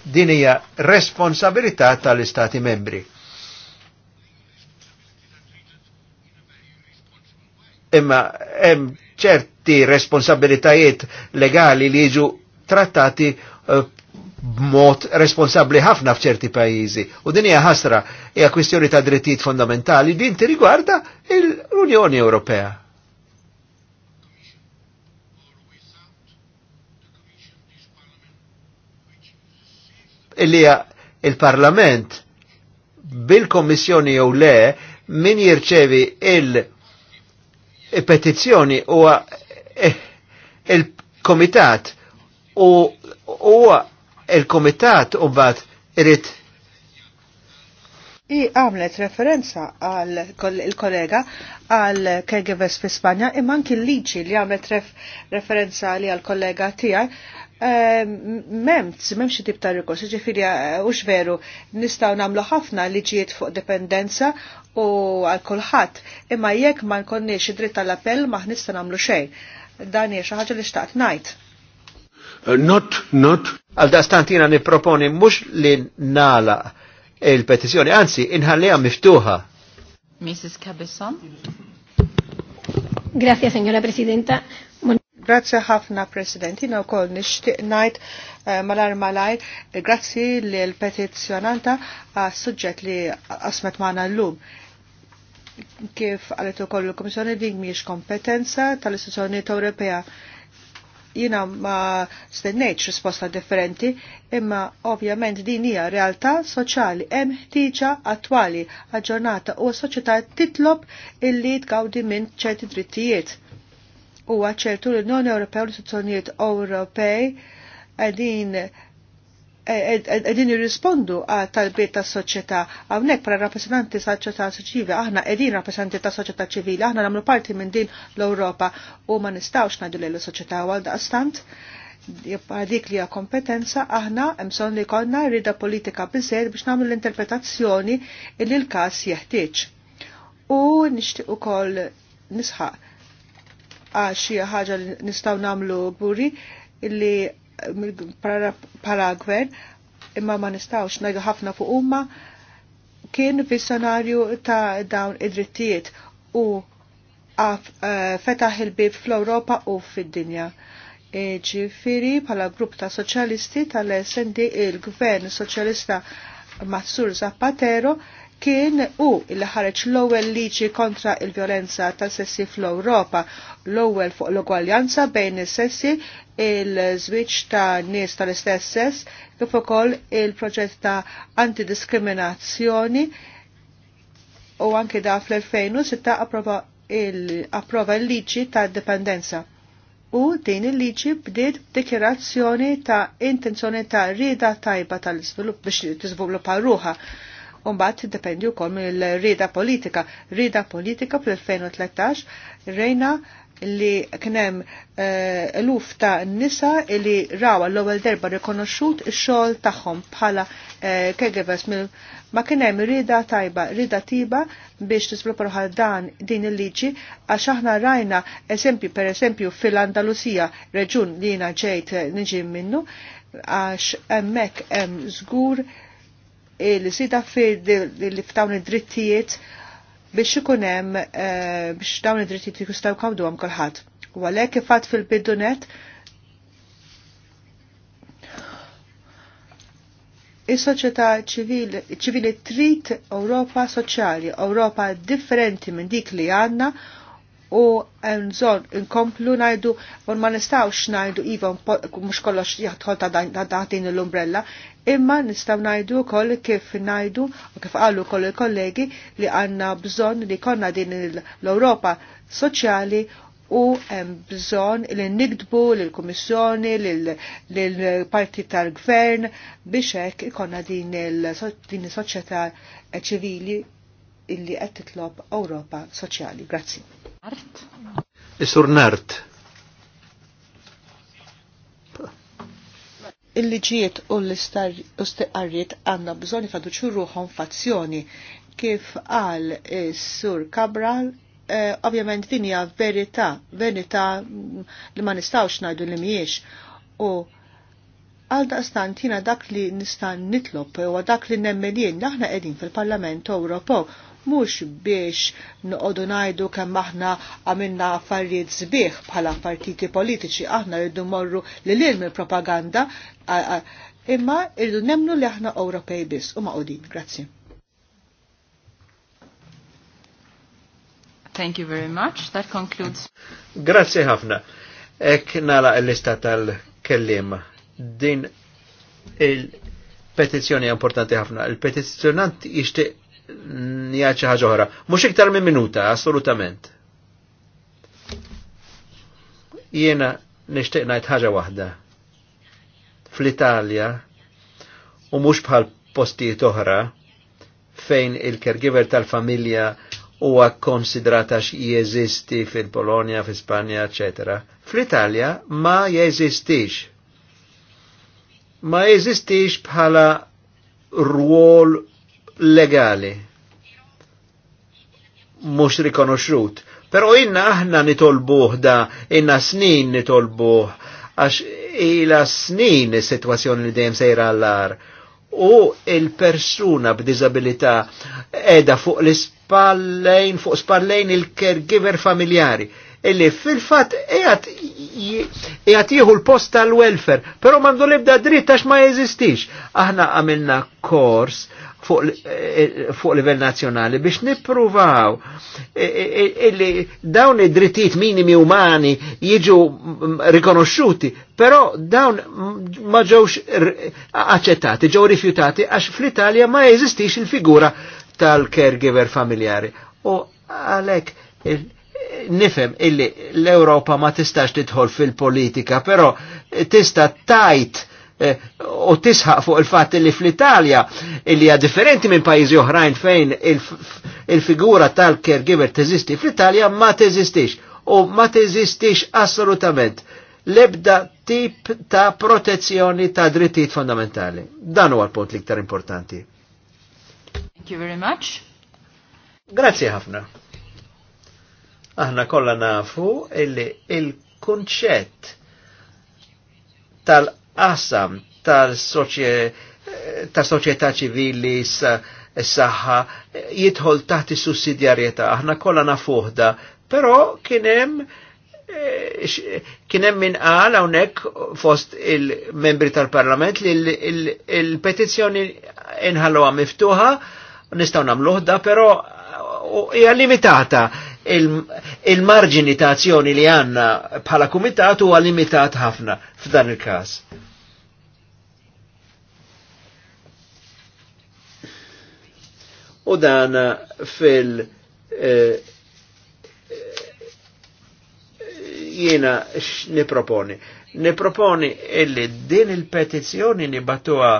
din hija responsabilità tal-Istati membri. imma hemm ċerti responsabilitajiet legali li jiġu trattati eh, b'mod responsabli ħafna f'ċerti pajjiżi. U din hija ħasra hija kwistjoni ta' drittijiet fondamentali din tirigwarda l-Unjoni Ewropea. Illi il-Parlament bil-Kommissjoni jew le min jirċevi il- petizzjoni eh, huwa il-komitat u u il-komitat u bat irrit I għamlet referenza għal il-kollega għal caregivers fi Spanja imman kill liċi li għamlet ref referenza li għal kollega tijaj memx, ehm, memx tip ta' rikors, ġifiri eh, ux veru, nistaw namlu ħafna liġijiet fuq dependenza u għal kulħadd, imma jekk ma nkonni id-dritt tal-appell ma nista' namlu xejn. Dan hija xi ħaġa li xtaqt ngħid. Uh, not, not. Għal dastantina niproponi mux li nala il petizjoni anzi inħallija miftuħa. Mrs. Cabezon. Grazie, signora Presidenta. Grazie ħafna, President. Jina u koll nishtiq najt eh, malar malajr. Grazie li l-petizjonanta suġġet li asmet maħna l-lum. Kif għalet u koll l-Komissjoni din miex kompetenza tal-Istituzjoni Ewropea jina ma stennejċ risposta differenti, imma ovvjament din hija realtà soċjali hemm ħtiġa attwali aġġornata u s-soċjetà titlob illi tgawdi minn ċerti drittijiet u ċertu l-Unjoni Ewropea u l-istituzzjonijiet Ewropej għedin jirrispondu għal talbiet ta' soċieta. Għawnek pra rappresentanti ta' soċieta ċivili, aħna edin rappresentanti ta' soċieta ċivili, aħna namlu parti minn din l-Europa u ma nistawx najdu l soċieta għal da' stant. Dik li kompetenza aħna emson li konna rida politika bizzer biex namlu l-interpretazzjoni illi l-kas jeħtieġ. U nishtiq ukoll nisħaq għal xi ħaġa li nistgħu nagħmlu buri li eh, para gvern imma ma nistgħux ngħidu ħafna fuq huma kien fis-senarju ta' dawn id-drittijiet u eh, fetaħ il-bib fl-Ewropa u fid-dinja. E ġifiri, pala grupp ta' soċjalisti tal-SND il-Gvern Soċjalista Mazzur Zapatero kien u illi ħareġ l-ewwel liċi kontra il-vjolenza tas sessi fl-Ewropa, l-ewwel fuq l-ugwaljanza bejn is-sessi, il-żwieġ ta' nies tal-istess sess, kif ukoll il-proġett ta' antidiskriminazzjoni u anke da fl-2006 approva il liċi ta' dipendenza u din il liċi bdiet dikjerazzjoni ta' intenzjoni ta' rida tajba tal-iżvilupp biex tiżviluppa ruħa Umbat mbagħad tiddependi wkoll mill-rieda politika. Rieda politika fl-2013 rejna li eh, l-uf ta' nisa li rawa l-ewwel derba rikonoxxut ix-xogħol tagħhom bħala eh, mill ma kienem rida tajba, rida tiba biex tiżviluppaw bħal dan din il-liġi għax aħna rajna eżempju per eżempju fil-Andalusija reġun li jiena ġejt eh, nġim minnu għax hemmhekk hemm żgur il-sida f'dawn id-drittijiet biex ikun hemm eh, biex dawn id-drittijiet kawdu għam kulħadd. U għalhekk kif fil net, Is-soċjetà ċivili trid Ewropa soċjali, Ewropa differenti minn dik li għandna u nżon nkomplu najdu ma nistawx najdu iva mux kollox jgħatħol ta' daħtin l-umbrella imma nistaw najdu koll kif najdu u kif għallu koll il-kollegi li għanna bżon li konna din l-Europa soċjali u hemm bżonn li nikdbu lill-Kummissjoni, lill-parti tal-Gvern biex hekk ikonna din is-soċjetà ċivili illi qed titlob Ewropa Soċjali. Grazzi. Nart. Isur Nart. Il-liġijiet u l istarriet għanna bżoni faduċu ruħom fazzjoni kif għal eh, sur Kabral, eh, ovvjament din hija verità, verità mm, li ma nistawx ngħidu li mhijiex. U għal daqstant dak li nista' nitlob u dak li nemmelin naħna qegħdin fil-Parlament Ewropew mhux biex noqogħdu ngħidu kemm aħna għamilna affarijiet sbieħ bħala partiti politiċi aħna rridu morru lil ilm il-propaganda imma rridu nemnu li aħna Ewropej biss u maqudin. Grazzi. Thank you very much. That concludes. Grazie ħafna. Ek nala l-lista tal-kellim. Din il-petizjoni importanti ħafna. Il-petizjonant jishtiq njaċi ħagħuħra. Mux Mhux iktar minn minuta, assolutament. Jiena nixtieq ngħid ħaġa waħda. Fl-Italja u mhux bħal postijiet oħra fejn il kergiver tal-familja huwa konsidrata jeżisti fil-Polonja, fil-Spanja, ecc. Fl-Italja ma jeżistix. Ma jeżistix bħala ruol legali mhux rikonoxxut. Però inna aħna nitolbuh da, inna snin nitolbuh għax ila snin is-sitwazzjoni li dejjem sejra għall u il-persuna b'dizabilità edha fuq l-spallejn, fuq spallejn il-caregiver familjari, illi fil-fat ejat jieħu l-post tal-welfare, pero mandu libda dritt għax ma jeżistix. Aħna għamilna kors Eh, eh, fuq livell nazzjonali biex nippruvaw illi eh, dawn id-drittijiet minimi umani jiġu mm, rikonoxxuti, però dawn mm, ma ġewx accettati, ġew rifjutati għax fl-Italja ma jeżistix il-figura tal-caregiver familjari. U għalhekk nifem illi l-Europa ma tistax tidħol fil-politika, però tista tajt Eh, u tisħaq fuq il fat li fl-Italja illi hija differenti minn pajjiżi oħrajn fejn il-figura tal-caregiver teżisti fl-Italja ma teżistix u ma teżistix assolutament lebda tip ta' protezzjoni ta' drittijiet fondamentali. Dan huwa l-punt l-iktar importanti. Thank you very much. Grazie ħafna. Aħna kollha nafu illi il-kunċett tal- qasam tal-soċjetà ċivili s-saħħa jidħol taħt is-sussidjarjetà. Aħna kollha nafuħda, però kien hemm eh, min qal hawnhekk fost il-membri tal-Parlament li il petizzjoni inħalluha miftuħa nistgħu nagħmluħda, però hija limitata il-marġini ta' azzjoni li għanna bħala kumitat huwa limitat ħafna f'dan il-każ. u dan fil eh, jiena niproponi. Niproponi illi din il-petizjoni nibatuha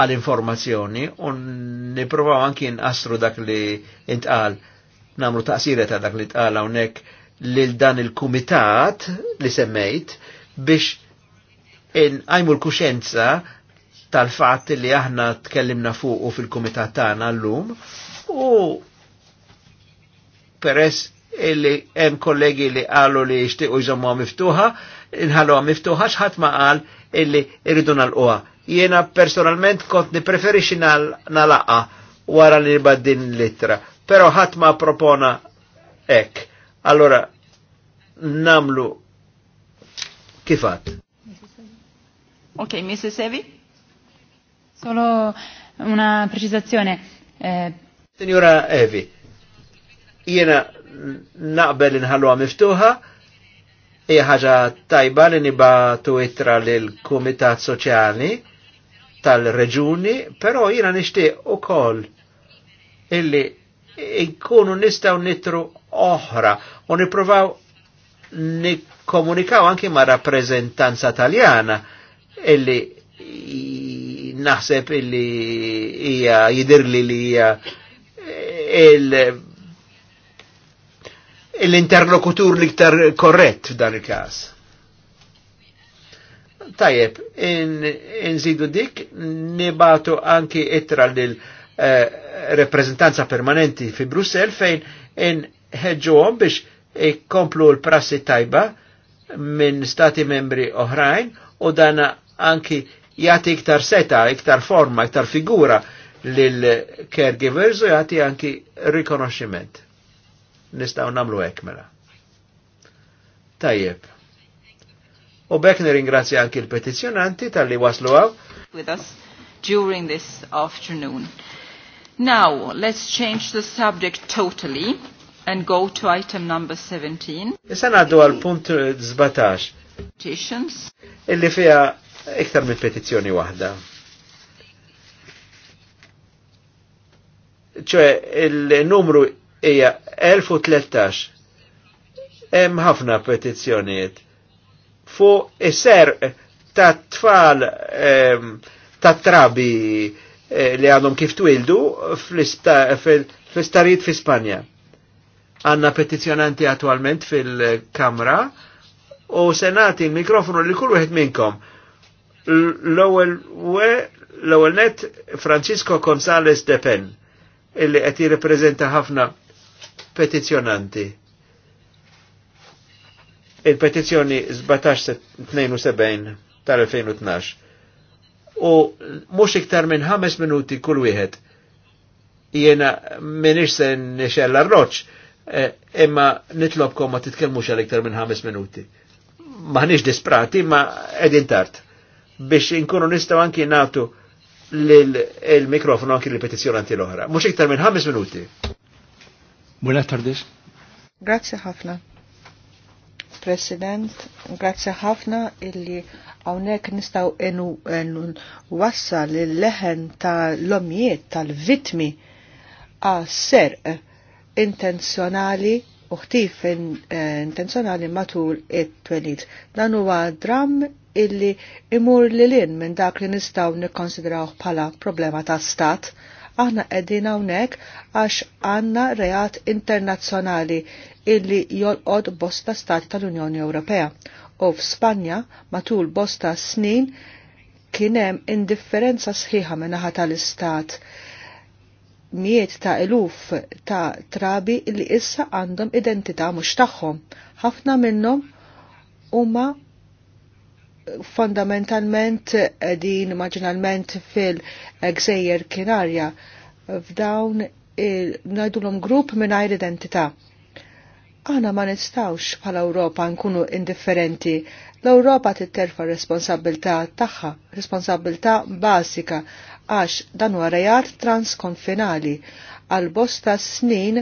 għal-informazzjoni u niprovaw anki nqasru dak li intqal namlu taqsira ta' dak li intqal hawnhekk lil dan il-kumitat li semmejt biex għajmu l-kuxenza tal-fatt li aħna tkellimna fuqu fil komitat tagħna llum u peress illi hemm kollegi li qalu li jixtiequ jżommuha miftuħa, inħalluha miftuħa x'ħadd ma qal illi rridu nalquha. Jiena personalment kont nipreferixi nalaqa wara li din litra, però ħadd ma propona hekk. Allora namlu kifat. Okay, Mrs. Evi? Solo una precisazione. Eh... Signora Evi, jiena naqbel inħalluha miftuħa, hija ħaġa tajba li nibatu ittra lil kumitat soċjali tal-reġuni, però jiena nixtieq ukoll illi nkunu nistgħu nitru oħra u nippruvaw nikkomunikaw anki ma' rappreżentanza taljana illi naħseb illi hija jidirli li hija eh, l-interlokutur liktar korrett f'dan il kas Tajjeb, nżidu dik, nibatu anki ittra lil eh, reprezentanza permanenti fi Brussel fejn għom biex ikomplu l-prassi tajba minn stati membri oħrajn u dana anki jagħti iktar seta, iktar forma, iktar figura lil caregivers u jagħti anki rikonoxximent. Nistaw namlu ekmela. Tajjeb. U bekk nirringrazzja anki l-petizjonanti tal-li waslu għaw. With us during this afternoon. Now, let's change the subject totally and go to item number 17. Issa għaddu għal punt 17. Petitions. Illi fija iktar minn petizzjoni waħda. ċe il-numru hija 1013. Hemm ħafna petizzjonijiet. Fuq iser ta' tfal ehm, ta' trabi eh, li għadhom kif twildu fl-istarijiet fi Spanja. Għanna petizjonanti attualment fil-Kamra u senati il-mikrofonu li kull wieħed minnkom L-ewwel l net Francisco Gonzales de Pen illi qed jirrepreżenta ħafna petizzjonanti. Il-petizzjoni 1772 tal-2012 u mhux iktar minn ħames minuti kull wieħed jiena m'iniex se nixell arroċ, eh, imma nitlobkom ma titkellmux għal iktar minn ħames minuti. Maħniex disprati, ma edin tard biex inkunu nistaw anki natu l-mikrofonu anki l-petizjonanti l ohra Mux iktar minn 5 minuti. Buona tardis. Grazie ħafna. President, grazie ħafna illi għawnek nistaw enu, enu wassa il-leħen ta' l-omijiet tal-vitmi a ser intenzjonali u ħtif eh, intenzjonali matul it-twelid. Dan huwa dram illi imur li lin minn dak li nistaw nikkonsidrawh bħala problema ta' stat. Aħna qegħdin hawnhekk għax għandna reat internazzjonali illi jolqod bosta stati tal-Unjoni Ewropea. U f'Spanja matul bosta snin kienem indifferenza sħiħa minnaħa tal-istat miet ta' eluf ta' trabi li issa għandhom identità mhux tagħhom. Ħafna minnhom huma fondamentalment din maġinalment fil-gżejjer kinarja f'dawn il-najdulom grupp minnajr identità. Aħna ma nistawx bħala Ewropa nkunu indifferenti. L-Ewropa titterfa responsabilità tagħha, responsabilità basika għax dan huwa rejat transkonfinali għal bosta snin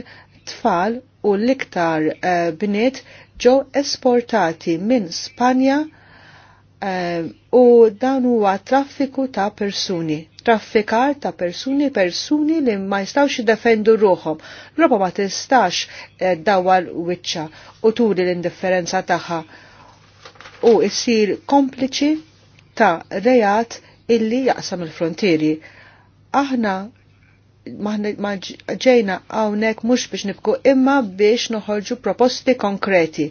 tfal u l-iktar eh, bniet ġew esportati minn Spanja Ehm, u dan huwa traffiku ta' persuni, traffikar ta' persuni, persuni li ma jistawx jiddefendu ruħom. Roba ma tistax eh, dawal wiċċa u turi l-indifferenza tagħha u issir kompliċi ta' rejat illi jaqsam il-frontieri. Aħna ma ġejna għawnek mux biex nibku imma biex noħorġu proposti konkreti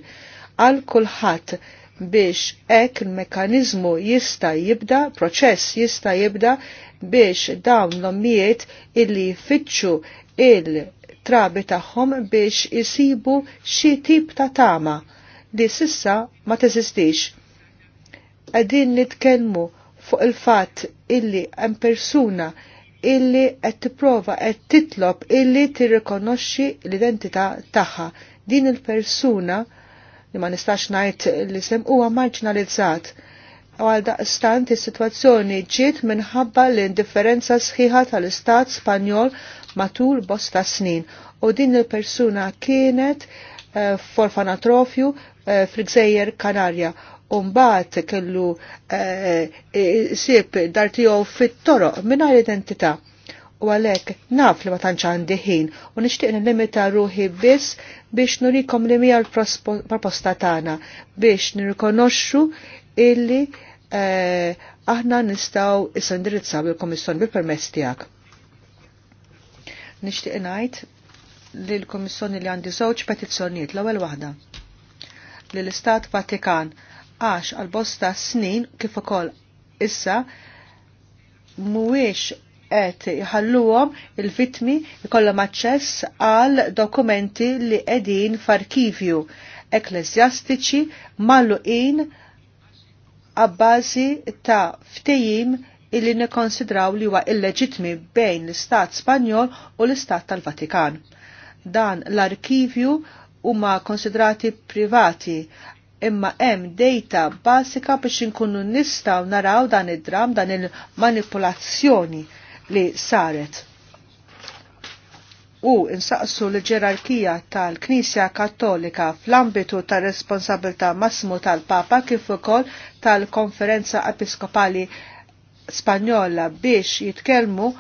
għal kulħadd biex ek il-mekanizmu jista jibda, proċess jista jibda biex dawn l-ommijiet illi fitxu il-trabi tagħhom biex jisibu xi tip ta' tama li sissa ma teżistix. Qegħdin nitkellmu fuq il-fatt illi hemm persuna illi qed tipprova qed titlob illi tirrikonoxxi l-identità tagħha. Din il-persuna il persuna li ma nistax ngħid l-isem huwa marginalizzat għal daqstant is-sitwazzjoni ġiet minħabba l-indifferenza sħiħa tal-Istat Spanjol matul bosta snin u din il-persuna kienet uh, eh, forfanatrofju uh, eh, fil-Gżejjer Kanarja Umbat kellu uh, eh, sib dartijow fit-toroq minna l-identità u għalhekk naf li ma tantx għandi ħin u nixtieq nillimita ruħi biss biex nurikom li mija l-proposta tagħna biex nirrikonoxxu illi eh, aħna nistgħu issa indirizzaw il-Komissjoni bil-permess tiegħek. Nixtieq ngħid li l-Komissjoni li għandi żewġ petizzjonijiet l-ewwel waħda li l-Istat Vatikan għax għal-bosta snin kif ukoll issa mhuwiex qed jħalluhom il-vittmi jkollhom aċċess għal dokumenti li qegħdin f'arkivju ekklesjastiċi malluqin għabbażi ta' ftejim illi nikkonsidraw li huwa illeġitmi bejn l-Istat Spanjol u l-Istat tal-Vatikan. Dan l-arkivju huma konsidrati privati imma hemm data basika biex inkunu nistgħu naraw dan id-dram dan il manipulazzjoni li saret u insaqsu l-ġerarkija tal-Knisja Kattolika fl-ambitu tal responsabilità massimu tal-Papa kif ukoll tal-Konferenza Episkopali Spanjola biex jitkellmu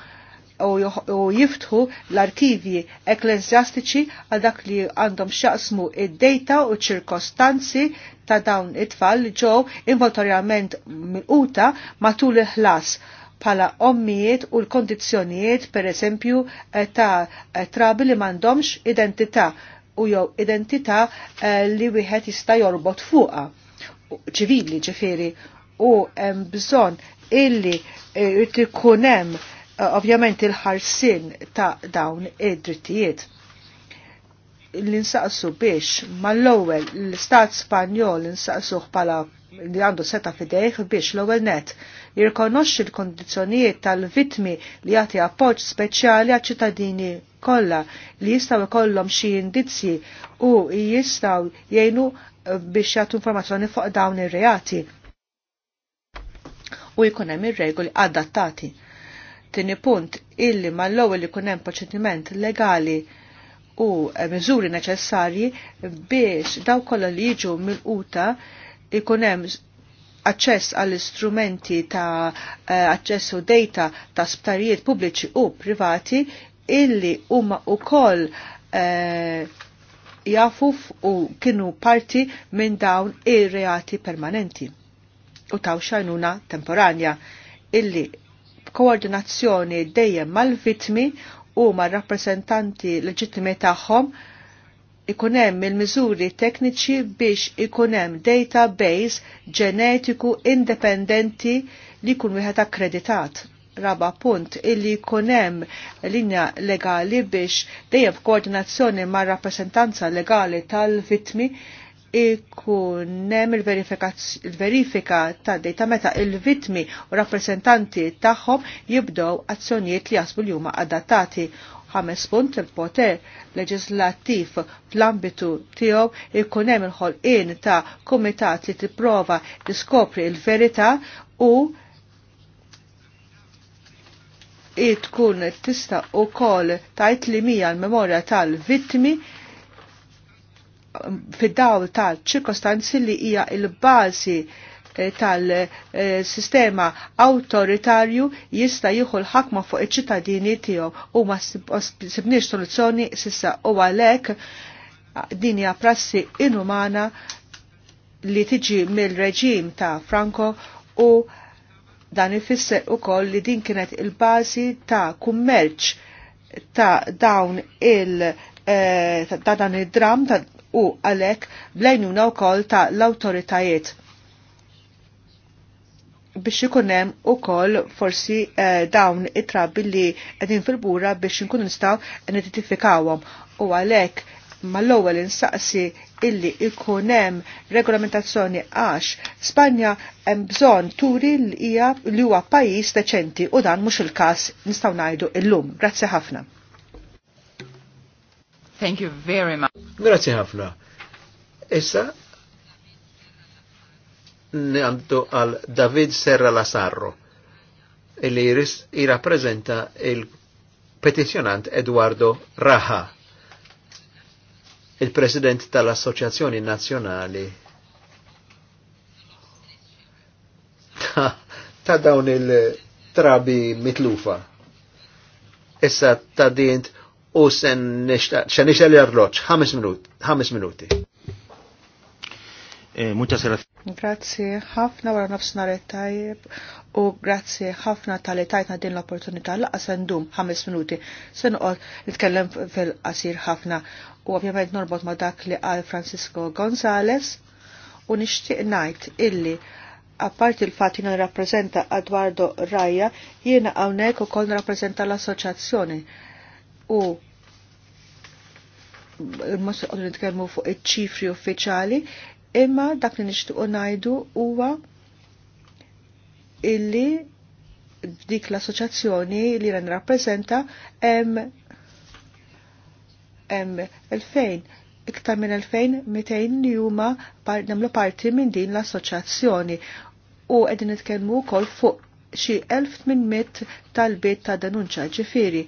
u jiftħu l-arkivji ekklesjastiċi għal dak li għandhom xaqsmu id-dejta u ċirkostanzi ta' dawn it-tfal ġew involontarjament milquta matul il-ħlas pala ommijiet u l-kondizjonijiet per eżempju eh, ta' eh, trabi li mandomx identità u jew identità eh, li wieħed jista' jorbot fuqa ċivili ġifiri u hemm bżonn illi jrid ikun hemm ovvjament il-ħarsin ta' dawn id-drittijiet. L-insaqsu biex mal-ewwel l istat Spanjol insaqsuh bħala li għandu seta' fidejh biex l-ewwel net jirkonoxxi l-kondizzjonijiet tal-vitmi li jagħti appoġġ speċjali għal ċittadini kollha li jistgħu jkollhom xi indizzji u jistgħu jgħinu eh, biex jagħtu informazzjoni fuq dawn ir-reati u jkun hemm ir-regoli adattati. Tini punt illi mal-ewwel ikun hemm proċediment legali u eh, miżuri neċessarji biex daw kollha li jiġu mill-quta ikun hemm aċċess għall istrumenti ta' eh, aċċess u data ta' sptarijiet pubbliċi u privati illi huma ukoll e, eh, jafuf u kienu parti minn dawn ir-reati permanenti u taw xajnuna temporanja illi koordinazzjoni dejjem mal-vitmi u mar-rappresentanti leġittimi tagħhom ta ikunem il-mizuri tekniċi biex ikunem database ġenetiku indipendenti li kun wieħed akkreditat. Raba punt illi kunem linja legali biex dejjem koordinazzjoni ma' rappresentanza legali tal-vitmi ikunem il-verifika ta' data meta il-vitmi u rappresentanti tagħhom jibdow azzjonijiet li jasbu li huma adattati ħames punt il-poter leġislattiv fl-ambitu tiegħu ikun hemm il-ħolqien ta' kumitat li tipprova tiskopri l-verità u i tkun tista' ukoll tajt li mija l-memorja tal-vittmi um, fid-dawl tal-ċirkostanzi li hija il-bażi l il bażi Eh, tal-sistema autoritarju jista' jieħu l-ħakma fuq iċ-ċittadini tiegħu u ma sibniex soluzzjoni sissa u għalhekk din hija prassi inumana li tiġi mill-reġim ta' Franco u dan ifisser ukoll li din kienet il-bażi ta' kummerċ ta' dawn il- eh, ta' dan id-dram u għalek blejnuna u kol ta' l-autoritajiet biex ikunem u koll forsi eh, dawn it-trabbi li edin fil-bura biex nkun nistaw n-identifikawom. U għalek mal-ewwel insaqsi illi ikunem regolamentazzjoni għax Spanja hemm bżonn turi li hija li huwa pajjiż deċenti u dan mhux il-każ nistgħu ngħidu illum. Grazzi ħafna. Thank you very much. Grazzi ħafna. Issa għandu għal David Serra Lasarro, illi jirrapprezenta il-petizjonant Eduardo Raha, il-president tal-Assoċjazzjoni Nazzjonali ta', dawn il-trabi mitlufa. Issa ta' dint u sen nixtaq, xa nixtaq li arloċ, 5 minuti. Eh, muchas gracias. Grazie ħafna wara nafsna tajjeb u grazie ħafna tal tajtna din l-opportunità laqqa sendum ħames minuti. Se noqgħod nitkellem fil-qasir ħafna u ovvjament norbot ma dak li qal Francisco Gonzales u nixtieq ngħid illi apparti l-fatt jiena rappresenta Eduardo Raja, jiena hawnhekk ukoll rappresenta l-assoċjazzjoni u il nitkellmu fuq iċ-ċifri uffiċjali Imma dak li nixtiequ ngħidu huwa illi dik l-assoċjazzjoni li ren hemm hemm elfejn iktar minn elfejn mitejn li huma nagħmlu parti minn din l-assoċjazzjoni u qegħdin nitkellmu wkoll fuq xi 1800 tal-bit ta' denunċa ġifiri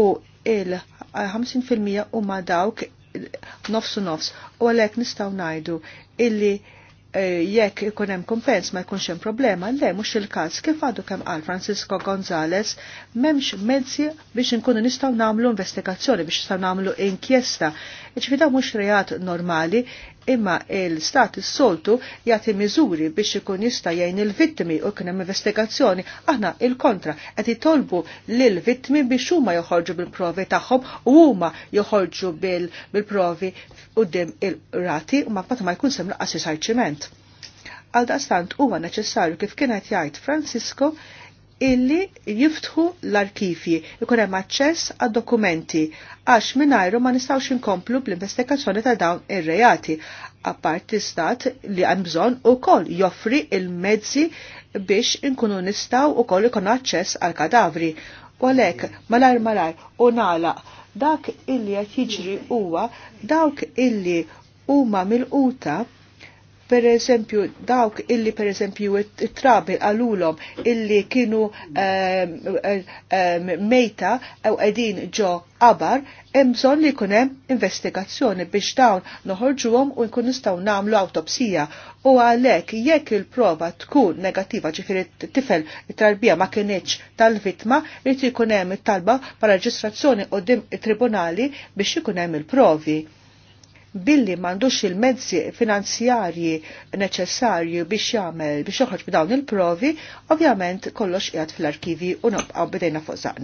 u il-50% huma dawk nofsu nofs u għalhekk nistgħu ngħidu illi eh, jekk ikun hemm kumpens ma jkunx hemm problema, le mhux il-każ kif għadu kemm qal Francisco Gonzalez, m'hemmx mezzi biex inkunu nistgħu nagħmlu investigazzjoni biex nistgħu nagħmlu inkjesta. Iġifieri mhux reat normali imma il-stat soltu jagħti miżuri biex ikun jista' jgħin il-vittmi u kien hemm investigazzjoni, aħna il-kontra qed jitolbu l vittmi biex huma joħorġu bil-provi tagħhom u huma joħorġu bil-provi dim il-rati u ma ma jkun semna laqas isarċiment. Għal daqstant huwa neċessarju kif kienet jgħid Francisco illi jiftħu l-arkivji, ikun hemm aċċess għad dokumenti għax mingħajru ma nistgħux inkomplu bl-investigazzjoni ta' dawn ir-reati. Apparti stat li bżon bżonn ukoll joffri il-mezzi biex inkunu u ukoll ikun aċċess għal kadavri. U għalhekk malar malar u nala, dak illi qed jiġri huwa dawk illi huma mil-uta per eżempju dawk illi per eżempju it-trabi għalulom illi kienu ehm, ehm, mejta u għedin ġo qabar, imżon li kunem investigazzjoni biex dawn noħorġuhom u nkun nistgħu nagħmlu autopsija u għalhekk jekk il-prova tkun negattiva ġifieri tifel it-tarbija ma kienieċ tal-vittma irid ikun hemm it-talba pa' reġistrazzjoni qudiem it-tribunali biex ikun hemm il-provi billi m'għandux il-mezzi finanzjarji neċessarju biex jagħmel biex joħroġ b'dawn il-provi, ovvjament kollox qiegħed fl-arkivi u nobqgħu bdejna fuq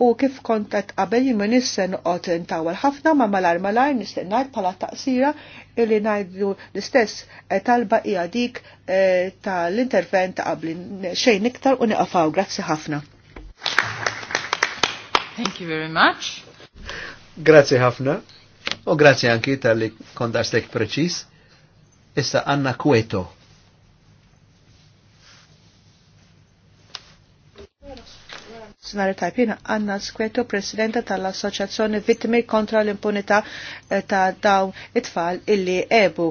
u kif kont qabel jien ma nissen noqgħod intawel ħafna ma malar malar nistaq ngħid bħala taqsira illi ngħidu l-istess eh, talba hija dik eh, tal-intervent qablin xejn iktar u niqafaw grazzi ħafna. Thank you very much. Grazzi ħafna. U grazzi anki tal-li kondastek preċis. Issa Anna Kweto. Sinari Tajpina, Anna Skweto, Presidenta tal-Assoċjazzjoni Vittimi kontra l-impunità eh, ta' dawn it-tfal illi ebu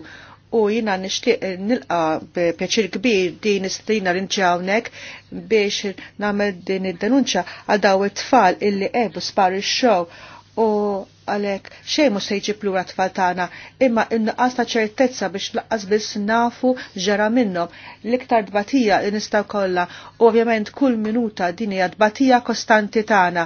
u jina nishtiq eh, nilqa b'pjaċir kbir din istrina rinġawnek biex namel din id-denunċa għal daw it-tfal illi ebu spar il-xow u għalek xej mux sejġi plura tfaltana, imma innaqas ta' ċertezza biex laqqas biss nafu ġara minnom. L-iktar dbatija nistaw kolla, ovvjament kull minuta dini dbatija kostanti tana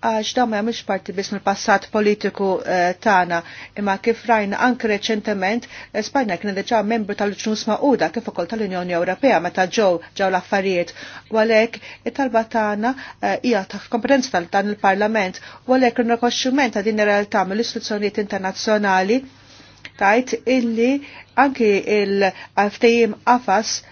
għax da ma jagħmilx parti biss mill-passat politiku eh, tagħna, imma kif rajna anke reċentement eh, Spajna kien diġà membru tal-ġnus Magħquda kif ukoll tal-Unjoni Ewropea meta ġew ġew l-affarijiet. U għalhekk it-talba tagħna eh, hija ta' kompetenza tal dan il-Parlament u għalhekk ir-rikoxximent ta' din ir-realtà mill-istituzzjonijiet internazzjonali tajt illi anki il-ftejim qafas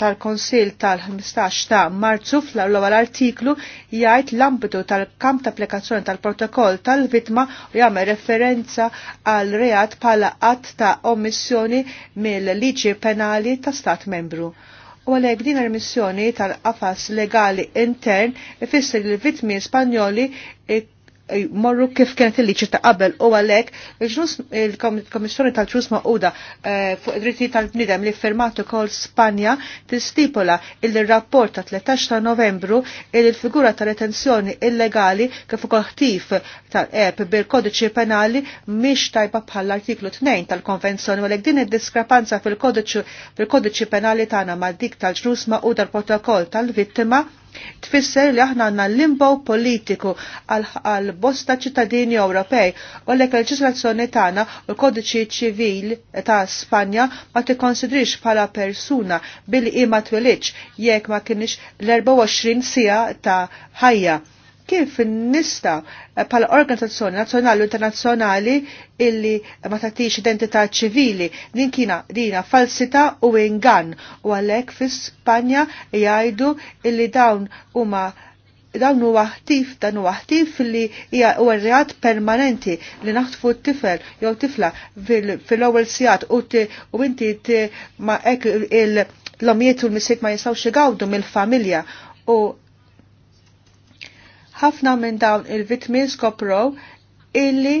tal-Konsil tal-15 ta' Marzu fl l artiklu jgħid l-ambitu tal-kamp ta' applikazzjoni tal-protokoll tal-vitma u jagħmel referenza għal reat bħala qatt ta' omissjoni mill-liġi penali ta' stat membru. U għalhekk din remissjoni tal-qafas legali intern ifisser li l-vitmi Spanjoli morru kif kienet il-liċi ta' qabel u għalek il-Komissjoni tal-ġus uda eh, fuq id-dritti tal-bnidem li firmatu kol Spanja tistipula il-rapport ta' 13 ta' novembru il-figura ta' retenzjoni illegali kif ukoll ħtif tal-EP bil-kodiċi penali miex tajba bħal artiklu 2 tal-konvenzjoni u għalek din id-diskrepanza fil-kodiċi penali tagħna ma' dik tal-ġus uda l-protokoll tal-vittima tfisser li aħna għanna limbo politiku għal bosta ċittadini Ewropej u l leġislazzjoni tagħna u l-kodiċi ċivil ta' Spanja ma tikkonsidrix bħala persuna billi ima twilitx jekk ma kienx l-24 sija ta' ħajja kif nista pal organizzazzjoni nazzjonali u internazzjonali illi ma tatix identità ċivili ninkina dina falsità u ingan u għalhekk fi Spanja jgħidu illi dawn huma dawn huwa għahtif, dan huwa għahtif li hija u għarriħat permanenti li naħtfu t-tifel jew tifla fil-ewwel sijat u inti ma ek l-omijiet u l-missiet ma jistgħux igawdu mill-familja u ħafna minn dawn il-vitmi skoprow illi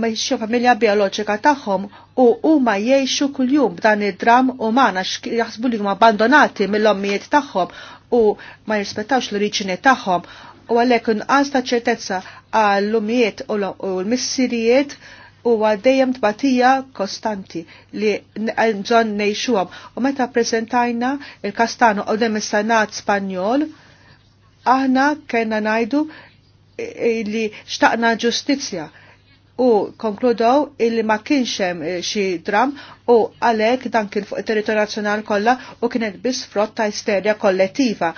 meċċu familja bioloġika tagħhom u huma jgħixu kuljum b'dan id-dram umana jaħsbu li huma abbandonati mill-ommijiet tagħhom u ma jirrispettawx l-oriġini tagħhom u għalhekk inqas ta' ċertezza għall ummijiet u l-missirijiet u għaddejjem tbatija kostanti li bżonn nejxuhom. U meta prezentajna il-kastanu u dem is-sanat Spanjol, aħna kena najdu eh, li xtaqna ġustizja u konkludow illi ma kienxem eh, xi dram u għalek dan kien fuq il territorju nazzjonali kollha u kienet biss frott ta' isterja kollettiva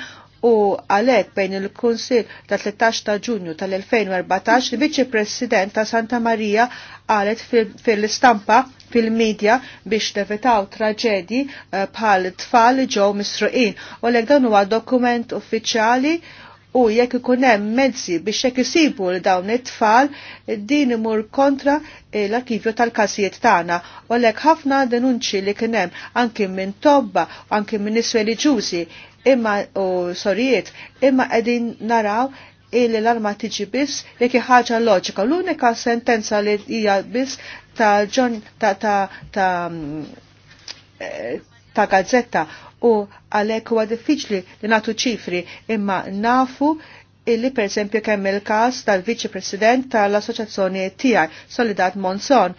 u għalek bejn il konsil ta' 13 ta' ġunju tal-2014 il-Viċi President ta' Santa Maria għalet fil stampa fil-medja biex tevetaw traġedi eh, bħal tfal ġew misruqin u għalek dan huwa dokument uffiċjali u jekk ikun hemm mezzi biex jekk isibu l dawn it-tfal din imur kontra l-arkivju tal-każijiet tagħna. U għalhekk ħafna denunċi li kien hemm anki minn tobba, anki minn nies ġuzi imma u sorijiet imma qegħdin naraw illi l-arma tiġi biss jekk ħaġa loġika. L-unika sentenza li hija biss ta' ġon ta' ta' ta' mm, eh, ta' gazzetta u għalhekk huwa diffiċli li nagħtu ċifri imma nafu illi per esempio kemm il-każ tal-Viċi President tal-Assoċjazzjoni tiegħi Solidat Monson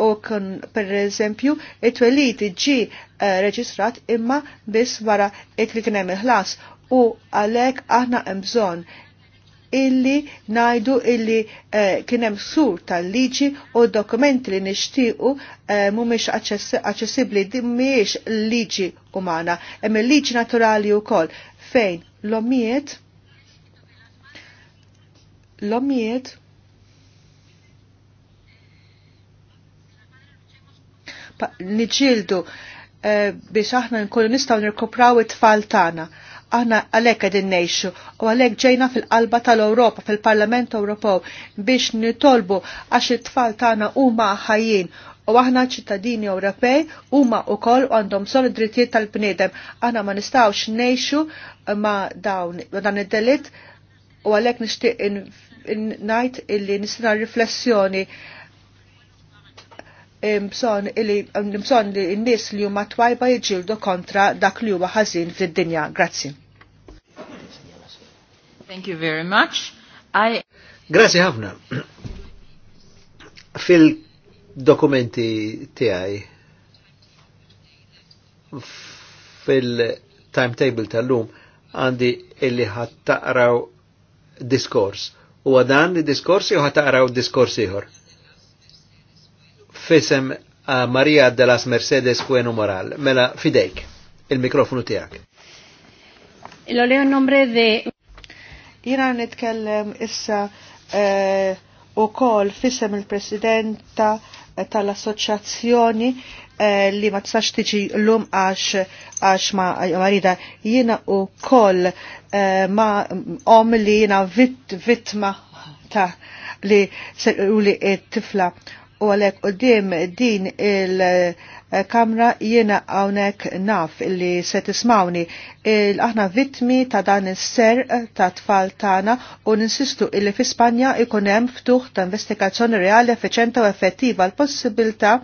u kon per eżempju it-twelid ġi eh, reġistrat imma biss wara it-li kien hemm ħlas u għalhekk aħna hemm bżonn illi najdu illi eh, kien kienem sur tal-liġi u dokumenti li nishtiqu eh, mhumiex mumiex accessibli miex liġi umana, hemm liġi naturali u kol fejn l-omijiet l-omijiet niġildu eh, biex aħna nkunu nistgħu nirkupraw it-tfal tagħna. Aħna għalhekk qegħdin ngħixu u għalhekk ġejna fil-qalba tal-Ewropa, fil-Parlament Ewropew biex nitolbu għax it-tfal tagħna huma ħajjin u aħna ċittadini Ewropej huma wkoll u għandhom sol id-drittijiet tal-bniedem. Aħna ma nistgħux ngħixu ma' dawn dan id-delitt u għalhekk nixtieq ngħid illi nisna riflessjoni Mbson li bżon li n nis li huma twajba jiġildu kontra dak li huwa ħażin fid-dinja. Grazzi. Thank you very much. I... Grazzi ħafna. Fil-dokumenti tiegħi fil-timetable tal-lum għandi illi ħattaqraw diskors. U għadan li diskors jew ħattaqraw diskors ieħor fisem Maria de las Mercedes Cueno Moral. Mela fidejk, il-mikrofonu tijak. Lo leo nombre de... Jina nitkellem issa eh, u kol fisem il-presidenta eh, tal assoċazzjoni eh, li ma tsax tiġi l-lum għax għax ma marida jina u koll ma om li jina vittma vit ta' li, li t-tifla u għalek u dim din il-kamra jiena għonek naf li se tismawni. Aħna vitmi ta' dan il-ser ta' tfal tana u ninsistu illi fi Spanja ikonem ftuħ ta' investigazzjoni reali effiċenta u effettiva l-possibilta'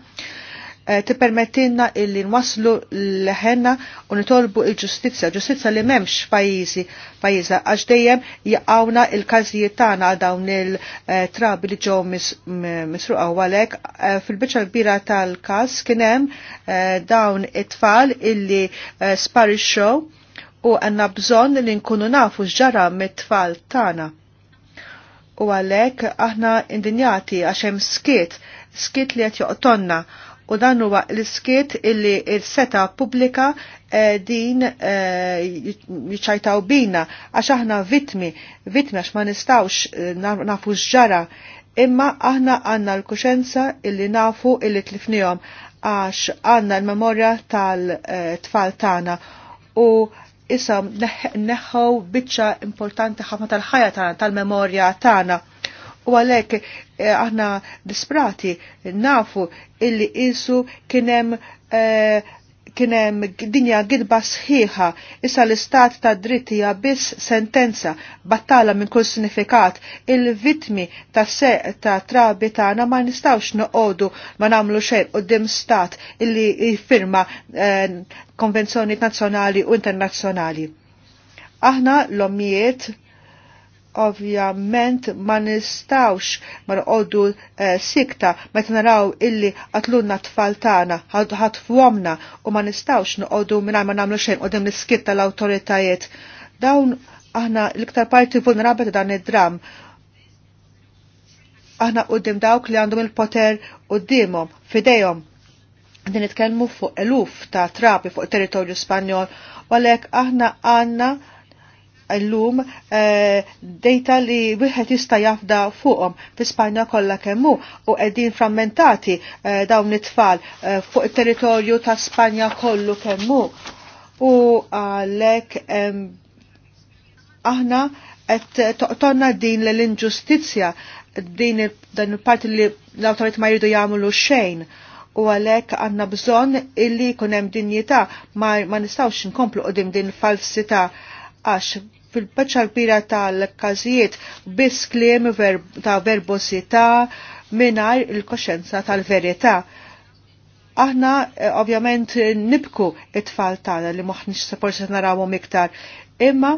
Eh, tippermettilna illi nwaslu l-ħenna u nitolbu il-ġustizja, ġustizja li memx pajizi, pajiza, għax dejjem jaqawna il-kazijiet tagħna dawn il-trabi li ġew misruqa għalek. Eh, fil-biċċa bira tal-każ kien hemm eh, dawn it-tfal illi sparixxew u għanna bżonn li nkunu nafu x'ġara mit-tfal tagħna. U għalek aħna indinjati għax hemm skiet, skiet li qed joqtonna u dan huwa l-iskiet illi il-seta pubblika eh, din eh, jċajtaw bina għax aħna vitmi, vitmi għax ma nistawx eh, nafu ġara imma aħna għanna l-kuxenza illi nafu illi tlifnijom għax għanna l-memorja tal-tfal tana u isam neħħow bitċa importanti ħafna tal-ħajja tana, tal-memorja tana. U għalek eh, aħna disprati nafu illi isu kienem eh, kienem dinja gidba sħiħa, issa l-istat ta' drittija biss sentenza, battala minn kull sinifikat, il-vitmi ta' seq ta' trabi tagħna ma nistawx noqogħdu ma nagħmlu xejn dim stat illi firma eh, konvenzjoni nazzjonali u internazzjonali. Aħna l-ommijiet ovvjament ma nistawx ma nqoddu eh, sikta meta naraw illi għatlunna tfal tagħna ħatfwomna u ma nistawx noqogħdu mingħajr ma nagħmlu xejn qudiem niskitta l-awtoritajiet. Dawn aħna l-iktar parti vulnerabbli ta' dan id-dram aħna dim dawk li għandhom il-poter dimom, fidejhom din itkellmu fuq eluf ta' trabi fuq territorju Spanjol, għalhekk aħna għandna l-lum eh, dejta li wieħed jista' jafda fuqhom fl-Ispanja kollha kemm hu u qegħdin frammentati eh, dawn it-tfal eh, fuq it-territorju ta' Spanja kollu kemm hu. U għalhekk aħna qed toqtonna din l-inġustizzja din il-parti li l-awtorit ma jridu jagħmlu xejn u għalek għanna bżon illi kunem dinjita ma, ma nistawx nkomplu qdim din falsita għax fil-bacċa kbira tal-kazijiet biss kliem ver ta' verbosita minar il-koxenza tal-verità. Aħna eh, ovvjament nibku it-tfal tagħna li moħħniex se forsi narawhom iktar, imma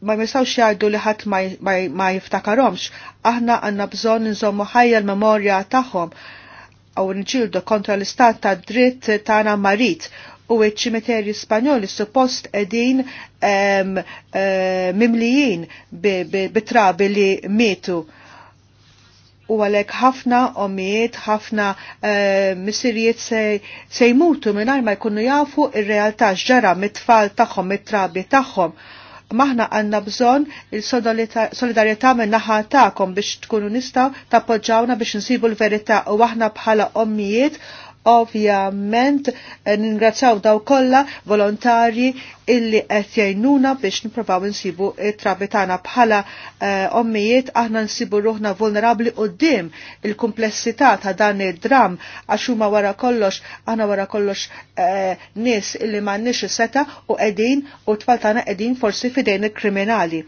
ma jistawx jgħidu li ħadd ma jiftakarhomx. Aħna għandna bżonn nżommu ħajja l-memorja tagħhom aw nġildu kontra l-istat ta' dritt tagħna marit u ċimiterju ċimiterji Spanjoli suppost edin um, uh, mimlijin bitrabi li mietu. U għalek ħafna omijiet, ħafna uh, eh, misirijiet se jmutu minn ma jkunu jafu ir-realtà ġara mit-tfal tagħhom, mit-trabi tagħhom maħna għanna bżon il-solidarieta minnaħa ta'kom biex tkunu nistaw tappoġġawna biex nsibu l-verità u aħna bħala ommijiet Ovvjament, eh, ningrazzjaw daw kollha volontarji illi qed jgħinuna biex nipprovaw insibu it-trabi tagħna bħala eh, ommijiet aħna nsibu ruħna vulnerabbli qudiem il-kumplessità ta' dan id-dram għax huma wara kollox aħna wara kollox eh, nies illi m'għandniex is-seta u qegħdin u tfal tagħna qegħdin forsi fidejn il-kriminali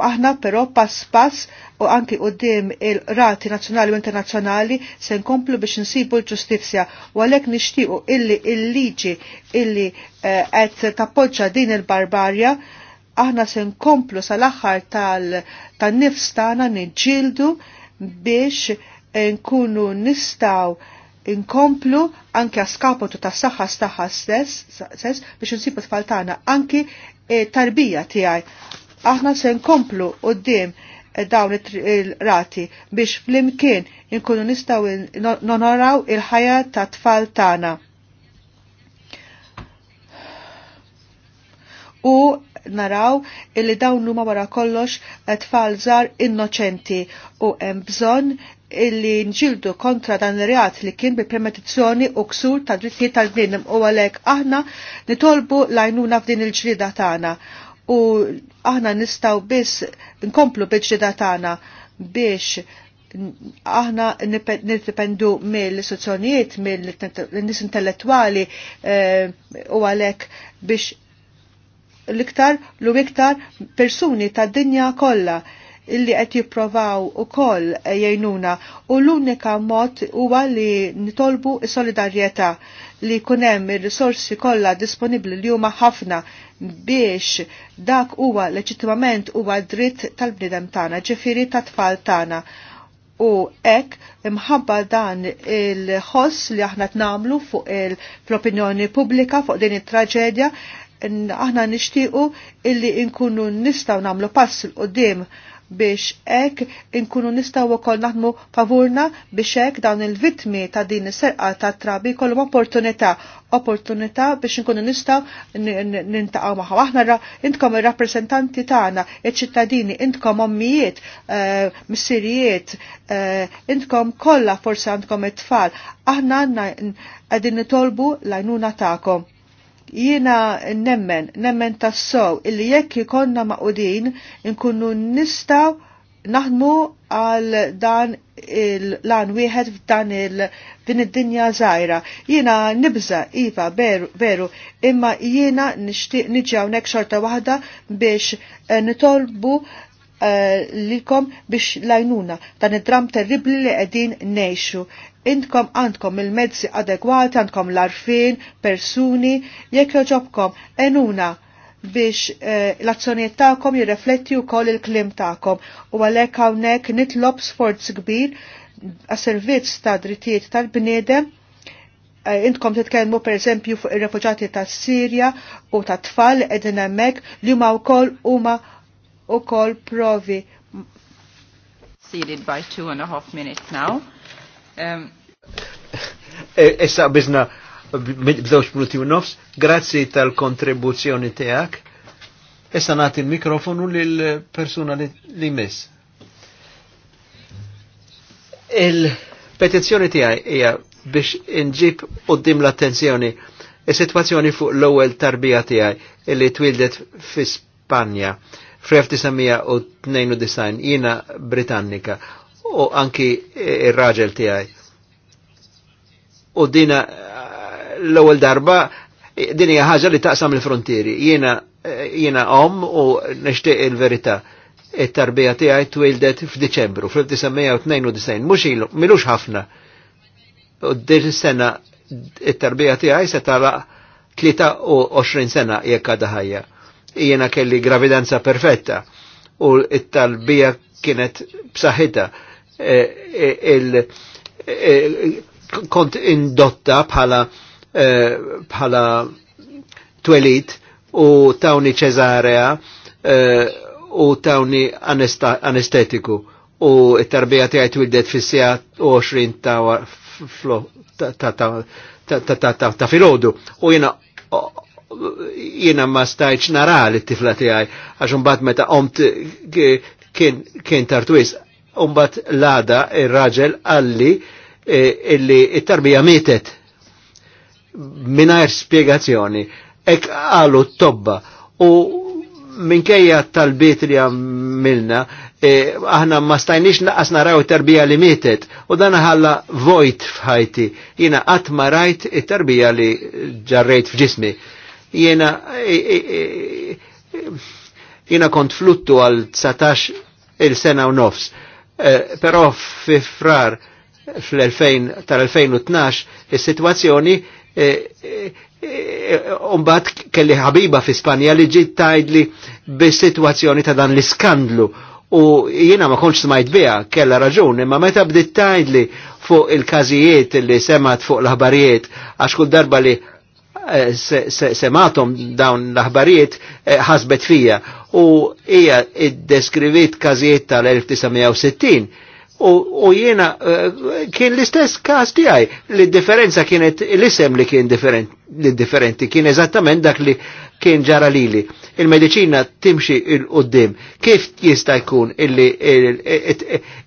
aħna però pass pass u anki qudiem il-rati nazzjonali u internazzjonali se nkomplu biex nsibu l-ġustizzja u għalhekk nixtiequ illi il-liġi illi eh, qed tappoġġa din il-barbarja aħna se nkomplu sal-aħħar tal-nifs tagħna niġġieldu biex eh, nkunu nistaw inkomplu anke għaskapotu ta' saħħa staħħa stess, stess biex nsibu tfaltana anki e, tarbija tiegħi aħna se nkomplu qudiem eh, dawn il-rati biex flimkien inkunu nistaw nonoraw il-ħajja ta' tfal tagħna. U naraw illi dawn huma wara kollox eh, tfal żar innoċenti u hemm bżonn illi nġildu kontra dan ir-reat li kien bi premetizzjoni u ksur ta' drittijiet tal-bniedem u għalhekk aħna nitolbu lajnuna f'din il-ġrida tagħna u aħna nistaw biss nkomplu bieġdida tagħna biex aħna nirripendu mill sozzjonijiet mill-nis intellettuali eh, u għalek biex l-iktar, l-iktar persuni ta' dinja kolla illi qed jipprovaw u koll jgħinuna u l-unika mod huwa li nitolbu solidarjetà li kunem ir-risorsi kollha disponibbli li huma ħafna biex dak huwa leġittimament huwa dritt tal-bnidem tagħna, ġifieri tat-tfal tagħna. U ek imħabba dan il-ħoss li aħna tnamlu fuq l-opinjoni pubblika fuq din it-traġedja aħna nixtiequ illi nkunu nistgħu nagħmlu pass il qudiem biex ek inkunu nistaw ukoll naħdmu favurna biex ek dawn il-vitmi ta' din is-serqa ta' trabi kollum opportunità, opportunità biex inkunu nistaw nintaqgħu magħha. Aħna intkom ir-rappreżentanti tagħna, iċ-ċittadini, intkom ommijiet, eh, missirijiet, eh, intkom kollha forsi għandkom it-tfal. Aħna għandna qegħdin nitolbu l-għajnuna tagħkom Jiena nemmen, nemmen tassow, illi jekk jikonna maqudin nkunu nistaw naħdmu għal dan il-lan wieħed f'dan il-din id-dinja zaħira. Jiena nibza' iva beru, beru imma jiena nixtieq niġi hawnhekk xorta waħda biex eh, nitolbu uh, lilkom biex lajnuna dan id-dram terribli li qegħdin ngħixu intkom għandkom il-mezzi adegwati, għandkom l-arfin, persuni, jekk joġobkom enuna biex eh, l-azzjonijiet tagħkom jirrefletti wkoll il-klim tagħkom u għalhekk hawnhekk nitlob sforz kbir għas-servizz ta' drittijiet tal-bniedem eh, intkom titkellmu per eżempju fuq ir-refuġati ta' Sirja u ta' tfal edin hemmhekk li huma wkoll huma wkoll provi. Seated by two and a half minutes now. E, issa bizna b'dawx minuti u nofs, grazzi tal-kontribuzzjoni tiegħek. Issa nagħti l-mikrofonu lill persuna li miss. Il-petizzjoni tiegħi hija biex inġib qoddim l-attenzjoni is-sitwazzjoni e fuq l-ewwel tarbija tiegħi li twildet fi Spanja fl-1992 jina Britannika u anki il raġel tiegħi. U dina l-ewwel darba din hija ħaġa li taqsam il-frontieri. Jiena jiena om u nishtiq il-verità. It-tarbija tiegħi twildet f'Diċembru fl-1992, mhux ilu, milux ħafna. U din sena it-tarbija tiegħi se tara 23 sena jekk għadha ħajja. Jiena kelli gravidanza perfetta u it-talbija kienet b'saħħitha E, e, il e, kont indotta bħala bħala twelit u tawni ċezarea u tawni anestetiku u it tarbija tiegħi twildet fis-sija 20 ta' filodu u jiena jiena ma stajċ narali t-tifla tiegħi għax bat meta omt kien tartwis, Umbat l-għada il-raġel għalli e, illi it-tarbija mietet minar spiegazzjoni ek għalu t-tobba u minkejja tal-bit li għamilna e, aħna ma stajnix naqas naraw it-tarbija li mietet u dan ħalla vojt fħajti jina qatt ma rajt it-tarbija li ġarrejt f'ġismi jena e, jena kont fluttu għal 19 il-sena u nofs pero eh, però fi frar fl-2000 tal-2012 is-sitwazzjoni eh, eh, Umbat kelli ħabiba fi Spanja li ġiet tajdli bis-sitwazzjoni ta' dan l-iskandlu u jiena ma konċ smajt biha kella raġun, imma meta bdiet tajdli fuq il-każijiet li semat fuq l-aħbarijiet għax kull darba li Eh, sematom dawn l-aħbarijiet eh, ħasbet fija u hija iddeskrivit każijiet tal-1960 u jiena eh, kien l-istess każ tiegħi li differenza kienet l-isem li kien differenti kien eżattament dak li kien ġara lili. Il-medicina timxi il-qoddim. Kif jista' jkun illi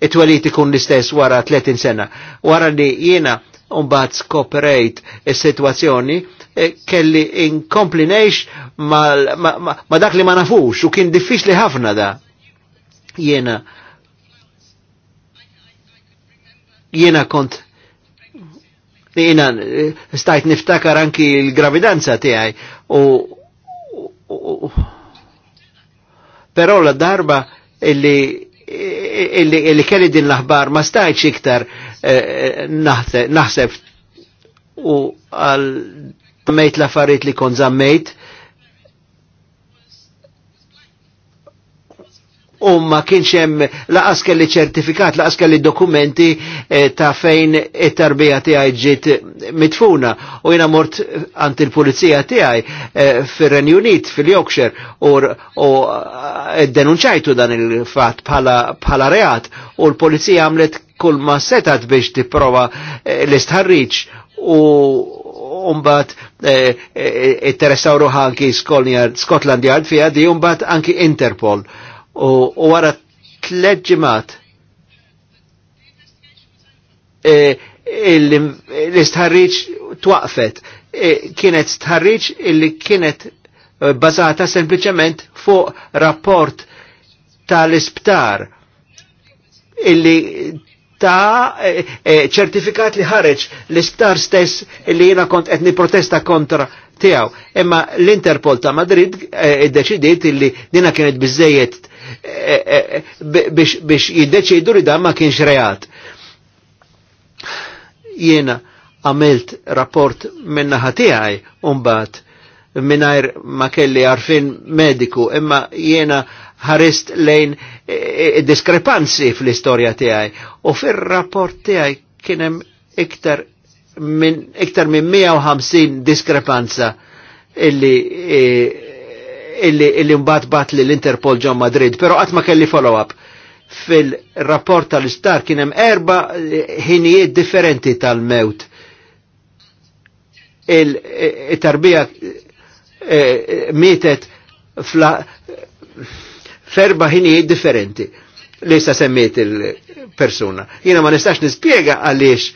it-twelit ikun l-istess wara 30 sena? Wara li jiena Umbat skoperejt il-situazzjoni E, kelli inkompli neħx ma dak li ma nafux u kien diffiċ li ħafna da jena jena kont jena e, stajt niftakar anki l-gravidanza tijaj u, pero la darba illi illi, illi kelli din l-aħbar ma stajt iktar eh, naħseb u għal Mejt la farit li kon zammejt. U ma kienx hemm laqas kelli ċertifikat, laqas kelli dokumenti eh, ta' fejn it-tarbija tiegħi ġiet mitfuna. U jiena mort ant il-pulizija tiegħi eh, fir-Renju Unit fil-Yorkshire u eh, denunċajtu dan il-fatt bħala reat u l-pulizija għamlet kull ma setat biex tipprova l-istħarriċ umbat eh, eh, interessaw ruħa anki Scotland Yard fija di umbat anki Interpol u għara t-leġimat eh, l-istħarriċ twaqfet kienet stħarriċ illi kienet bazata sempliciment fuq rapport tal-isptar illi ta' eh, eh, ċertifikat li ħareġ l-isptar stess li jena kont etni protesta kontra tijaw. Emma l-Interpol ta' Madrid eh, id-deċidiet illi dina kienet bizzejiet biex jiddeċidu li dan ma kienx reat. Jena għamilt rapport minna ħatijaj umbat minnajr ma kelli għarfin mediku imma jena ħarist lejn diskrepanzi fl-istorja tiegħi u fir-rapport tiegħi kien hemm iktar minn iktar minn 150 diskrepanza illi e, illi illi mbagħad bat li l-Interpol ġo Madrid, però qatt ma kelli follow-up. Fil-rapport tal-istar kien hemm erba' ħinijiet differenti tal-mewt. Il-tarbija e, e, mietet fla ferba ħinijiet differenti li sa semmiet il-persuna. Jina ma nistax nispiega għaliex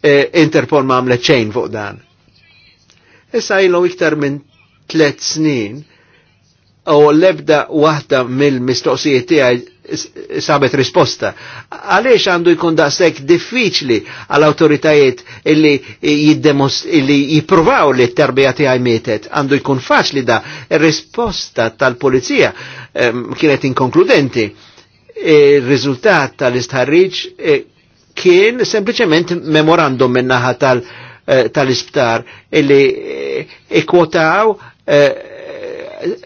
eh, Interpol ma għamlet ċejn fuq dan. Issa jilu iktar minn tlet snin u lebda waħda mill-mistoqsijiet tiegħi sabet risposta. Għalix għandu jkun daqshekk diffiċli għal autoritajiet illi illi jippruvaw li t-tarbija tiegħi mietet, għandu jkun faċli da. risposta tal polizija ehm, kienet inkonkludenti. Ir-riżultat tal-istħarriġ eh, kien sempliciment memorandum minnaħa eh, tal-isptar illi eh, ikwotaw eh,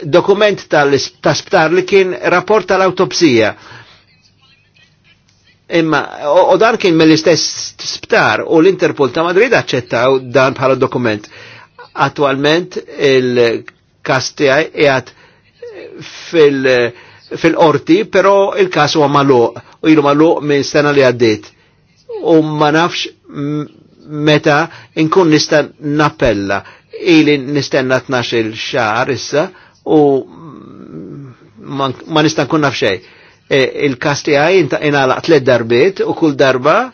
dokument tal-sptar li kien rapport tal-autopsija. Imma, u dan kien mill-istess sptar u l-Interpol ta' Madrid aċċettaw dan bħala dokument. Attualment il-kastija jgħat fil-orti, fil però il-kas huwa maluq, u ilu maluq minn sena li għaddit. U ma nafx meta inkun nista' nappella ili nistenna 12 xar issa u ma nistan kunna naf xej. E, il kasti tiegħi ingħalaq tliet darbiet u kull darba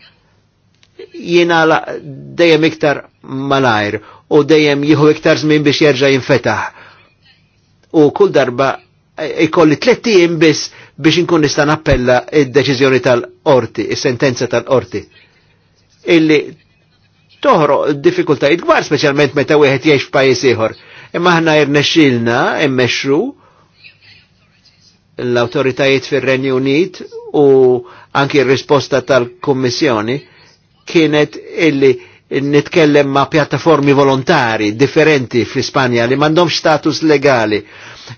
jingħalaq dejjem iktar malajr u dejjem jieħu iktar żmien biex jerġa' jinfetaħ. U kull darba ikolli tliet tiem biss biex inkun nista' nappella id-deċiżjoni tal-qorti, il sentenza tal-qorti. Illi Toħro diffikultajiet gbar, speċjalment meta wieħed jgħix f'pajjiż ieħor. Imma aħna irnexxilna immexxu l-awtoritajiet fir-Renju Unit u anki r-risposta tal-Kummissjoni kienet illi nitkellem ma' pjattaformi volontari differenti fl-Ispanja li mandom status legali.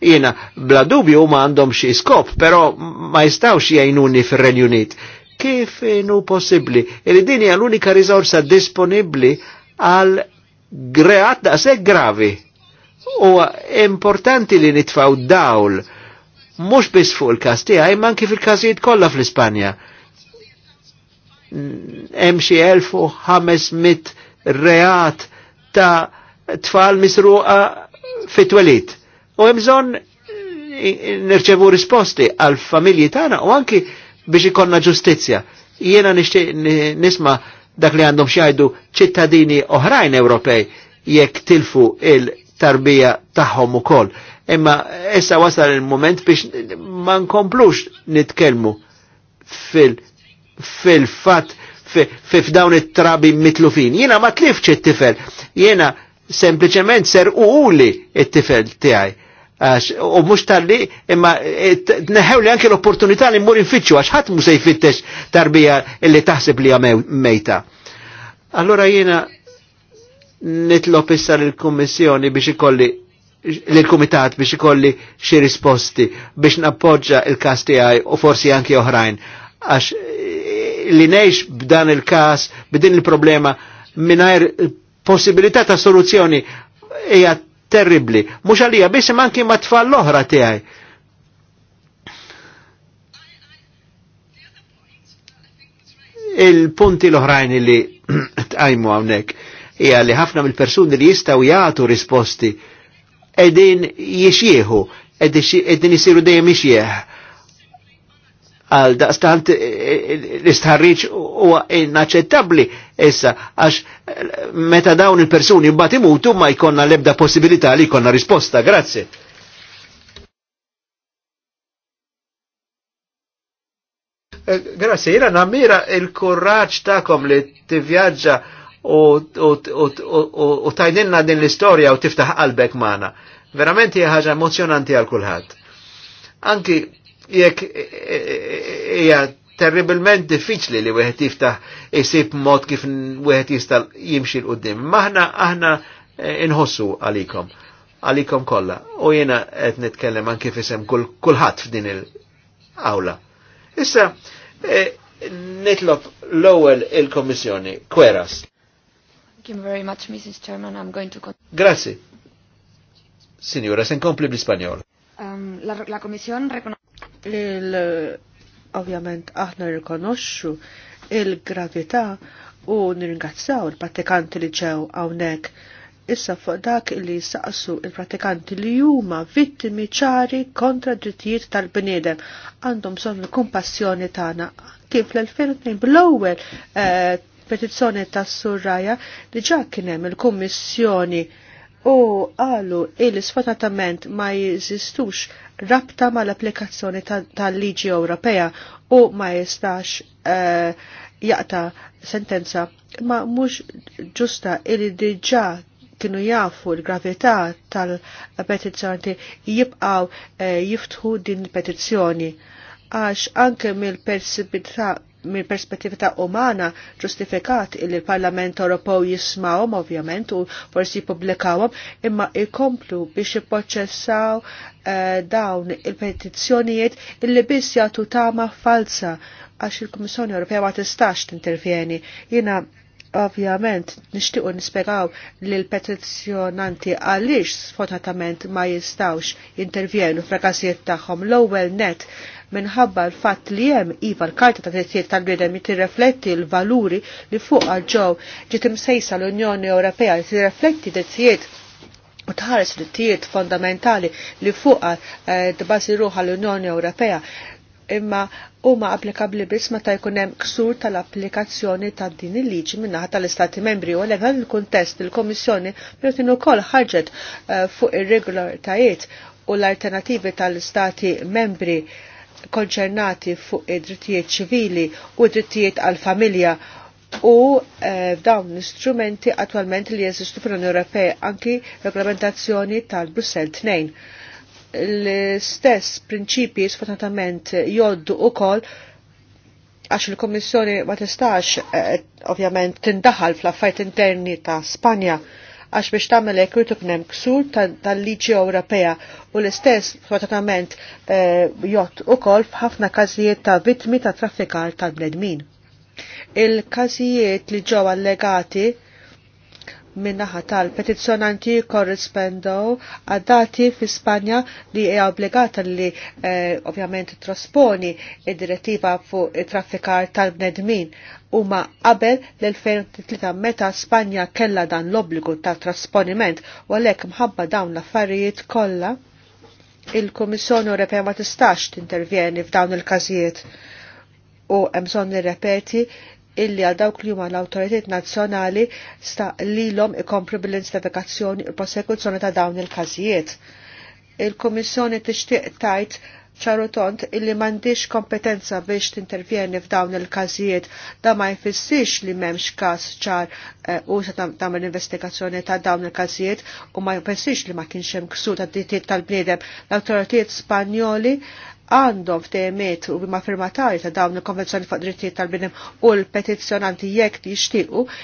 Jena, bla dubju ma għandhom xi skop, però ma jistawx jgħinuni fir-Renju Unit kif inu possibli. Illi dini għal unika risorsa disponibli għal great se gravi. U importanti li nitfaw dawl mux bis fuq il-każ tiegħi man kif il-kasijiet kolla fl-Ispanja. Hemm 1500 reat ta' tfal misruqa fit-twelit. U jemżon nirċevu risposti għal familji tana u anki biex ikonna ġustizzja. Jiena nisma dak li għandhom xajdu ċittadini oħrajn Ewropej jekk tilfu il-tarbija tagħhom ukoll. Imma issa wasal il-moment biex ma nkomplux nitkellmu fil fat fil f'dawn it-trabi mitlufin. Jiena ma tlifx it-tifel, jiena sempliċement ser uli it-tifel tiegħi. U mux tal-li, imma eh, neħew li anke l-opportunità li mmur infittxu, għax ħadd mu se jfittex tarbija illi taħseb li mejta. Allora jiena nitlob issa l-Kommissjoni biex ikolli l-Komitat biex ikolli xi risposti biex nappoġġa il-kas tiegħi u forsi anke oħrajn. Għax eh, li nejx b'dan il-kas, b'din il-problema mingħajr possibilità ta' soluzzjoni hija terribli. Mux għalija, biss manki ma tfal l-oħra tijaj. Il-punti l-oħrajn li (clears throat) tqajmu hawnhekk hija li ħafna mill-persuni li jistgħu jagħtu risposti qegħdin jiexieħu, qegħdin isiru dejjem jiexieħu għal daqstant eh, eh, l-istħarriċ u inaċċettabli issa għax eh, meta dawn il-persuni mbagħad imutu ma jkollna l-ebda possibilità li jkollna risposta. Grazzi. Grazzi, jena namira il korraċ ta'kom li tivjaġġa u tajninna din l-istoria u tiftaħ qalbek maħna. Verament hija ħaġa emozjonanti għal kulħadd. Anki jekk e, e, e, hija terribilment diffiċli li wieħed jiftaħ isib mod kif wieħed jista' jimxi l-qudiem. Maħna aħna inħossu għalikom, għalikom kollha. U jiena qed nitkellem anke fisem kulħadd f'din il-awla. Issa nitlob l-ewwel il-Kommissjoni, Kweras. Thank you very much, Mrs. Chairman. I'm going to... Grazie. Signora, sen compli bl Um, la, la Comisión reconoce Ovvjament aħna rikonoxxu il-gravità u nirringazzaw il pratikanti li ġew hawnhekk issa fuq dak li saqsu il-pratikanti li huma vittimi ċari kontra drittijiet tal-bniedem għandhom bżonn il-kumpassjoni tagħna kif l-2002 bl-ewwel eh, petizzjoni tas surraja diġà kien hemm il-Kummissjoni u għalu il sfatatament ma jizistux rabta ma l-applikazzjoni tal-liġi Ewropea u ma jistax eh, jaqta sentenza ma mhux ġusta il diġà kienu jafu l-gravità tal petizjoni jibqaw eh, jiftħu din il-petizzjoni għax anke mill-persibilità mill perspettiva ta' umana ġustifikat il parlament Ewropew jismawhom ovvjament u forsi jippubblikawhom imma jkomplu biex jippoċessaw eh, dawn il-petizzjonijiet illi biss jagħtu tama falsa għax il-Kummissjoni Ewropea ma tistax tintervjeni. Jiena ovvjament nixtiequ nispjegaw lil petizzjonanti għaliex sfortunatament ma jistawx jintervjenu f'rakażijiet tagħhom l-ewwel net minħabba l-fatt li hemm iva l-Karta ta' Drittijiet tal-Bniedem li tirrefletti l-valuri li fuq għal ġew ġiet imsejsa l-Unjoni Ewropea li tirrefletti drittijiet u tħares drittijiet fondamentali li għal-dbasi eh, ruħa l-Unjoni Ewropea imma huma applikabbli biss meta jkun hemm ksur tal-applikazzjoni ta' din il-liġi minnaħa tal-Istati Membri u għalhekk il-kuntest il-Kommissjoni jrid ukoll ħarġet eh, fuq ir-regolaritajiet u l-alternativi tal-Istati Membri konċernati fuq id-drittijiet ċivili u id-drittijiet għal-familja u eh, f'dawn l-istrumenti attualment li jeżistu fl-Unjoni Ewropea anki reglamentazzjoni tal-Brussel 2. L-istess prinċipji sfortunatament joddu ukoll għax il-Kommissjoni ma tistax eh, ovvjament tindaħal fl-affajt interni ta' Spanja għax biex tagħmel hekk irid ikun hemm ksur tal-liġi Ewropea u l-istess fortunatament eh, jott ukoll f'ħafna każijiet ta' vittmi ta' traffikar tal-bnedmin. Il-każijiet li ġew allegati minnaħa tal-petizzjonanti korrispendow għad-dati fi Spanja li hija obbligata li eh, ovvjament trasponi id-direttiva fuq traffikar tal-bnedmin huma qabel l-2003 meta Spanja kella dan l-obbligu ta' trasponiment u għalhekk mħabba dawn l-affarijiet kollha il-Kummissjoni Ewropea ma tistax tintervjeni f'dawn il-każijiet u hemm bżonn nirrepeti illi għal dawk li huma l-awtoritajiet nazzjonali sta lilhom ikomplu bil-instifikazzjoni u prosekuzzjoni ta' dawn il-każijiet. Il-Kummissjoni tixtieq tajt ċarutont illi m'għandix kompetenza biex tintervjeni f'dawn il-każijiet da ma jfissix li m'hemmx każ ċar eh, u tam tagħmel investigazzjoni ta' dawn il-każijiet u ma jfissix li ma kienx hemm ksur ta' tal-bniedem. L-awtoritajiet Spanjoli għandhom f'temiet u bima firmatari ta' dawn il-konvenzjoni fuq drittijiet tal-binem u l-petizzjonanti jekk jixtiequ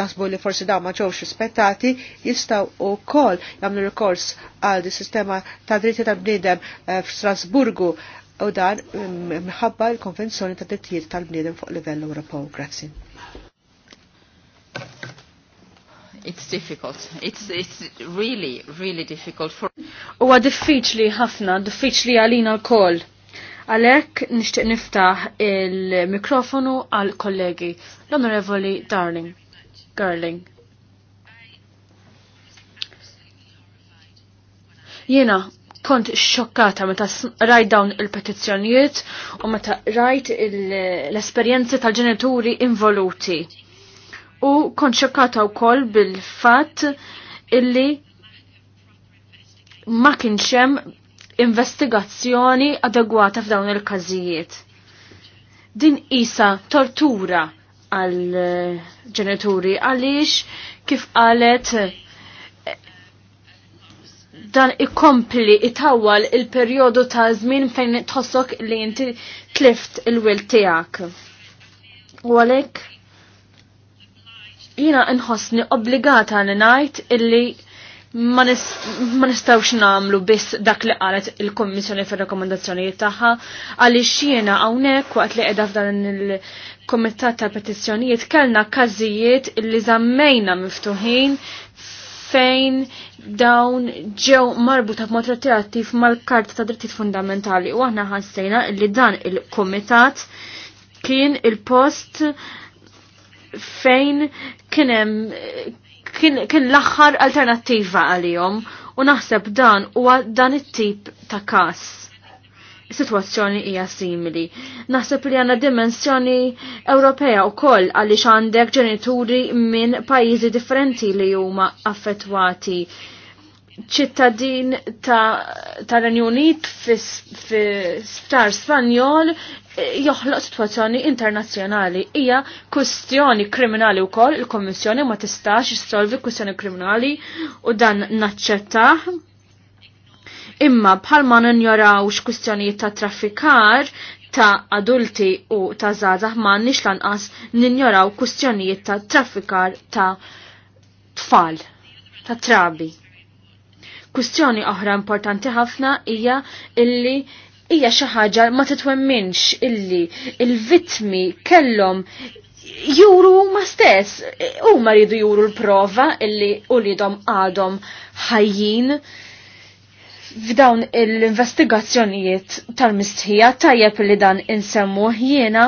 jasbu li forsi dawn ma ġewx rispettati jistgħu wkoll jagħmlu rikors għal sistema ta' drittijiet tal-bniedem eh, f'Strasburgu u dan minħabba l-konvenzjoni ta' drittijiet tal-bniedem fuq livell Ewropew. Grazzi. It's difficult. It's, it's really, really difficult for... Uwa diffiċli ħafna, diffiċli għalina l kol Għalek nishtiq niftaħ il-mikrofonu għal kollegi, l-Onorevoli Darling. Garling. Jena, kont xokkata meta rajt dawn il-petizzjonijiet u meta rajt l-esperjenzi tal-ġenituri involuti u konċekata u koll bil-fat illi ma kienxem investigazzjoni adegwata f'dawn il-kazijiet. Din isa tortura għal eh, ġenituri għaliex kif qalet eh, dan ikompli itawal il-perjodu ta' żmien fejn tħossok li inti tlift il-wil tiegħek. U għalhekk jina nħossni obbligata li najt illi ma nistawx namlu biss dak li qalet il-Kommissjoni fir-rekomendazzjonijiet tagħha għaliex jiena hawnhekk waqt li qiegħda f'dan il-Kumitat tal-Petizzjonijiet kellna każijiet illi żammejna miftuħin fejn dawn ġew marbuta b'mod retrattiv mal-Karta ta' Drittijiet Fundamentali u aħna ħassejna li dan il-Kumitat kien il-post il post fejn kienem kien, kien l aħħar alternattiva għalihom u naħseb dan huwa dan it-tip ta' kas. Situazzjoni hija simili. Naħseb li għandna dimensjoni Ewropea wkoll għaliex għandek ġenituri minn pajjiżi differenti li huma affettwati ċittadin ta' renju ta Unit star Spanjol eh, joħloq situazzjoni internazzjonali. Hija kustjoni kriminali wkoll il-Kommissjoni ma tistax issolvi kustjoni kriminali u dan naċċettaħ. Imma bħalma njorawx kwistjonijiet ta' traffikar ta' adulti u ta' zazah ma' nix lanqas ninjoraw kwistjonijiet ta' traffikar ta' tfal, ta' trabi kustjoni oħra importanti ħafna hija illi hija xi ħaġa ma titwemminx illi il-vitmi kellhom juru ma stess, u ma ridu juru l-prova illi u lidom għadhom ħajjin f'dawn l-investigazzjonijiet tal-mistħija tajjeb li dan insemmu jiena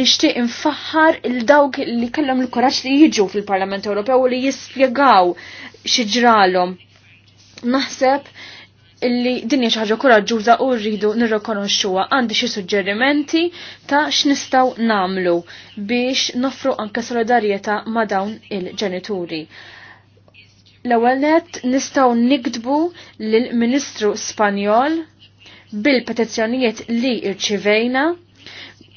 nixtieq infaħħar il dawk li kellhom il-kuraġġ li jiġu fil-Parlament Ewropew u li jispjegaw xi ġralhom Naħseb illi dinja xaħġa xi ħaġa u rridu nirrikonoxxuha għandi xi suġġerimenti ta' x'nistgħu nagħmlu biex nofru anke solidarjetà ma' dawn il-ġenituri. L-ewwel nistgħu nikdbu lill-Ministru Spanjol bil-petizzjonijiet li irċivejna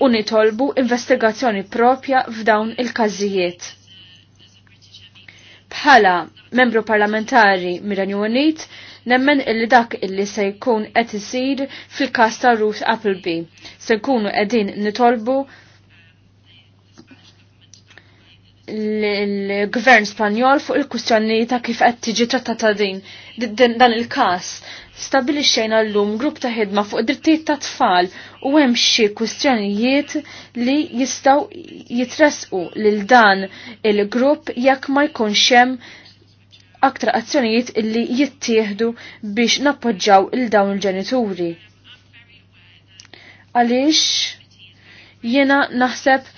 u nitolbu investigazzjoni propja f'dawn il-każijiet Bħala membru parlamentari mir-Renju Unit, nemmen illi dak illi se jkun qed isir fil-każ ta' Ruth Appleby. Se jkunu qegħdin nitolbu l-gvern Spanjol fuq il-kustjoni ta' kif qed tiġi trattata din dan il-każ stabilixxejna llum grupp ta' ħidma fuq drittijiet ta' tfal u hemm xi kwistjonijiet li jistgħu jitresqu lil dan il-grupp jekk ma jkunx hemm aktar azzjonijiet illi jittieħdu biex nappoġġaw il dawn il-ġenituri. Għaliex jiena naħseb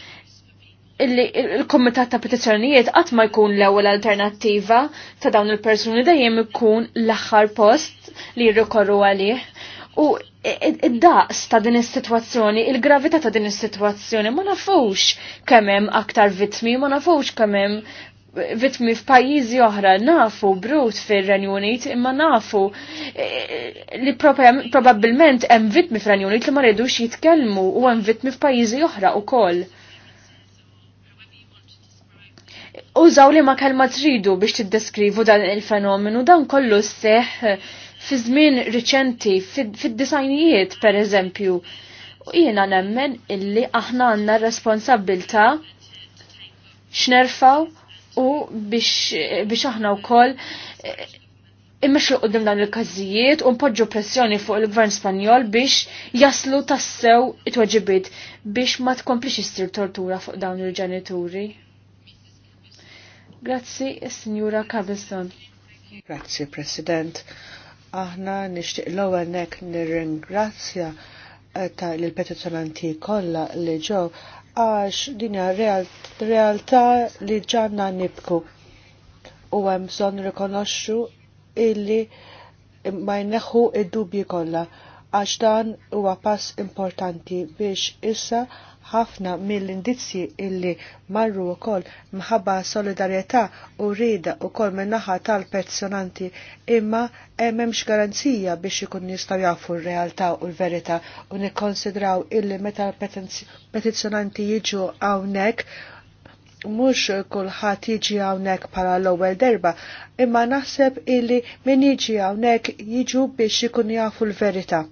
illi il-komitat ta' petizzjonijiet qatt ma jkun l-ewwel alternattiva ta' dawn il-persuni dejjem ikun l-aħħar post li jirrikorru għalih. U id-daqs ta' din is-sitwazzjoni, il-gravità ta' din is-sitwazzjoni ma nafux kemm hemm aktar vittmi, ma nafux kemm hemm vitmi f'pajjiżi oħra nafu brut fir-Renju Unit imma nafu eh, eh, li probabbilment hemm vitmi fir Unit li ma rridux jitkellmu u hemm vitmi f'pajjiżi oħra wkoll. Użaw li ma kelma tridu biex tiddeskrivu dan il-fenomenu dan kollu seħ fi żmien riċenti, fid-disajnijiet per eżempju. U jiena nemmen illi aħna għandna responsabilta x'nerfaw u biex aħna wkoll eh, immexxu qudiem dawn il-każijiet u mpoġġu pressjoni fuq il-Gvern Spanjol biex jaslu tassew it-tweġibiet biex ma tkomplix issir tortura fuq dawn il-ġenituri. Grazzi, Signora Cabezon. Grazzi, President. Aħna nixtieq l-ewwel nek nirringrazzja eh, ta' petizzjonanti kollha li ġew għax din hija realtà li ġanna nibku u hemm bżonn rikonoxxu illi ma jneħħu id-dubji kollha għax dan huwa pass importanti biex issa ħafna mill-indizzi illi marru u koll mħabba solidarieta u rida u koll minnaħa tal-perzjonanti imma emmemx garanzija biex ikun jistaw jafu r-realtà u l-verita u nikkonsidraw illi meta petizzjonanti jiġu għawnek mux kullħat jiġi għawnek para l-ewwel derba, imma naħseb illi min jiġi għawnek jiġu biex ikun jafu l-verita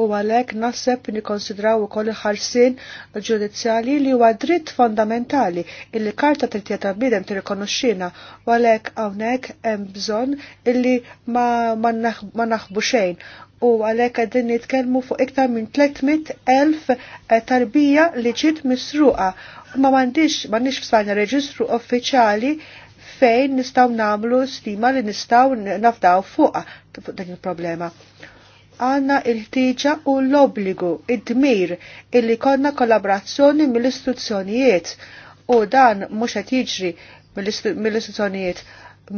u għalek nasseb nikonsidraw u koll ħarsin ġudizzjali li huwa dritt fondamentali illi karta trittija ta' bidem tirrikonoxxina u għalek hawnhekk hemm bżonn illi ma, ma, ma naħbu xejn u għalek għedin nitkellmu fuq iktar minn 300.000 eh, tarbija li ġiet misruqa ma m'għandix m'għandix f'Spanja reġistru uffiċjali fejn nistaw namlu stima li nistaw nafdaw fuqa fuq dak il-problema għanna il tiġa u l-obbligu, id-dmir illi konna kollaborazzjoni mill-istituzzjonijiet u dan mhux qed jiġri mill-istituzzjonijiet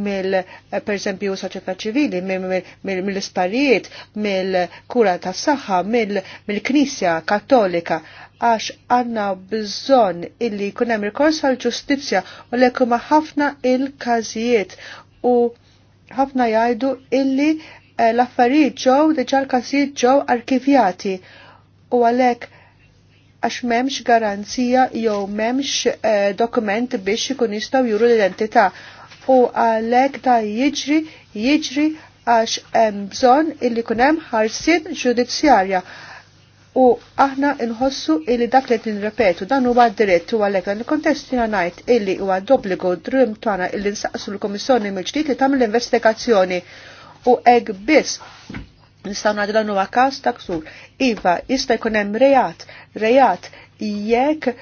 mill eh, per esempio soċjetà ċivili, mill-isparijiet, mill-kura tas saħħa mill-Knisja Kattolika, għax għanna bżonn illi jkun hemm rikors għal ġustizzja u l ħafna il-każijiet u ħafna jgħidu illi Eh, l-affarijiet ġew diġà l-każijiet ġew arkivjati u għalhekk għax m'hemmx garanzija jew m'hemmx eh, dokument biex ikun jistgħu juru l-identità u għalhekk ta' jiġri jiġri għax hemm bżonn illi kun hemm ħarsien ġudizzjarja u aħna nħossu illi dak li nirrepetu dan huwa dritt u għalhekk dan il-kontest jiena ngħid illi huwa dobbligu drim tagħna illi nsaqsu l-Kummissjoni mill-ġdid li tagħmel investigazzjoni u ek biss nistaw ngħidu dan huwa ta' ksur. Iva, jista' jkun hemm rejat, rejat jekk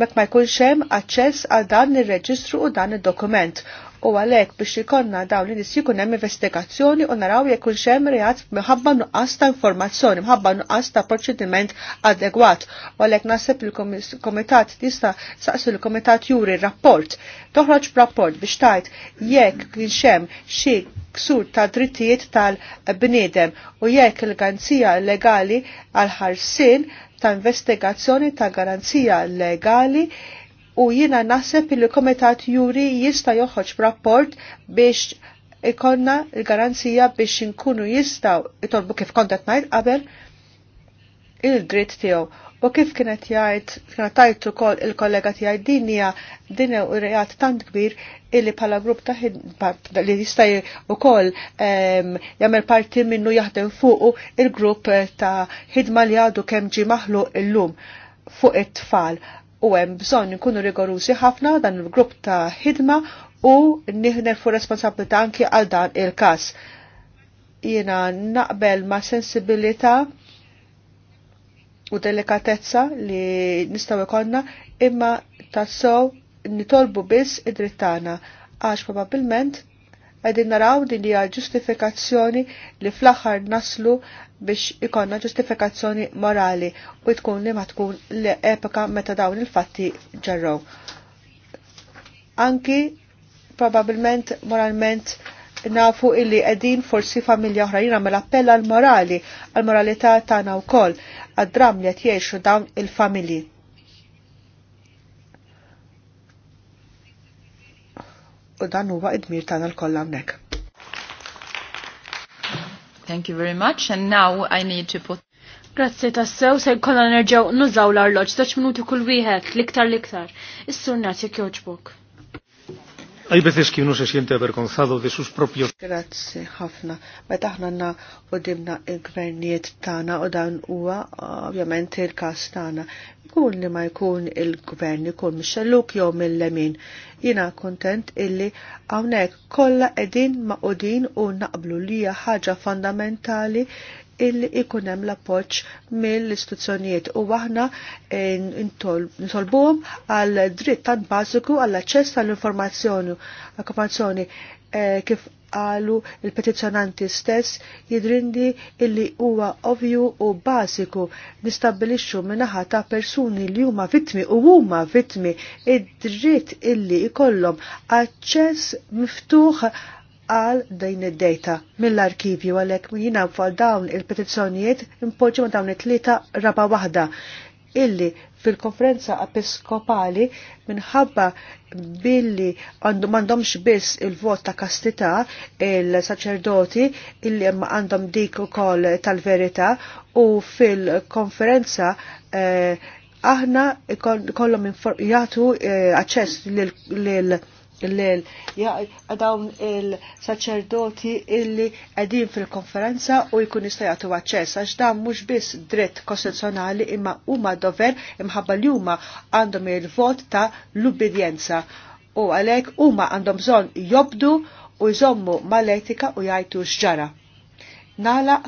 mek ma jkunx hemm aċċess għal dan ir-reġistru u dan id-dokument u għalhekk biex ikonna dawn li nies hemm investigazzjoni u naraw jekk hemm xem reat minħabba nuqqas ta' informazzjoni, minħabba nuqqas ta' proċediment adegwat. U għalhekk naħseb il-komitat tista' saqsu l-komitat juri rapport. Toħroġ rapport biex tajt jekk kien xem xi ksur ta' drittijiet tal-bniedem u jekk il-ganzija legali għal ħarsien ta' investigazzjoni ta' garanzija legali u jiena naħseb il komitat juri jista joħroġ b'rapport biex ikonna l-garanzija biex inkunu jistaw itolbu kif kontet najt qabel il-dritt tiegħu. U kif kienet jgħid, kienet tajt ukoll il-kollega tiegħi din hija din u reat tant kbir illi bħala grupp ta' li jista' ukoll jagħmel parti minnu jaħdem fuqu il-grupp ta' ħidma li għadu kemm ġi maħluq illum fuq it-tfal u hemm bżonn ikunu rigorużi ħafna dan il-grupp ta' ħidma u fuq responsabilità anki għal dan il-każ. Jiena naqbel ma' sensibilità u delikatezza li nistgħu ikonna imma tassew nitolbu biss id-drittana għax probabbilment għedin naraw din li ġustifikazzjoni li fl-axar naslu biex ikonna ġustifikazzjoni morali u tkun li ma tkun l-epoka meta dawn il-fatti ġarrow. Anki probabilment moralment nafu illi edin forsi familja oħra jina mela appella għal-morali, għal-moralità tagħna wkoll, għad-dram li qed jgħixu dawn il-familji u dan huwa id-dmir tagħna l-kollha hawnhekk. Thank you very much and now I need to put Grazzi tassew se jkollna nerġgħu nużaw l-arloġġ 10 minuti kull wieħed l-iktar l-iktar. Is-sur nagħtik jogħġbok. Hay veces que uno se siente avergonzado de sus propios. Grazie ħafna. Meta aħna għandna qudiemna l-gvernijiet tagħna u dan huwa ovvjament il-każ tagħna. Kun li ma jkun il-gvern ikun mixelluk jew mill-lemin. Jiena kuntent illi hawnhekk kollha qegħdin ma' u naqblu li hija ħaġa fondamentali illi ikun hemm l-appoġġ mill-istituzzjonijiet u aħna eh, nitolbuhom għal dritt tan bażiku għall aċċess tal-informazzjoni okkupazzjoni eh, kif qalu il-petizzjonanti stess jidrindi illi huwa ovju u basiku nistabbilixxu minaħa ta' persuni li huma vittmi u huma vittmi id-dritt illi jkollhom aċċess miftuħ għal din id-data mill-arkivju għalhekk jina fuq dawn il-petizzjonijiet impoġġu ma' dawn it-tlieta raba waħda illi fil-konferenza episkopali minħabba billi għandhom għandhomx biss il-vot ta' kastità il-saċerdoti illi għandhom dik ukoll tal-verità u fil-konferenza eh, aħna kollom jagħtu eh, aċċess lil l-lel. Dawn il-saċerdoti illi għedin fil-konferenza u jkun jistajatu għacċess, għax dan mux biss dritt kostituzzjonali imma huma dover imħabba li huma għandhom il-vot ta' l-ubbidjenza. U għalek huma għandhom bżon jobdu u jżommu mal-etika u jgħajtu xġara. Nala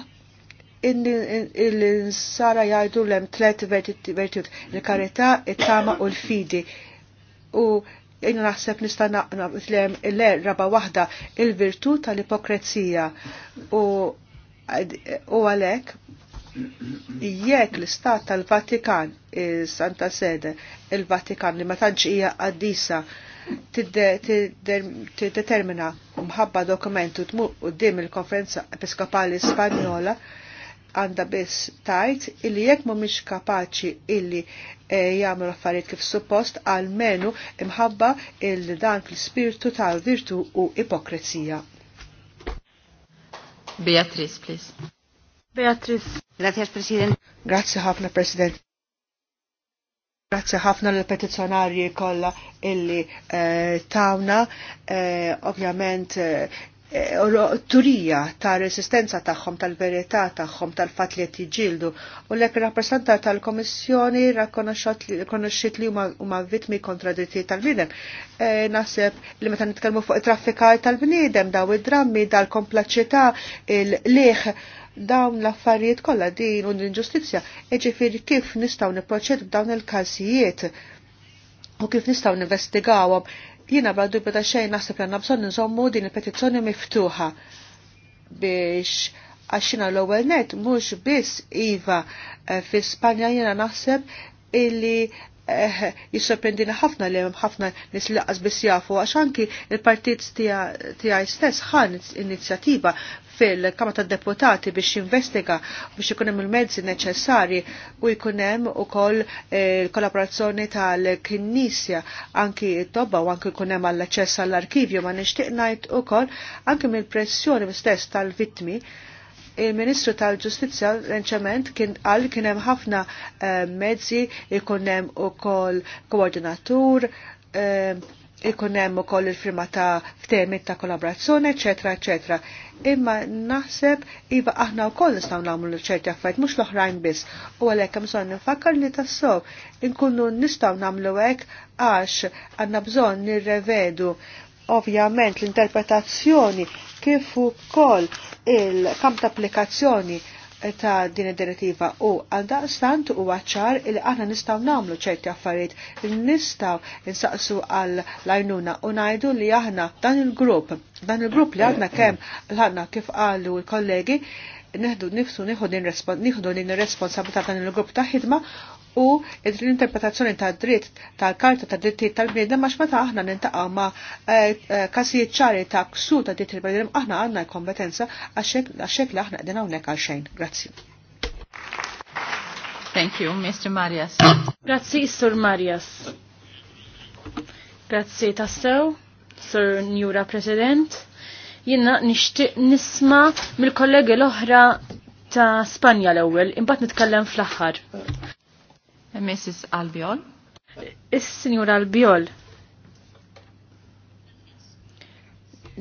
il-sara jgħajdu l-em tlet vertut, il-karita, il tama u l-fidi. U jgħin naħseb nista' naqna il l-raba waħda il-virtu tal-ipokrezija u għalhekk jekk l-istat tal-Vatikan, Santa Sede, il-Vatikan li ma tantx hija qaddisa tiddetermina mħabba dokumentu tmur qudiem il-Konferenza Episkopali Spanjola għandha biss tajt illi jekk mhumiex kapaċi illi e, jagħmlu affarijiet kif suppost għalmenu imħabba il dan fl-ispirtu tal-virtu u ipokrezija. Beatrice, please. Beatrice. Grazie, President. Grazie ħafna, President. Grazie ħafna l petizzjonarji kollha illi eh, tawna, eh, ovvjament eh, Eh, turija ta' resistenza tagħhom tal-verità tagħhom tal-fatt li qed jiġġieldu u lek rappresentant tal-Komissjoni rakkonoxxit li huma vittmi kontra drittijiet tal-bniedem. Eh, naħseb li meta nitkellmu fuq it-traffikaj tal-bniedem daw id-drammi dal-komplaċità il-leħ dawn l-affarijiet kollha din u l-inġustizzja, jiġifieri kif nistgħu nipproċedu b'dawn il-każijiet u kif nistgħu investigawhom Jiena bla dubju ta' xejn naħseb għandna bżonn nżommu din il-petizzjoni miftuħa biex għaxina l-ewwel net mhux biss iva eh, fi Spanja jiena naħseb illi eh, ħafna li ħafna nis laqqas biss jafu għax anki il-partit tiegħi stess ħan inizjattiva fil-Kamra tad deputati biex jinvestiga biex ikun hemm il-mezzi neċessarji u jkun hemm ukoll il-kollaborazzjoni tal-Knisja anki t-tobba u anki jkun hemm għall-aċċess għall-arkivju ma nixtieq ngħid ukoll anki mill-pressjoni stess tal-vittmi il-Ministru tal-Ġustizzja reċement kien qal kien hemm ħafna eh, mezzi ikun hemm ukoll koordinatur eh, ikun hemm ukoll il-firma ta' ftemit ta' kollaborazzjoni, eċetera, eċetera. Imma naħseb iva aħna wkoll nistgħu nagħmlu ċerti affarijiet mhux l-oħrajn biss. U għalhekk hemm bżonn nifakkar li tassew inkunu nistgħu nagħmlu hekk għax għandna bżonn nirrevedu ovvjament l-interpretazzjoni kif ukoll il kam ta' applikazzjoni ta' din id-direttiva u għal stant u għacċar il aħna nistaw namlu ċerti affarijiet nistaw insaqsu għal lajnuna u najdu li aħna dan il-grupp dan il-grupp li għadna eh, eh. kem l-ħadna kif għallu l-kollegi neħdu nifsu nieħu din responsabilità ta' il-grupp ta' ħidma u l-interpretazzjoni ta' dritt tal-karta ta' drittijiet tal-bniedem għax meta aħna nintaqgħu ma' eh, eh, każijiet ċari ta' ksu ta' drittijiet tal-bniedem aħna għandna kompetenza għax li aħna qegħdin hawnhekk għalxejn. Grazzi. Thank you, Mr. Marias. Grazzi, Sir Marias. Grazzi tassew, Sir Njura President jina nishtiq nisma mill-kollegi l-oħra ta' Spanja l-ewwel, imbagħad nitkellem fl-aħħar. Mrs. Albiol. Is-Sinjur Albiol.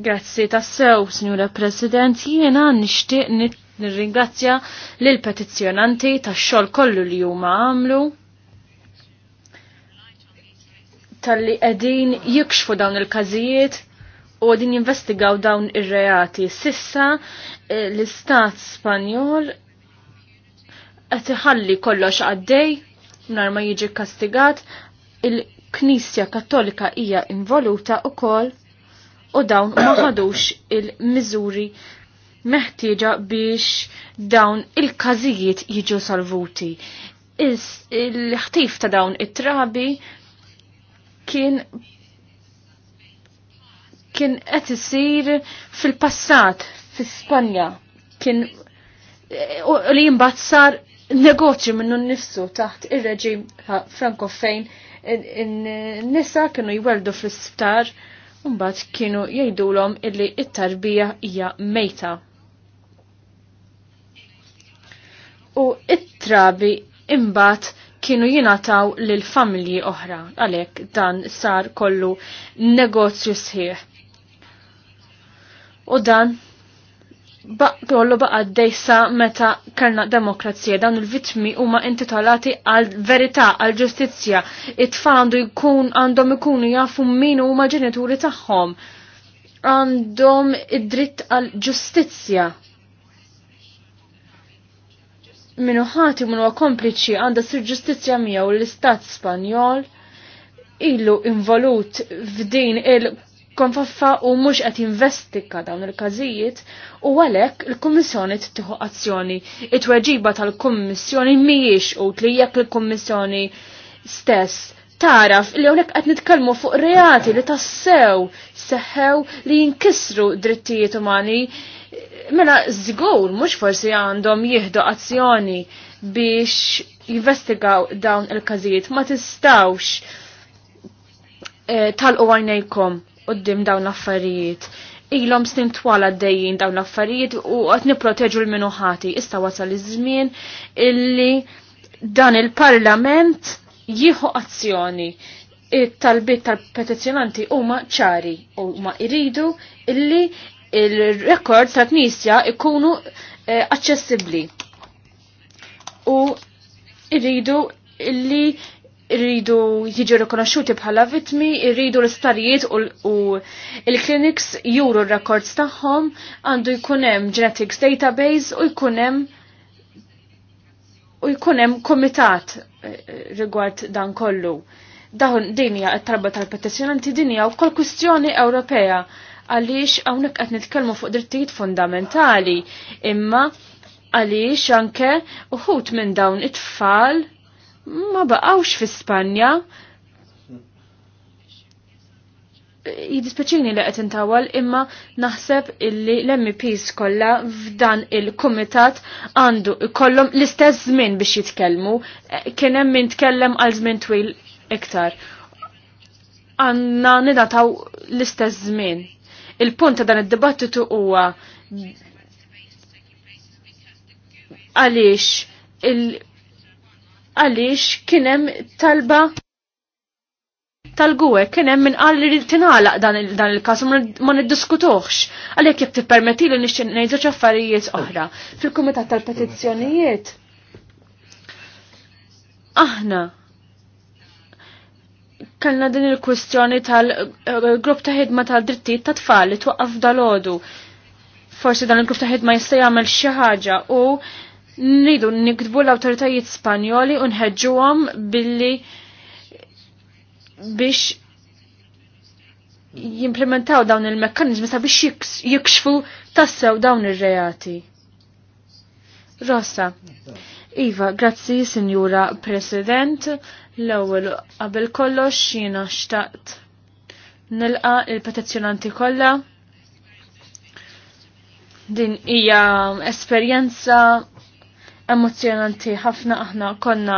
Grazzi tas-sew, Sinjura President, jiena nixtieq nirringrazzja lill petizzjonanti tax-xogħol kollu li huma għamlu tal-li għedin jikxfu dawn il-każijiet u għadin jinvestigaw dawn ir-reati. Sissa eh, l-istat Spanjol qed iħalli kollox għaddej nar ma jiġi kastigat il-Knisja Kattolika hija involuta ukoll u dawn ma ħadux il-miżuri meħtieġa biex dawn il-każijiet jiġu salvuti. Il-ħtif ta' dawn it-trabi kien kien qed isir fil-passat fi Spanja kien u li jimbat sar negozju minnu nifsu taħt ir-reġim Franco fejn nisa kienu jweldu fl-isptar Mbagħad kienu jgħidulhom illi it-tarbija hija mejta. U it-trabi imbagħad kienu jingħataw lil familji oħra għalhekk dan sar kollu negozju sħiħ u dan kollu baqa dejsa meta kellna demokrazija dawn il-vitmi huma intitolati għal verità għal ġustizzja it fandu għandu jkun għandhom ikunu jafu min huma ġenituri tagħhom għandhom id-dritt għal ġustizzja minu ħati minu kompliċi għanda sir ġustizja miegħu l-istat Spanjol ilu involut f'din il konfaffa u mux qed jinvestika dawn il-każijiet u għalhekk il-Kummissjoni tiħu azzjoni. It-tweġiba tal-Kummissjoni mhijiex u li jekk il-Kummissjoni stess taraf li hawnhekk qed nitkellmu fuq reati li tassew seħħew li jinkisru drittijiet umani mela żgur mhux forsi għandhom jieħdu azzjoni biex jivestigaw dawn il-każijiet ma tistawx eh, tal-u għajnejkom qoddim dawn affarijiet. Ilhom snin twala dejjin dawn affarijiet u għat nipproteġu l-minuħati. Issa wasal iż-żmien illi dan il-Parlament jieħu azzjoni it-talbiet tal-petizjonanti huma ċari u ma iridu illi il-rekord ta' tnisja ikunu eh, aċċessibbli. U iridu illi irridu jiġu rikonoxxuti bħala vitmi, irridu l-istarijiet u il-clinics juru r-records tagħhom għandu jkun hemm genetics database u jkun hemm u jkun hemm komitat eh, eh, rigward dan kollu. Dawn din hija t-talba tal-petizzjonanti din hija wkoll kwistjoni Ewropea għaliex hawnhekk qed nitkellmu fuq drittijiet fundamentali imma għaliex anke uħut minn dawn it-tfal ma baqgħux fi Spanja. Jidispeċini li qed intawal imma naħseb illi l-MPs kollha f'dan il-kumitat għandu kollhom l-istess żmien biex jitkellmu, kien hemm min tkellem għal żmien twil iktar. Għandna nidataw l-istess żmien. Il-punt ta' dan id-dibattitu huwa għaliex il għaliex kienem talba tal-gwe kienem minn qal li tinalaq dan il-kas ma niddiskutuħx. Għalhekk jekk tippermetti li nixtieq ngħidu affarijiet oħra fil-kumitat tal-petizzjonijiet. Aħna kellna din il-kwistjoni tal-grupp ta' ħidma tal-drittijiet ta' tfal li twaqqaf dalodu. Forsi dan il-grupp ta' ħidma jista' jagħmel xi ħaġa u Nridu nikdbu l-autoritajiet Spanjoli u nħeġġuhom billi biex jimplementaw dawn il-mekkanizmi sabiex jikxfu tassew dawn ir-reati. Rossa. Iva, grazzi, Sinjura President. L-ewwel qabel kollox jiena xtaqt nilqa il-petizzjonanti kollha. Din hija esperjenza emozjonanti ħafna aħna konna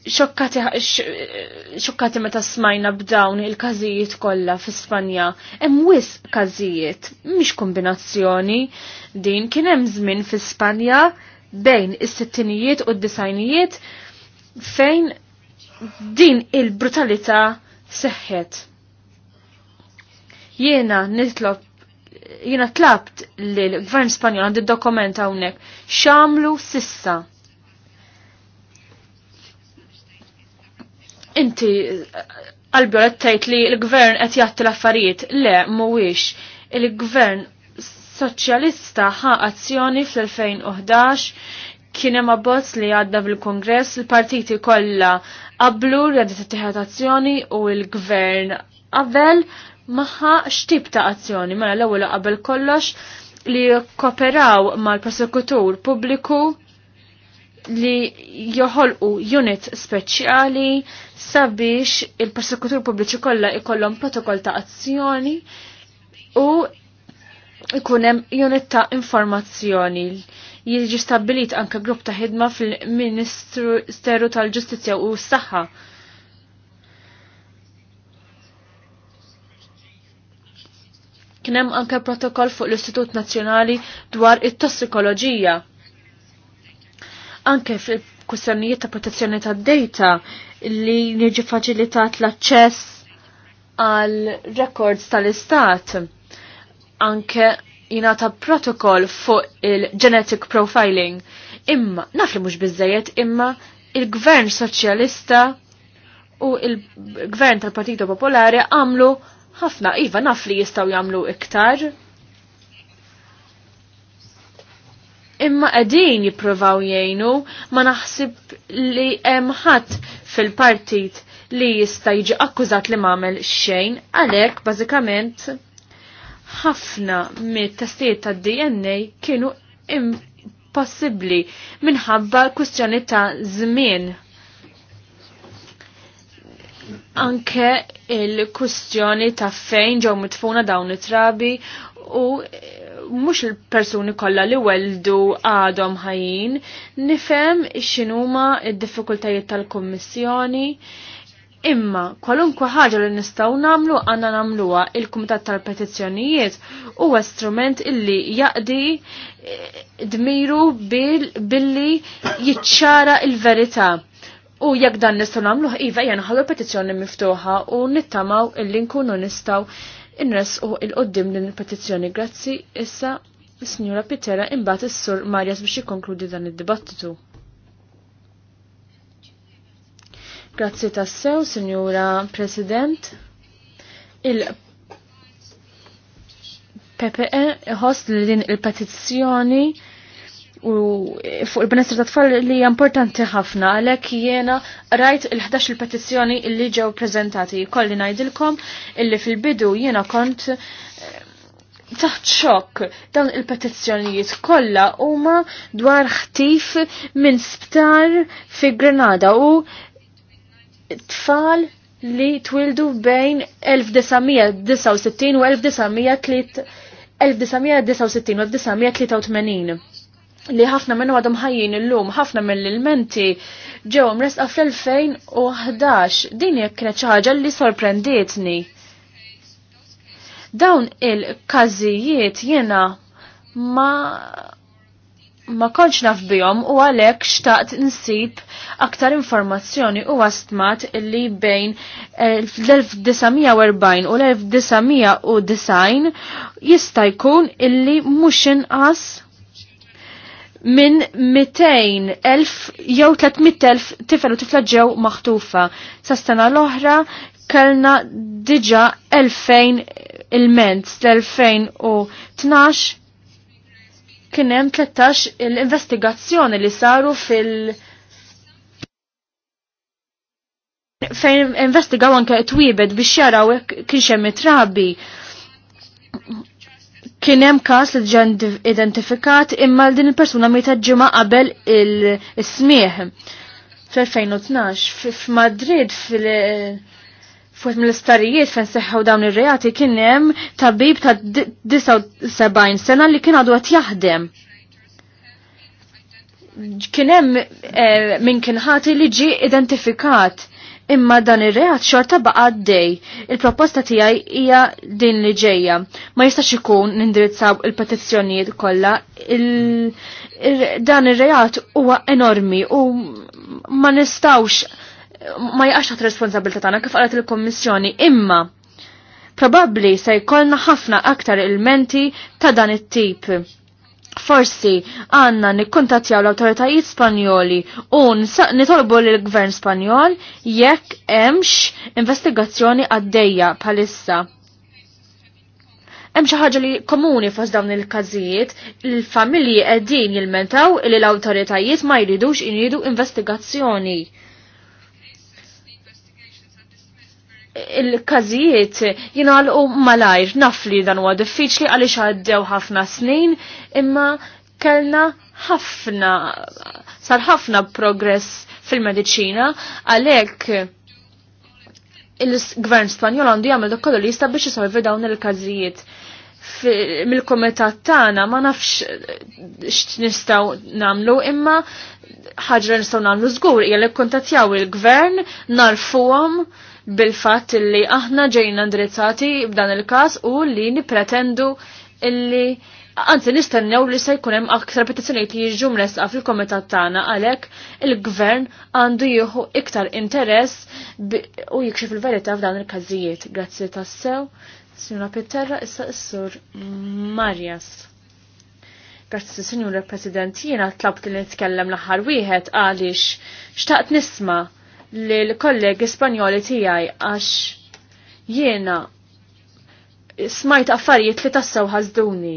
xokkati xokkati meta smajna b'dawn il-każijiet kollha fi Spanja. Hemm wis każijiet, mhix kombinazzjoni din kien hemm żmien fi Spanja bejn is-sittinijiet u d-disajnijiet fejn din il-brutalità seħħet. Jiena nitlob jina tlabt li l-gvern Spanjol għandi dokument hawnhekk xamlu sissa. Inti qalbi qed tgħid li l-gvern qed jagħti l-affarijiet, le mhuwiex. Il-gvern soċjalista ħa azzjoni fl-2011 kien hemm abbozz li għadda fil-Kongress il-partiti kollha qablu rjadet it azzjoni u l-gvern qabel maħħa x'tip ta' azzjoni mela l-ewwel qabel kollox li kooperaw mal-prosekutur pubbliku li joħolqu unit speċjali sabiex il-prosekutur pubbliċi kollha ikollhom protokoll ta' azzjoni u ikun hemm unit ta' informazzjoni jiġi stabbilit anke grupp ta' ħidma fil ministru tal-Ġustizzja u s-Saħħa kienem hemm anke protokoll fuq l-Istitut Nazzjonali dwar it-tossikoloġija. Anke fil-kwistjonijiet ta' protezzjoni tad-data li jiġi faċilitat l-aċċess għal records tal-istat. Anke jingħata protokoll fuq il-genetic profiling. Imma, naf li mhux bizzajet, imma il-gvern soċjalista u il-gvern tal-Partito Popolare għamlu ħafna iva naf li jistgħu jagħmlu iktar. Imma qegħdin jippruvaw jgħinu ma naħsib li hemm ħadd fil-partit li jista' jiġi akkużat li m'amel xejn, għalhekk bażikament ħafna mit-testijiet tad-DNA kienu impossibbli minħabba kwistjoni ta' żmien anke il-kustjoni ta' fejn ġew mitfuna dawn it-trabi u mhux il-persuni kollha li weldu għadhom ħajjin, nifhem x'inhuma d-diffikultajiet tal-Kummissjoni. Imma kwalunkwe ħaġa li nistgħu nagħmlu għandna nagħmluha il-Kumitat tal-Petizzjonijiet huwa strument illi jaqdi eh, dmiru bil billi jiċċara il-verità U jekk dan nistgħu nagħmluh iva jien ħallu petizzjoni miftuħa u nittamaw illi nkunu nistgħu inres u il-qoddim din il-petizzjoni. Grazzi issa Signora Pitera imbagħad is-sur Marjas biex jikkonkludi dan id-dibattitu. Grazzi tassew, Signora President. Il PPE iħoss li din il-petizzjoni il il petizzjoni u fuq il-benessri ta' tfal li hija importanti ħafna għalhekk jiena rajt il-11 il-petizzjoni li ġew preżentati. Kolli ngħidilkom illi fil-bidu jiena kont eh, taħt xokk dawn il-petizzjonijiet kollha huma dwar ħtif minn sptar fi Granada u tfal li twildu bejn 1969 u 1969 u 1983 li ħafna minnu għadhom ħajjin illum, ħafna mill-ilmenti ġew mresqa fl-2011. Din hekk kienet xi ħaġa li sorprendietni. Dawn il-każijiet jiena ma ma konċ nafbijom u għalhekk xtaqt nsib aktar informazzjoni u għastmat li bejn eh, l-1940 u l-1990 jista' jkun illi mhux inqas minn 200.000 jew 300.000 tifel u tifla ġew maħtufa. Sastana l-oħra kellna diġa 2000 il-ment 2012 kien hemm 13 il investigazzjoni li saru fil- fejn investigaw anke twibed biex jaraw kienxem xemmi trabi kien hemm każ li ġan identifikat imma din il-persuna meta ġimgħa qabel il-smieħ. Fl-2012 f'Madrid fil- fuq mill-istarijiet fejn seħħu dawn ir-reati kien hemm tabib ta' 79 sena li kien għadu qed jaħdem. Kien hemm eh, min kien ħati li ġie identifikat imma dan ir-reat xorta baqa dej, Il-proposta tiegħi hija din li ġejja. Ma jistax ikun nindirizzaw il-petizzjonijiet kollha. Il dan ir-reat huwa enormi u ma nistawx ma jaqax taħt responsabilità tagħna kif qalet il-Kommissjoni imma probabbli se jkollna ħafna aktar ilmenti ta' dan it-tip forsi għanna nikkontattjaw l-autoritajiet spanjoli u nitolbu l-gvern spanjol jekk hemmx investigazzjoni għaddejja palissa. Hemm xi ħaġa li komuni fost dawn il-każijiet, il-familji qegħdin jilmentaw li l-awtoritajiet ma jridux iridu investigazzjoni. il-kazijiet jinalqu malajr nafli dan huwa diffiċli għaliex għaddew ħafna snin imma kellna ħafna sar ħafna progress fil-mediċina għalhekk il-gvern Spanjol għandu jgħamil dak kollu li jista' biex isolvi dawn il-każijiet mil komitat tagħna ma nafx x'nistgħu nagħmlu imma ħaġa nistgħu nagħmlu żgur hija li kontattjaw il-gvern narfuhom bil-fatt li aħna ġejna ndrizzati b'dan il-każ u li nipretendu illi Anzi, nistennew li se jkun hemm aktar petizjoniet li jiġu mresqa fil-komitat tagħna għalhekk il-gvern għandu jieħu iktar interess u jikxif il-verità f'dan il-każijiet. Grazzi tassew, Sinjura Pitterra, issa s-sur Marjas. Grazzi Sinjura President, jiena tlabt li nitkellem l-aħħar wieħed għaliex xtaqt nisma' l-kollegi spanjoli tijaj għax jiena smajt affarijiet li tassaw għazduni.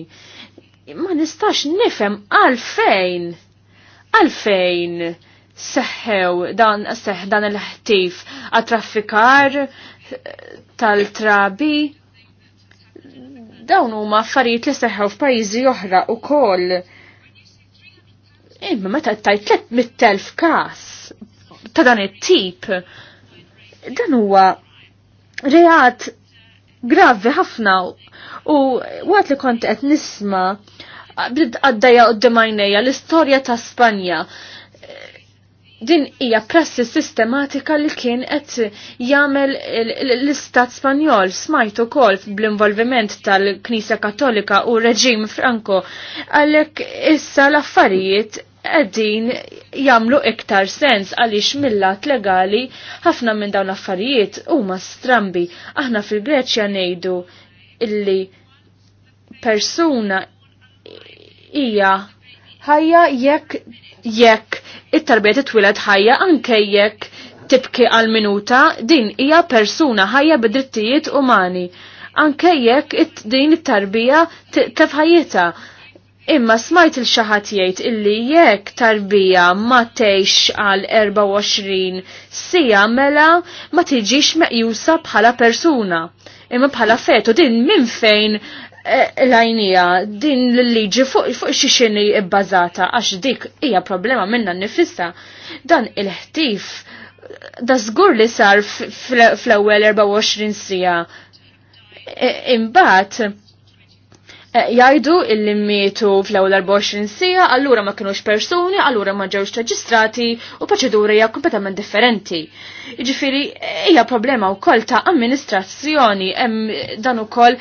Ma nistax nifem għalfejn, għalfejn seħħew dan seħ dan il-ħtif għat-traffikar tal-trabi. Dawn huma affarijiet li seħħew f'pajjiżi oħra wkoll Imma meta tajt 300,000 każ ta' dan it-tip dan huwa reat gravi ħafna u waqt li kont qed nisma' għaddejja d għajnejja l-istorja ta' Spanja din hija prassi sistematika li kien qed jagħmel l-Istat Spanjol smajt ukoll bl-involviment tal-Knisja Kattolika u reġim Franco għalhekk issa l-affarijiet qegħdin jagħmlu iktar sens għaliex mill-lat legali ħafna minn dawn affarijiet huma strambi. Aħna fil-Greċja ngħidu illi persuna hija ħajja jekk jekk it it titwiled ħajja anke jekk tibki għal minuta din hija persuna ħajja bidrittijiet umani anke jekk din it-tarbija tef ħajjita Imma smajt il-xaħat jgħid illi jekk tarbija ma tgħix għal 24 sija mela ma tiġix meqjusa bħala persuna. Imma bħala fetu din minn fejn e, lajnija din l-liġi fuq xi xiexini ibbażata għax dik hija problema minna nifissa dan il-ħtif da żgur li sar fl-ewwel 24 sija. Imbagħad Eh, jajdu illi mietu fl-ewwel 24 sija, allura ma kienux persuni, allura ma ġewx reġistrati u proċeduri hija kompletament differenti. Jiġifieri eh, hija problema wkoll ta' amministrazzjoni hemm dan ukoll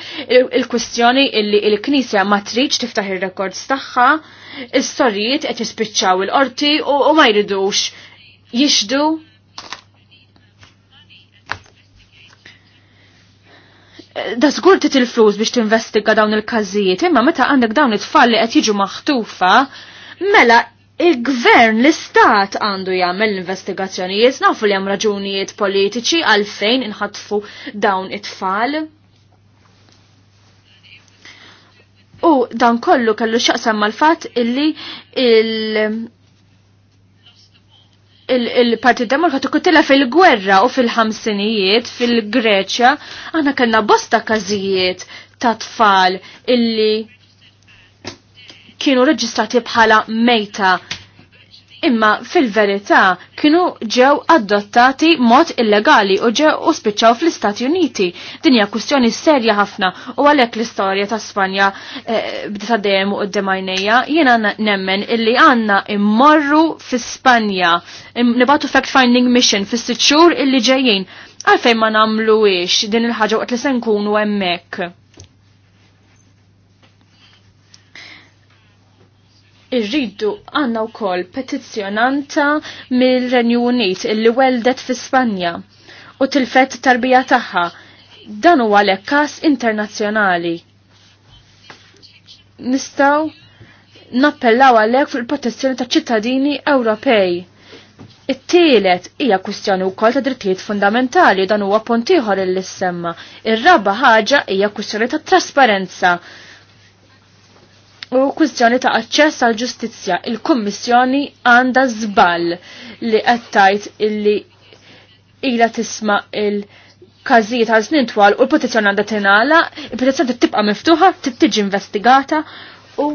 il-kwistjoni illi l-Knisja ma tridx tiftaħ ir-rekords tagħha, il storijiet qed jispiċċaw il-qorti u ma jridux jixdu da zgur ti til flus biex tinvestiga dawn il-każijiet, imma meta għandek dawn it-tfal li qed jiġu maħtufa, mela il-gvern l-istat għandu jagħmel l-investigazzjonijiet, nafu li hemm raġunijiet politiċi għalfejn inħatfu dawn it-tfal. U dan kollu kellu xaqsam mal-fatt illi il- il-Partit Demokratiku Kutilla fil-gwerra u fil-ħamsinijiet fil-Greċja, aħna kellna bosta każijiet ta' tfal illi kienu reġistrati bħala mejta imma fil-verità kienu ġew adottati mod illegali u ġew u spiċċaw fl-Istati Uniti. Din hija kwistjoni serja ħafna u għalhekk l-istorja ta' Spanja eh, bdiet dejjem u qudiem għajnejja, jiena nemmen illi għandna immorru fi Spanja, nibatu fact-finding mission fis-sitt xhur illi ġejjin għalfejn ma nagħmluwiex din il-ħaġa waqt li se nkunu hemmhekk. irridu għanna u kol petizjonanta mill-Renju Unit illi weldet fi Spanja u tilfet tarbija taħħa. Dan huwa għalek kas internazzjonali. Nistaw nappellaw għalek fil-protezzjoni ta' ċittadini Ewropej. It-tielet hija kwistjoni wkoll ta' drittijiet fundamentali dan huwa punt ieħor illi semma. Ir-raba ħaġa hija kwistjoni ta' trasparenza U kwistjoni ta' aċċess għal ġustizzja, il-Kummissjoni għandha żball li qed illi ilha tisma' il-każijiet għal snin twal u l-petizzjoni għandha tingħala, il-petizzjoni tibqa' miftuħa, tiġi investigata u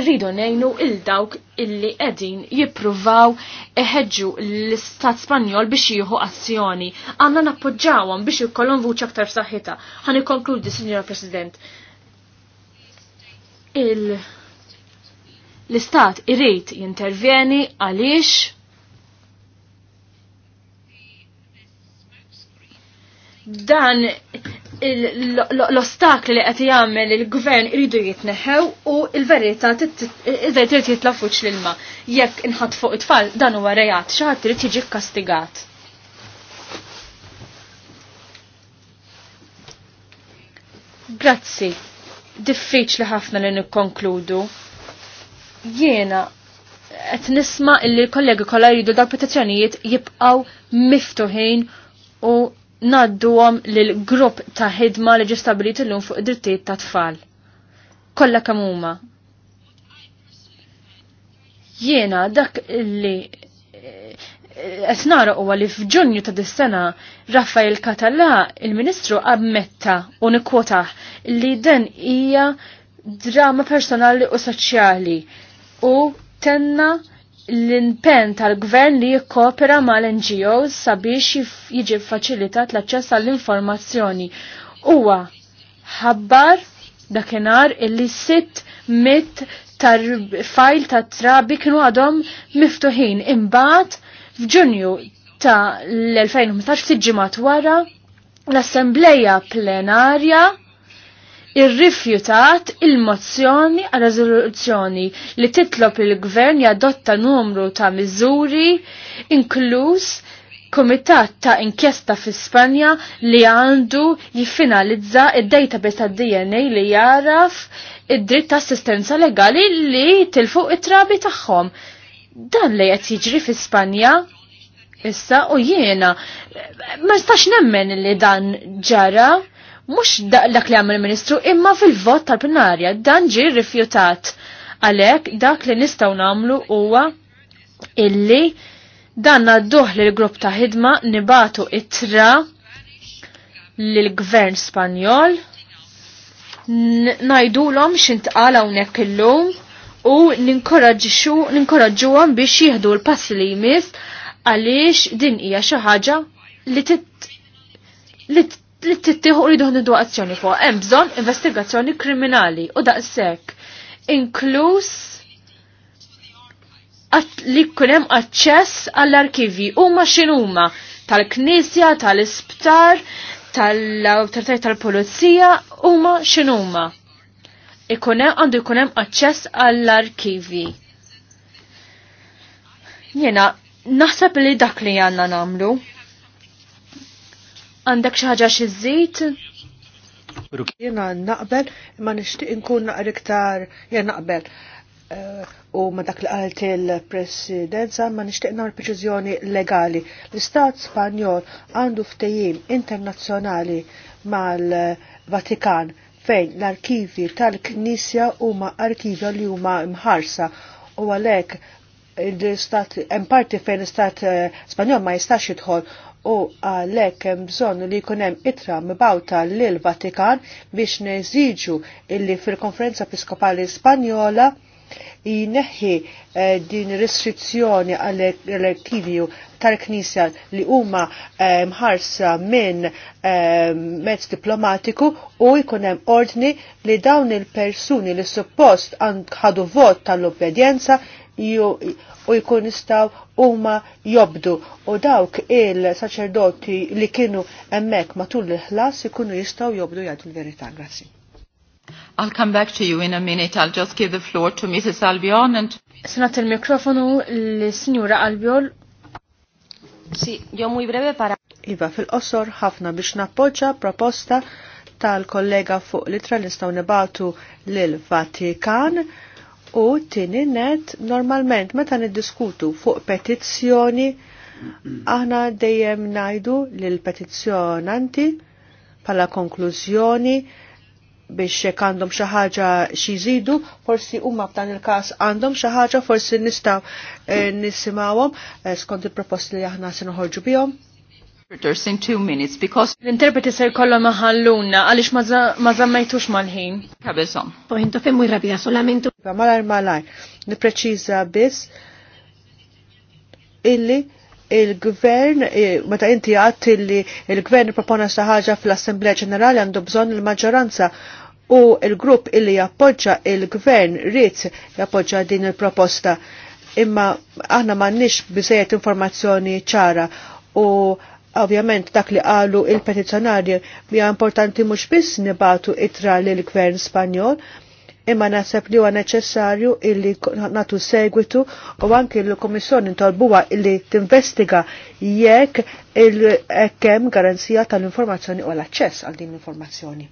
irridu nejnu il-dawk illi edin jippruvaw iħeġġu l-istat spanjol biex jieħu azzjoni. Għanna nappoġġawhom biex ikollhom vuċi aktar saħħita. Ħan ikkonkludi, Sinjora President il l-istat irrit jintervjeni għaliex dan l-ostakli li qed jagħmel il-gvern iridu jitneħew u l-verità trid jitla' fuq l-ilma. Jekk inħadd fuq it-tfal dan huwa rejat xi ħadd irid jiġi kkastigat. Grazzi diffiċli ħafna li nikkonkludu. Jiena qed nisma' illi kollegi kollha jridu dal petizzjonijiet jibqgħu miftuħin u ngħadduhom lil grupp ta' ħidma li ġistabilit illum fuq id-drittijiet ta' tfal. Kollha kemm huma. Jiena dak illi esnara u li f'ġunju ta' dis-sena Raffael Katalla, il-Ministru ammetta u nikwotaħ li den hija drama personali u soċjali u tenna l-impen tal-gvern li jikkopera mal-NGOs sabiex jiġi faċilitat l-aċċess għall-informazzjoni. Huwa ħabbar dakinhar illi sitt mit tar-fajl ta' trabi kienu għadhom miftuħin imbagħad F'Ġunju ta' l-2015 ftit ġimgħat wara l-Assembleja Plenarja irrifjutat il-mozzjoni għal rezoluzzjoni li titlob il-gvern jadotta numru ta' miżuri inkluż komitat ta' inkjesta fi Spanja li għandu jiffinalizza id-database ta' DNA li jaraf id-dritt ta' assistenza legali li tilfuq it-trabi tagħhom dan li qed jiġri fi Spanja issa u jiena ma nistax nemmen li dan ġara mhux dak li għamel ministru imma fil-vot tal-plenarja dan ġi rifjutat għalhekk dak li nistgħu nagħmlu huwa illi dan għadduħ li l-grupp ta' ħidma nibatu ittra l-gvern Spanjol xint għala unek illum u ninkoraġġuhom biex jieħdu l-pass li jmiss għaliex din hija xi ħaġa li tittieħu li duħ dwa azzjoni fuq. Hemm bżonn investigazzjoni kriminali u daqshekk inkluż li jkun hemm aċċess għall-arkivi huma x'inhuma tal-knisja, tal-isptar, tal-awtoritajiet tal-pulizija huma x'inhuma ikunem għandu ikunem aċċess għall-arkivi. Jena, naħseb li dak li għanna namlu. Għandek xaħġa xizzit? Jena naqbel, ma nishtiq nkun naqriktar, iktar, jena naqbel. U ma dak li għalt il-presidenza ma nishtiq nar preċizjoni legali. L-Istat Spanjol għandu ftejim internazzjonali mal-Vatikan fejn l-arkivi tal-Knisja huma arkivja li huma mħarsa u għalhekk l-istat hemm parti fejn l-istat eh, Spanjol ma jistax jidħol u għalek hemm bżonn li jkun hemm itra mibawta lil Vatikan biex neżiġu illi fil-Konferenza Episkopali Spanjola jneħħi eh, din restrizzjoni għall-arkivju tal-Knisja li huma eh, mħarsa minn eh, mezz diplomatiku u jkun hemm ordni li dawn il-persuni li suppost ħadu vot tal-obbedjenza u jkun istaw huma jobdu u dawk il-saċerdoti li kienu emmek matul il-ħlas ikunu jistaw jobdu jgħidu l-verità. Grazzi. I'll come back to you in a minute. I'll just give the floor to Mrs. Albion and Senator il-mikrofonu l signora Albion Sì, io muy breve para. Iva fil-qosor ħafna biex nappoġġa proposta tal-kollega fuq litra nistgħu nibatu l Vatikan u tini net normalment meta niddiskutu fuq petizzjoni aħna dejjem najdu l petizzjonanti pala konklużjoni biex għandhom xi ħaġa xi jżidu, forsi huma f'dan il-każ għandhom xi ħaġa forsi nistgħu eh, nisimgħuhom eh, skont il-proposti li aħna se noħorġu bihom. In two minutes because l-interpreti ser kollha maħalluna għaliex ma żammejtux mal-ħin. Kabesom. Pointo kemm mwi rabija solamentu. Iva, malar malar, nippreċiża biss illi il-gvern, eh, meta inti għatt li il-gvern propona ħaġa fl-Assemblea ġenerali għandu bżon il-maġġoranza u il-grupp illi jappoġġa il-gvern rrit jappoġġa din il-proposta imma aħna m'għandniex biżejjed informazzjoni ċara u ovvjament dak li qalu il-petizzjonarji hija importanti mhux biss nibatu itra lil gvern Spanjol, imma naħseb li huwa neċessarju illi natu segwitu u anki l-Komissjoni ntolbuha illi tinvestiga jekk il hemm garanzija tal-informazzjoni u l-aċċess għal din l-informazzjoni.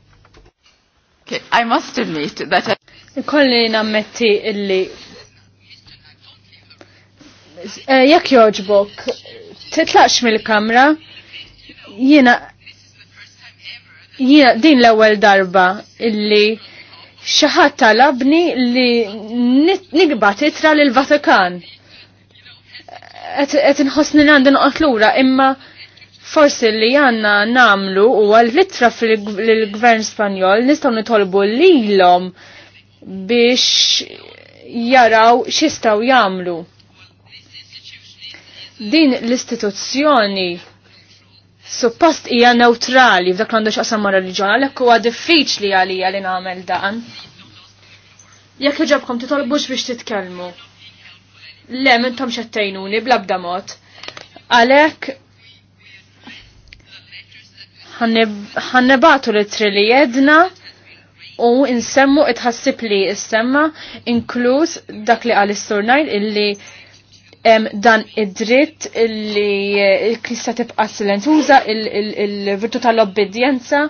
Okay, I must admit that I... Kolli nammetti illi eh, jekk joġbok, titlaqx mill-kamra, jiena jiena din l-ewwel darba illi xi ħadd talabni li nikba titra lill Vatikan. Qed inħossni għandi lura imma forsi li għanna namlu u għal vitra fil-gvern spanjol nistaw nitolbu l-om biex jaraw xistaw jamlu. Din l-istituzzjoni suppost hija neutrali f'dak għandu x'qasam ma' reliġjon għalhekk huwa diffiċli għalija li nagħmel dan. Jekk iġabkom titolbux biex titkellmu. Le, tom xattajnuni, blabda mod. Għalhekk ħannebatu li li jedna u insemmu itħassib li issemma inkluż dak li għal isturnajn illi dan id-dritt illi eh, il-kissa tibqa silentuża il-virtu tal-obbedjenza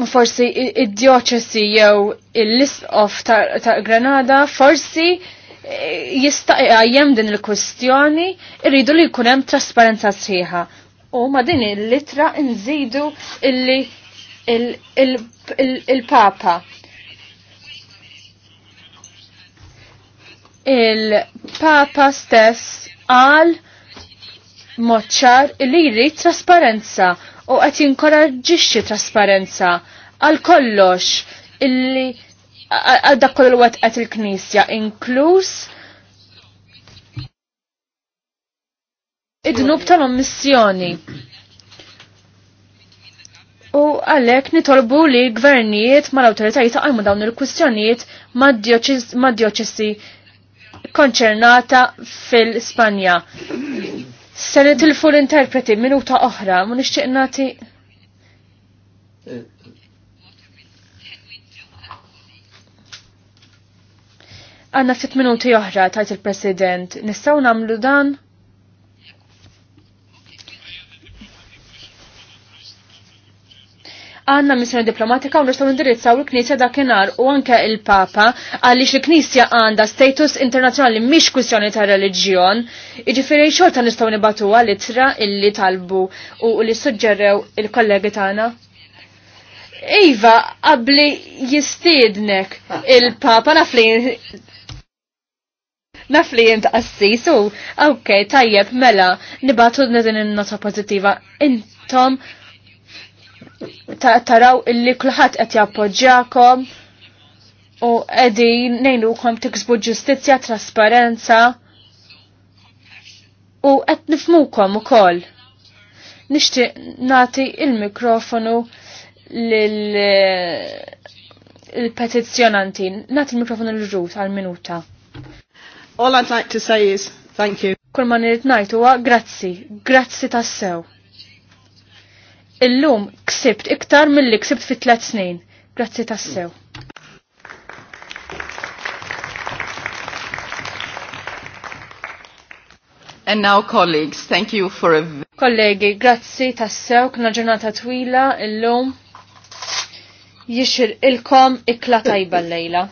u forsi id-dioċesi jew il list of ta' Granada forsi eh, jista' għajjem din il-kwestjoni irridu li jkun hemm trasparenza sħiħa u ma din il-litra nżidu illi il-Papa. Il-Papa stess għal moċċar li jrid trasparenza u qed jinkoraġġixxi trasparenza għal kollox illi għal dak kollu qed il-Knisja inkluż id-dnub tal ommissjoni U għalek nitolbu li gvernijiet ma l-autoritajiet għajmu dawn il-kwistjonijiet ma d-dioċessi konċernata fil-Spanja. Se nitilfu l-interpreti minuta oħra, mun nixtieq nagħti. Għanna ftit minuti oħra tajt il-President, nistgħu nagħmlu dan? għanna missjoni diplomatika u nistgħu indirizzaw il-Knisja dakinhar u anke il-Papa għaliex il-Knisja għandha status internazzjonali mhix kwistjoni ta' reliġjon, jiġifieri xorta nistgħu nibatuha litra illi talbu u li suġġerew il-kollegi tagħna. Iva, qabli jistiednek il-Papa naf li naf li jint assis u ok, tajjeb, mela, nibatu n-nedin nota pozitiva. Intom taraw illi kulħadd qed jappoġġjakom u qegħdin ngħinukom tiksbu ġustizzja, trasparenza u qed nifmukom ukoll. Nixtieq nagħti il-mikrofonu lil eh, il-petizzjonanti. Nagħti il-mikrofonu lil Ruth għal minuta. All I'd like to say is thank you. Kull ma nirid ngħid huwa grazzi, grazzi tassew illum ksibt iktar mill-li ksibt fit tlet snin. Grazzi tassew. And now colleagues, thank you for a... Kollegi, grazzi tassew, kna ġurnata twila illum jixir ilkom ikla tajba l-lejla.